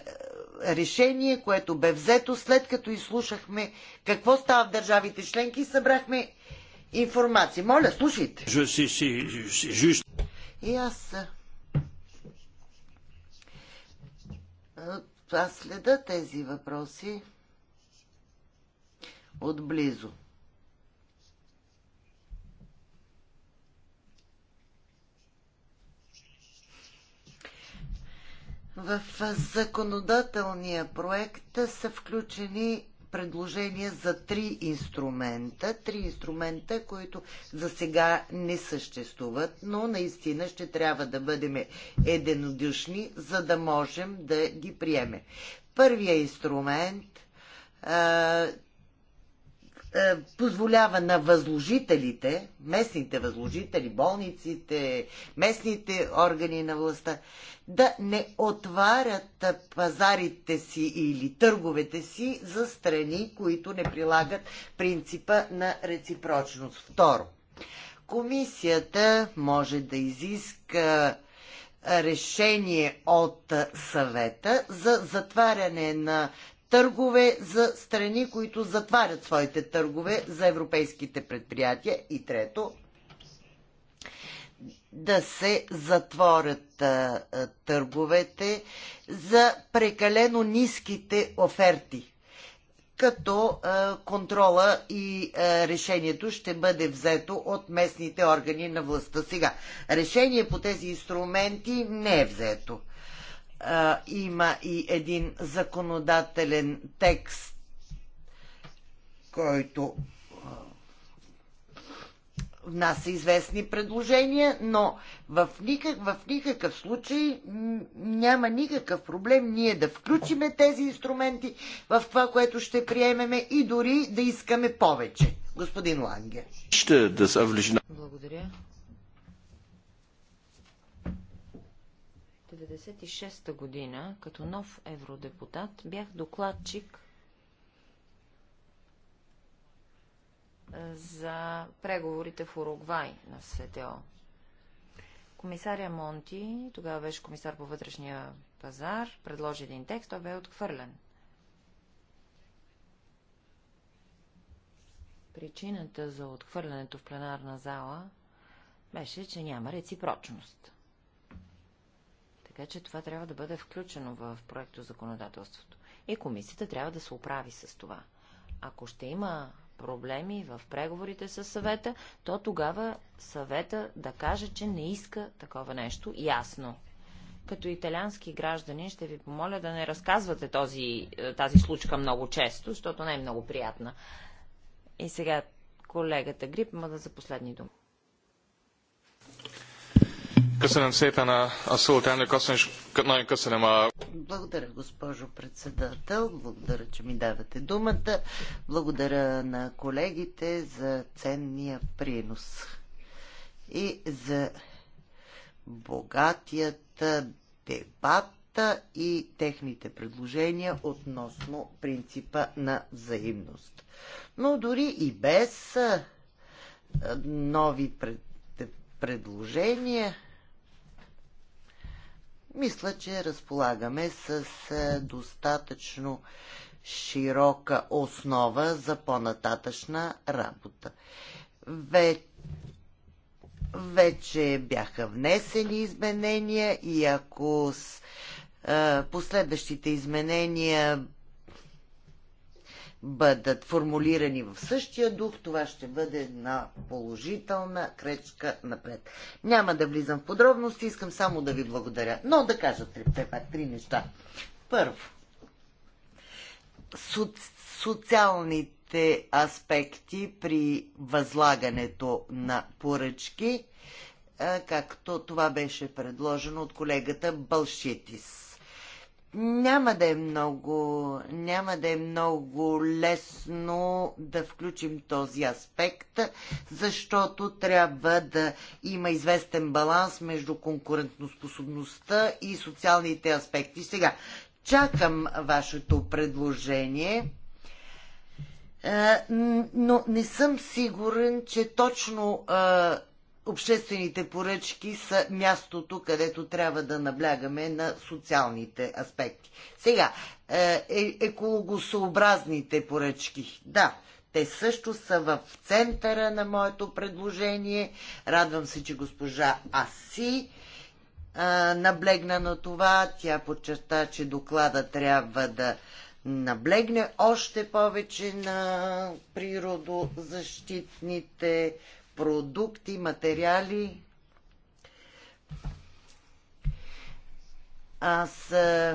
решение, което бе взето след като изслушахме какво става в държавите членки и събрахме информация. Моля, слушайте. И аз Е, аз следа тези въпроси отблизо. В законодателния проект са включени предложение за три инструмента. Три инструмента, които за сега не съществуват, но наистина ще трябва да бъдем единодушни, за да можем да ги приеме. Първия инструмент е, позволява на възложителите, местните възложители, болниците, местните органи на властта, да не отварят пазарите си или търговете си за страни, които не прилагат принципа на реципрочност. Второ, комисията може да изиска решение от съвета за затваряне на търгове за страни, които затварят своите търгове за европейските предприятия. И трето, да се затворят а, търговете за прекалено ниските оферти като а, контрола и а, решението ще бъде взето от местните органи на властта. Сега, решение по тези инструменти не е взето а, има и един законодателен текст, който а, внася известни предложения, но в, никак, в никакъв случай няма никакъв проблем ние да включиме тези инструменти в това, което ще приемеме и дори да искаме повече. Господин Ланге. Благодаря. 1996 година, като нов евродепутат, бях докладчик за преговорите в Уругвай на СВТО. Комисаря Монти, тогава беше комисар по вътрешния пазар, предложи един текст, той бе отхвърлен. Причината за отхвърлянето в пленарна зала беше, че няма реципрочност. Така че това трябва да бъде включено в проекто законодателството. И комисията трябва да се оправи с това. Ако ще има проблеми в преговорите с съвета, то тогава съвета да каже, че не иска такова нещо ясно. Като италиански граждани ще ви помоля да не разказвате този, е, тази случка много често, защото не е много приятна. И сега колегата Грип има да за последни думи. Köszönöm szépen a, a szót, elnök asszony, és nagyon köszönöm a... Благодаря, госпожо председател. Благодаря, че ми давате думата. Благодаря на колегите за ценния принос и за богатият дебат и техните предложения относно принципа на взаимност. Но дори и без нови пред, предложения мисля, че разполагаме с е, достатъчно широка основа за по-нататъчна работа. Ве... Вече бяха внесени изменения и ако с, е, последващите изменения бъдат формулирани в същия дух, това ще бъде една положителна кречка напред. Няма да влизам в подробности, искам само да ви благодаря. Но да кажа три, пак, три неща. Първо, со- социалните аспекти при възлагането на поръчки, както това беше предложено от колегата Балшитис няма да е много, няма да е много лесно да включим този аспект, защото трябва да има известен баланс между конкурентоспособността и социалните аспекти. Сега, чакам вашето предложение, е, но не съм сигурен, че точно е, обществените поръчки са мястото, където трябва да наблягаме на социалните аспекти. Сега, е, е екологосообразните поръчки. Да, те също са в центъра на моето предложение. Радвам се, че госпожа Аси е, наблегна на това. Тя подчерта, че доклада трябва да наблегне още повече на природозащитните продукти, материали. Аз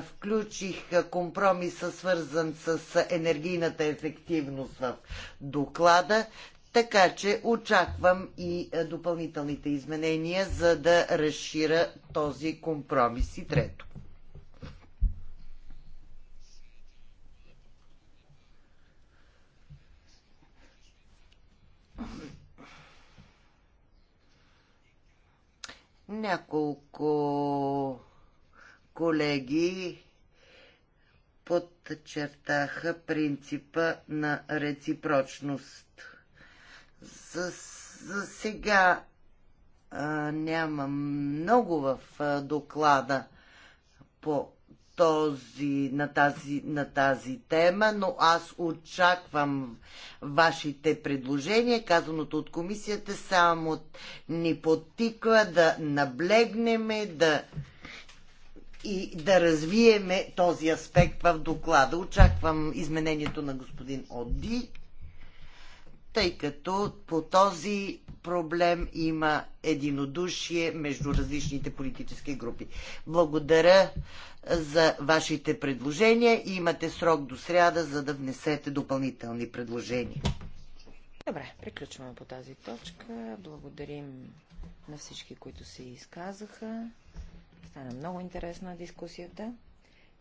включих компромиса, свързан с енергийната ефективност в доклада, така че очаквам и допълнителните изменения, за да разшира този компромис. И трето. Няколко колеги подчертаха принципа на реципрочност. За, за сега а, няма много в а, доклада по този, на, тази, на тази тема, но аз очаквам вашите предложения. Казаното от комисията само ни потиква да наблегнеме, да и да развиеме този аспект в доклада. Очаквам изменението на господин Оди тъй като по този проблем има единодушие между различните политически групи. Благодаря за вашите предложения. и Имате срок до сряда, за да внесете допълнителни предложения. Добре, приключваме по тази точка. Благодарим на всички, които се изказаха. Стана много интересна дискусията.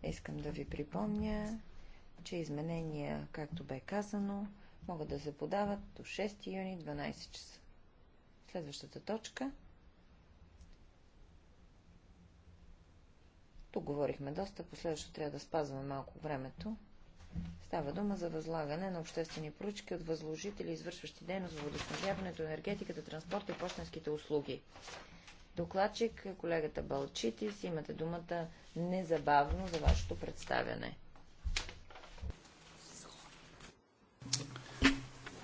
Искам да ви припомня, че изменения, както бе казано, могат да се подават до 6 юни 12 часа. Следващата точка. Тук говорихме доста, последващо трябва да спазваме малко времето. Става дума за възлагане на обществени поручки от възложители, извършващи дейност в водоснабдяването, енергетиката, транспорта и почтенските услуги. Докладчик, е колегата Балчитис, имате думата незабавно за вашето представяне.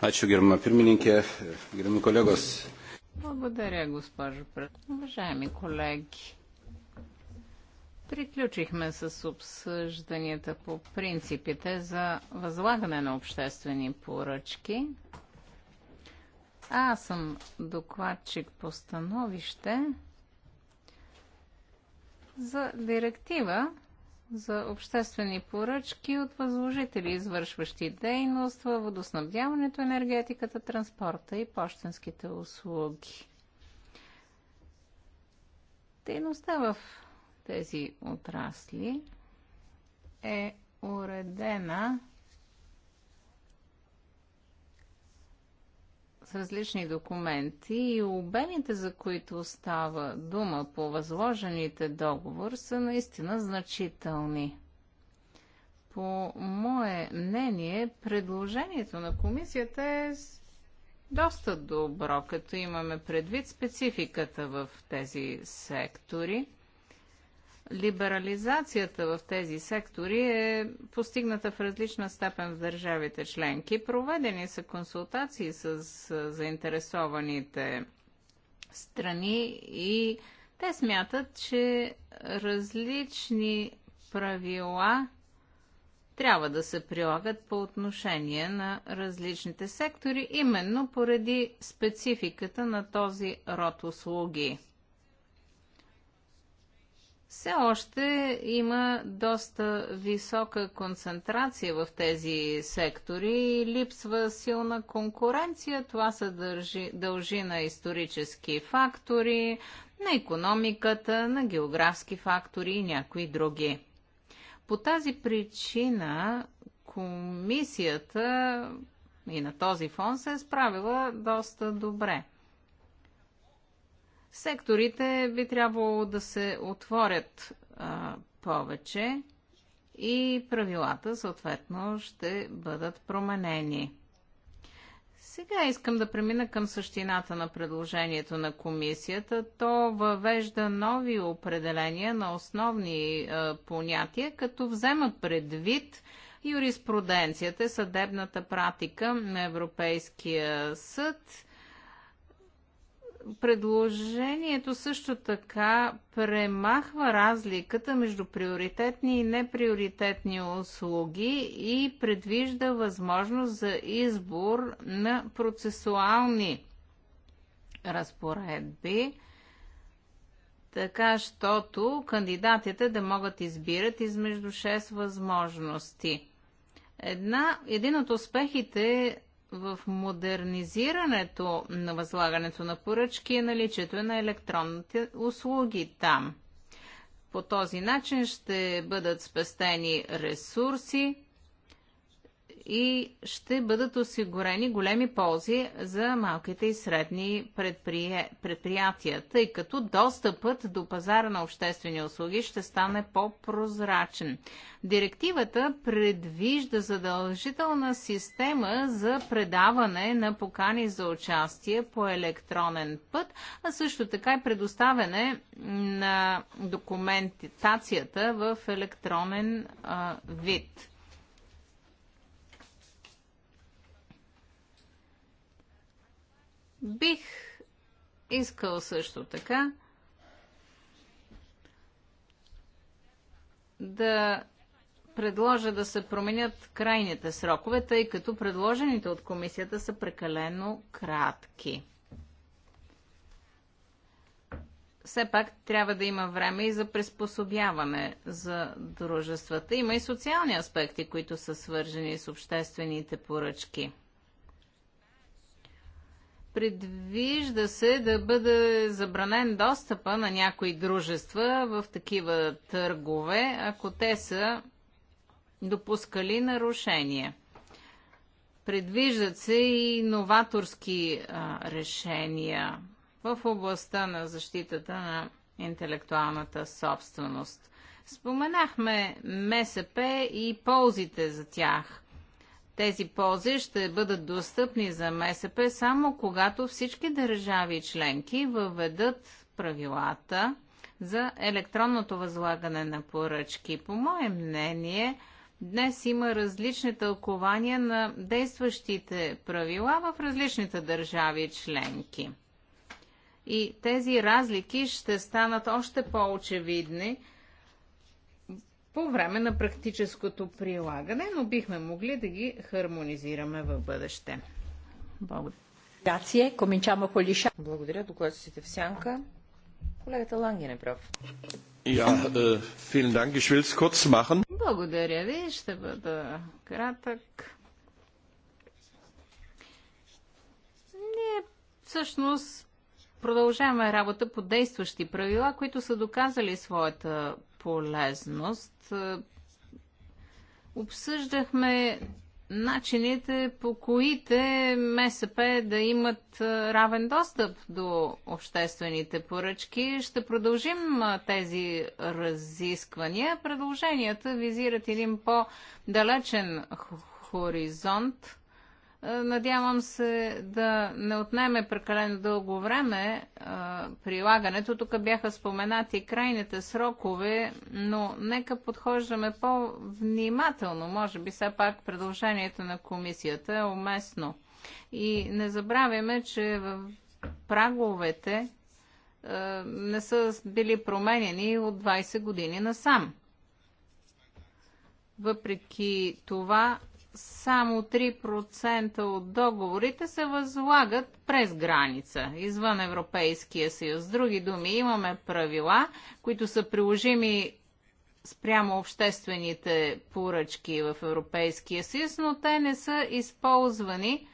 Ačiū, pirmininkė, kolegos. Благодаря, госпожо председател. Уважаеми колеги, приключихме с обсъжданията по принципите за възлагане на обществени поръчки. Аз съм докладчик по становище за директива за обществени поръчки от възложители, извършващи дейност във водоснабдяването, енергетиката, транспорта и почтенските услуги. Дейността в тези отрасли е уредена с различни документи и обемите, за които става дума по възложените договор, са наистина значителни. По мое мнение, предложението на комисията е доста добро, като имаме предвид спецификата в тези сектори – Либерализацията в тези сектори е постигната в различна степен в държавите членки. Проведени са консултации с заинтересованите страни и те смятат, че различни правила трябва да се прилагат по отношение на различните сектори, именно поради спецификата на този род услуги все още има доста висока концентрация в тези сектори и липсва силна конкуренция. Това се дължи, дължи на исторически фактори, на економиката, на географски фактори и някои други. По тази причина комисията и на този фон се е справила доста добре – Секторите би трябвало да се отворят а, повече и правилата съответно ще бъдат променени. Сега искам да премина към същината на предложението на комисията. То въвежда нови определения на основни а, понятия, като взема предвид юриспруденцията, съдебната практика на Европейския съд Предложението също така премахва разликата между приоритетни и неприоритетни услуги и предвижда възможност за избор на процесуални разпоредби, така щото кандидатите да могат избират измежду 6 възможности. Една, един от успехите в модернизирането на възлагането на поръчки е наличието на електронните услуги там. По този начин ще бъдат спестени ресурси и ще бъдат осигурени големи ползи за малките и средни предприятия, тъй като достъпът до пазара на обществени услуги ще стане по-прозрачен. Директивата предвижда задължителна система за предаване на покани за участие по електронен път, а също така и предоставяне на документацията в електронен а, вид. Бих искал също така да предложа да се променят крайните срокове, тъй като предложените от комисията са прекалено кратки. Все пак трябва да има време и за приспособяване за дружествата. Има и социални аспекти, които са свържени с обществените поръчки – Предвижда се да бъде забранен достъпа на някои дружества в такива търгове, ако те са допускали нарушения. Предвиждат се и новаторски а, решения в областта на защитата на интелектуалната собственост. Споменахме МСП и ползите за тях – тези ползи ще бъдат достъпни за МСП само когато всички държави членки въведат правилата за електронното възлагане на поръчки. По мое мнение, днес има различни тълкования на действащите правила в различните държави членки. И тези разлики ще станат още по-очевидни – по време на практическото прилагане, но бихме могли да ги хармонизираме в бъдеще. Благодаря. Благодаря, докладчиците в сянка. Колегата Ланген е прав. Äh, Благодаря ви, ще бъда кратък. Ние всъщност продължаваме работа по действащи правила, които са доказали своята полезност. Е, обсъждахме начините по които МСП да имат е, равен достъп до обществените поръчки. Ще продължим е, тези разисквания. Предложенията визират един по-далечен хоризонт е, надявам се да не отнеме прекалено дълго време е, прилагането. Тук бяха споменати крайните срокове, но нека подхождаме по-внимателно. Може би все пак предложението на комисията е уместно. И не забравяме, че в праговете е, не са били променени от 20 години насам. Въпреки това, само 3% от договорите се възлагат през граница, извън Европейския съюз. С други думи, имаме правила, които са приложими спрямо обществените поръчки в Европейския съюз, но те не са използвани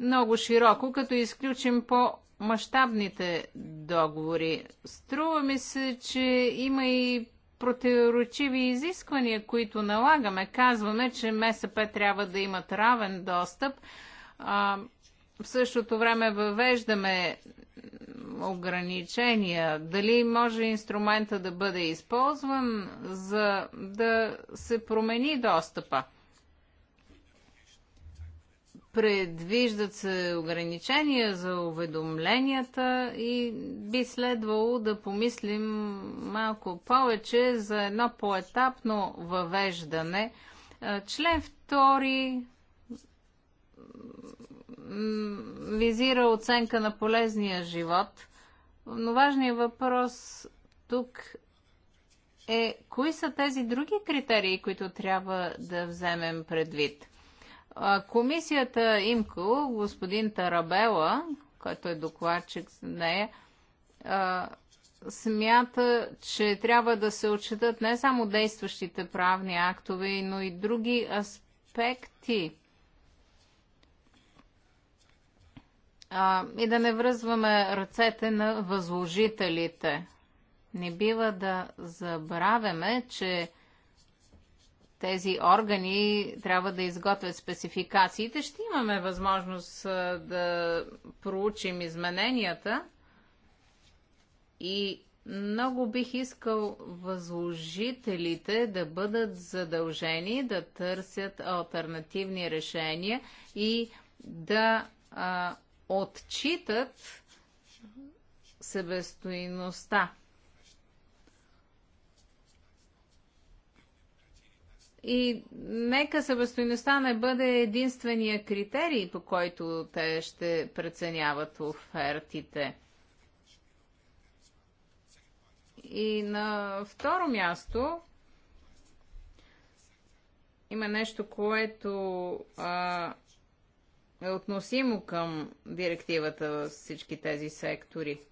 много широко, като изключим по мащабните договори. Струва ми се, че има и противоречиви изисквания, които налагаме. Казваме, че МСП трябва да имат равен достъп. А, в същото време въвеждаме ограничения. Дали може инструмента да бъде използван, за да се промени достъпа? Предвиждат се ограничения за уведомленията и би следвало да помислим малко повече за едно поетапно въвеждане. Член 2 визира оценка на полезния живот, но важният въпрос тук е кои са тези други критерии, които трябва да вземем предвид. Комисията ИМКО, господин Тарабела, който е докладчик за нея, смята, че трябва да се отчитат не само действащите правни актове, но и други аспекти. А, и да не връзваме ръцете на възложителите. Не бива да забравяме, че тези органи трябва да изготвят спецификациите. Ще имаме възможност да проучим измененията и много бих искал възложителите да бъдат задължени да търсят альтернативни решения и да а, отчитат себестоиността И нека събестойността не бъде единствения критерий, по който те ще преценяват офертите. И на второ място има нещо, което а, е относимо към директивата във всички тези сектори –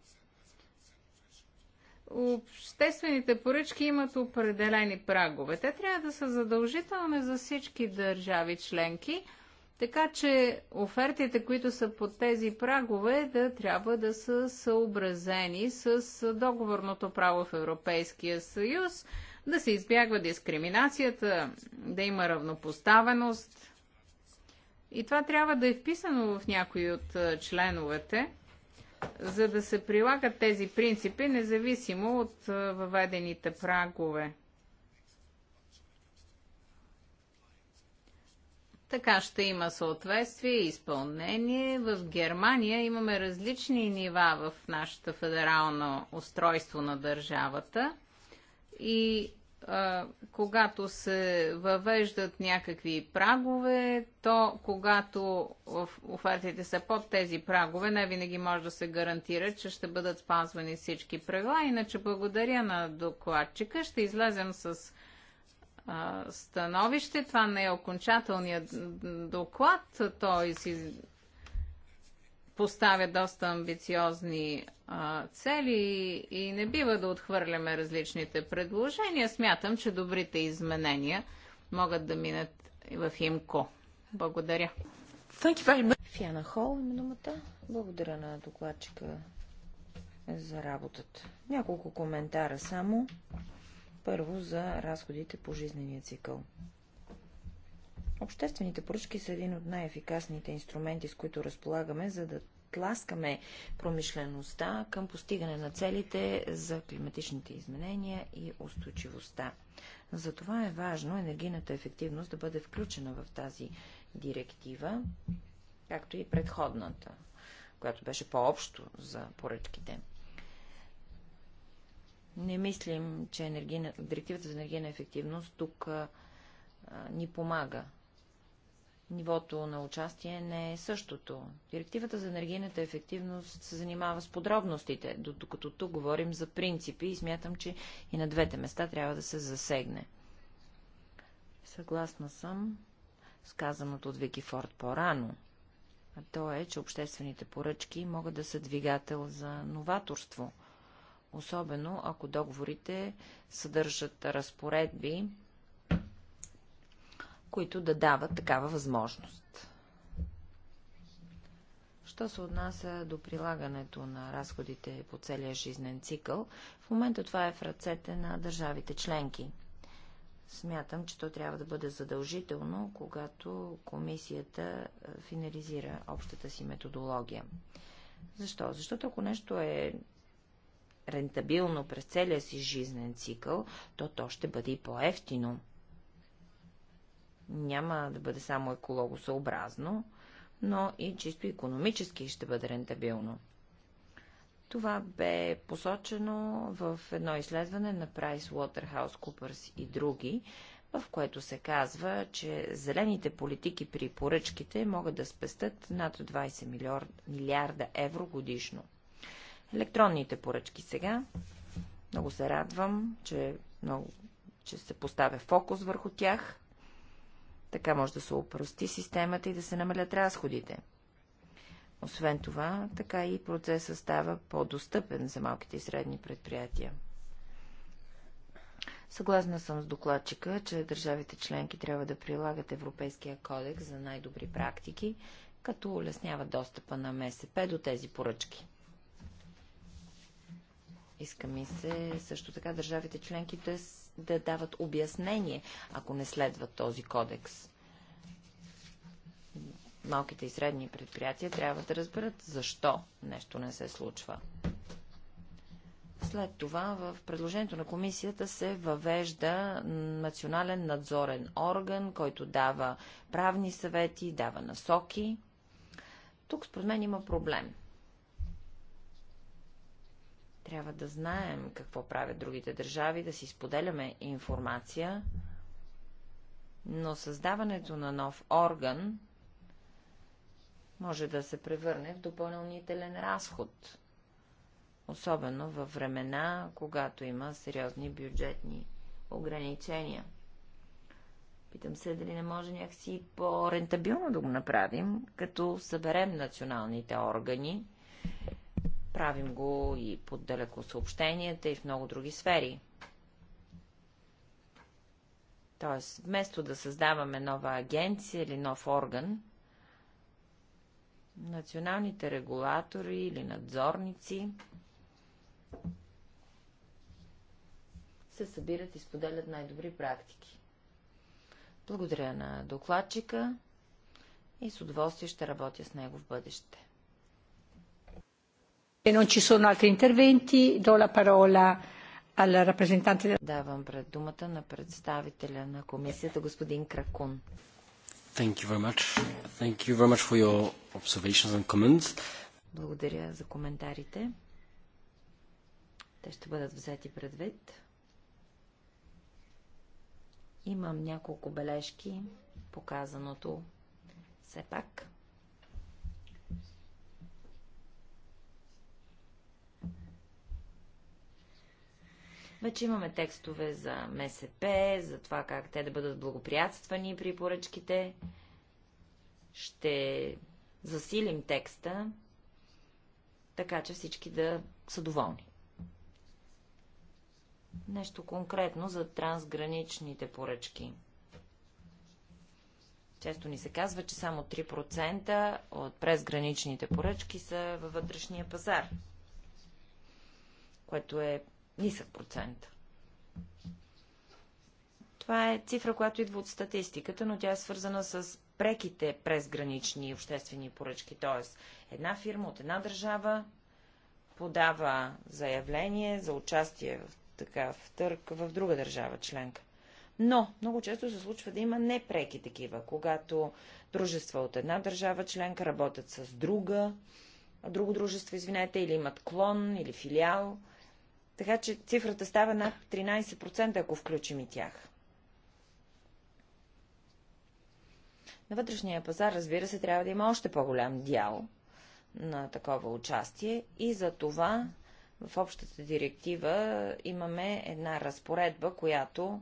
обществените поръчки имат определени прагове. Те трябва да са задължителни за всички държави членки, така че офертите, които са под тези прагове, да трябва да са съобразени с договорното право в Европейския съюз, да се избягва дискриминацията, да има равнопоставеност. И това трябва да е вписано в някои от членовете – за да се прилагат тези принципи, независимо от въведените прагове. Така ще има съответствие и изпълнение. В Германия имаме различни нива в нашата федерално устройство на държавата и когато се въвеждат някакви прагове, то когато офертите са под тези прагове, не винаги може да се гарантира, че ще бъдат спазвани всички правила. Иначе благодаря на докладчика. Ще излезем с а, становище. Това не е окончателният доклад. Той си поставя доста амбициозни цели и не бива да отхвърляме различните предложения. Смятам, че добрите изменения могат да минат в ИМКО. Благодаря. Фиана Хол има думата. Благодаря на докладчика за работата. Няколко коментара само. Първо за разходите по жизнения цикъл. Обществените поръчки са един от най-ефикасните инструменти, с които разполагаме, за да тласкаме промишлеността към постигане на целите за климатичните изменения и устойчивостта. Затова е важно енергийната ефективност да бъде включена в тази директива, както и предходната, която беше по-общо за поръчките. Не мислим, че енергийна, директивата за енергийна ефективност тук а, ни помага нивото на участие не е същото. Директивата за енергийната ефективност се занимава с подробностите, докато тук говорим за принципи и смятам, че и на двете места трябва да се засегне. Съгласна съм с казаното от Вики Форд по-рано, а то е, че обществените поръчки могат да са двигател за новаторство, особено ако договорите съдържат разпоредби, които да дават такава възможност. Що се отнася до прилагането на разходите по целия жизнен цикъл, в момента това е в ръцете на държавите членки. Смятам, че то трябва да бъде задължително, когато комисията е, финализира общата си методология. Защо? Защото ако нещо е рентабилно през целия си жизнен цикъл, то то ще бъде и по-ефтино няма да бъде само екологосъобразно, но и чисто економически ще бъде рентабилно. Това бе посочено в едно изследване на PricewaterhouseCoopers и други, в което се казва, че зелените политики при поръчките могат да спестят над 20 милиарда, милиарда евро годишно. Електронните поръчки сега. Много се радвам, че, много, че се поставя фокус върху тях. Така може да се опрости системата и да се намалят разходите. Освен това, така и процесът става по-достъпен за малките и средни предприятия. Съгласна съм с докладчика, че държавите членки трябва да прилагат Европейския кодекс за най-добри практики, като улеснява достъпа на МСП до тези поръчки. Иска ми се също така държавите членки да да дават обяснение, ако не следват този кодекс. Малките и средни предприятия трябва да разберат защо нещо не се случва. След това в предложението на комисията се въвежда национален надзорен орган, който дава правни съвети, дава насоки. Тук според мен има проблем – трябва да знаем какво правят другите държави, да си споделяме информация, но създаването на нов орган може да се превърне в допълнителен разход, особено във времена, когато има сериозни бюджетни ограничения. Питам се дали не може някакси по-рентабилно да го направим, като съберем националните органи Правим го и под далекосъобщенията, и в много други сфери. Тоест, вместо да създаваме нова агенция или нов орган, националните регулатори или надзорници се събират и споделят най-добри практики. Благодаря на докладчика и с удоволствие ще работя с него в бъдеще. E Давам пред думата на представителя на комисията, господин Кракун. Благодаря за коментарите. Те ще бъдат взети предвид. Имам няколко бележки, показаното все пак. Вече имаме текстове за МСП, за това как те да бъдат благоприятствани при поръчките. Ще засилим текста, така че всички да са доволни. Нещо конкретно за трансграничните поръчки. Често ни се казва, че само 3% от презграничните поръчки са във вътрешния пазар, което е нисък процент. Това е цифра, която идва от статистиката, но тя е свързана с преките презгранични обществени поръчки. Т.е. една фирма от една държава подава заявление за участие в такъв търг в друга държава членка. Но много често се случва да има непреки такива, когато дружества от една държава членка работят с друга, друго дружество, извинете, или имат клон или филиал така че цифрата става над 13%, ако включим и тях. На вътрешния пазар, разбира се, трябва да има още по-голям дял на такова участие и за това в общата директива имаме една разпоредба, която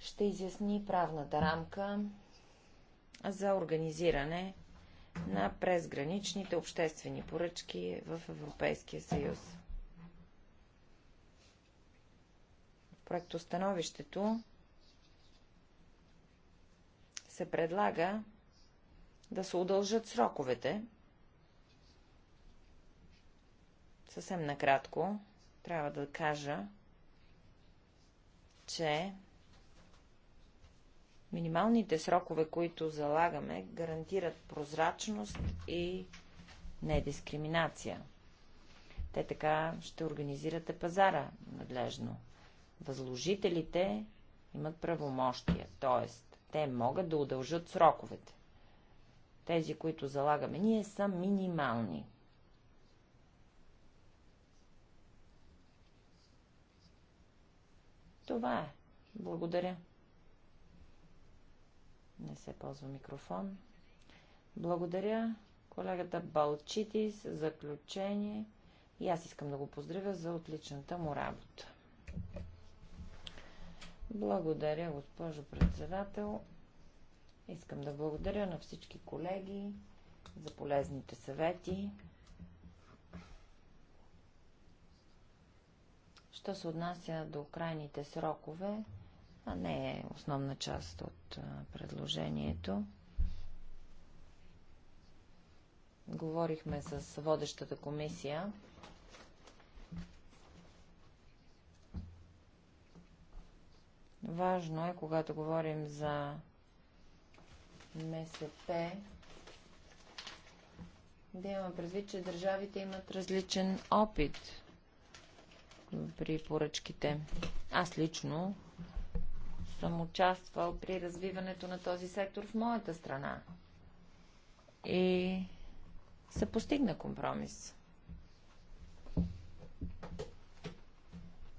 ще изясни правната рамка за организиране на презграничните обществени поръчки в Европейския съюз. проектостановището се предлага да се удължат сроковете. Съвсем накратко трябва да кажа, че минималните срокове, които залагаме, гарантират прозрачност и недискриминация. Те така ще организирате пазара надлежно. Възложителите имат правомощия, т.е. те могат да удължат сроковете. Тези, които залагаме ние, са минимални. Това е. Благодаря. Не се ползва микрофон. Благодаря колегата Балчитис, заключение. И аз искам да го поздравя за отличната му работа. Благодаря, госпожо председател. Искам да благодаря на всички колеги за полезните съвети. Що се отнася до крайните срокове, а не е основна част от предложението. Говорихме с водещата комисия Важно е, когато говорим за МСП, да имаме предвид, че държавите имат различен опит при поръчките. Аз лично съм участвал при развиването на този сектор в моята страна. И се постигна компромис.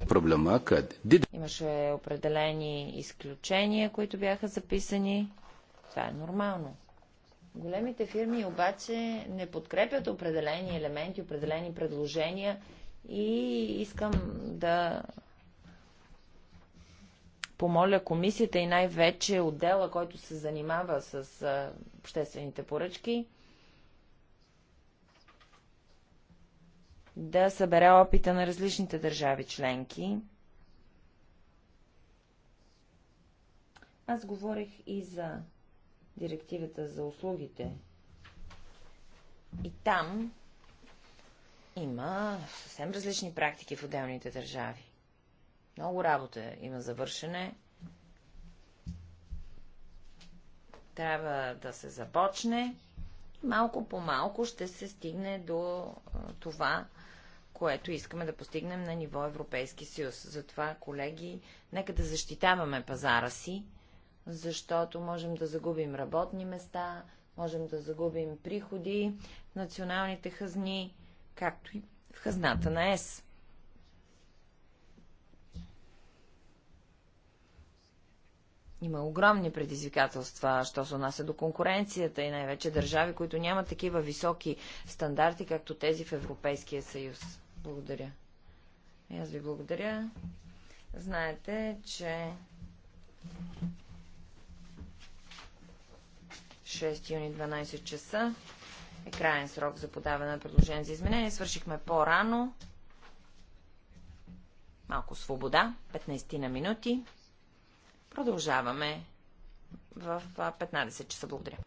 Проблема къде? Имаше определени изключения, които бяха записани. Това е нормално. Големите фирми обаче не подкрепят определени елементи, определени предложения и искам да помоля комисията и най-вече отдела, който се занимава с обществените поръчки, да събере опита на различните държави членки. Аз говорих и за директивата за услугите. И там има съвсем различни практики в отделните държави. Много работа има завършене. Трябва да се започне. Малко по малко ще се стигне до това което искаме да постигнем на ниво Европейски съюз. Затова, колеги, нека да защитаваме пазара си, защото можем да загубим работни места, можем да загубим приходи в националните хазни, както и в хазната на ЕС. Има огромни предизвикателства, що се отнася до конкуренцията и най-вече държави, които нямат такива високи стандарти, както тези в Европейския съюз. Благодаря. И аз ви благодаря. Знаете, че 6 юни 12 часа е крайен срок за подаване на предложение за изменение. Свършихме по-рано. Малко свобода. 15 на минути. Продължаваме в 15 часа. Благодаря.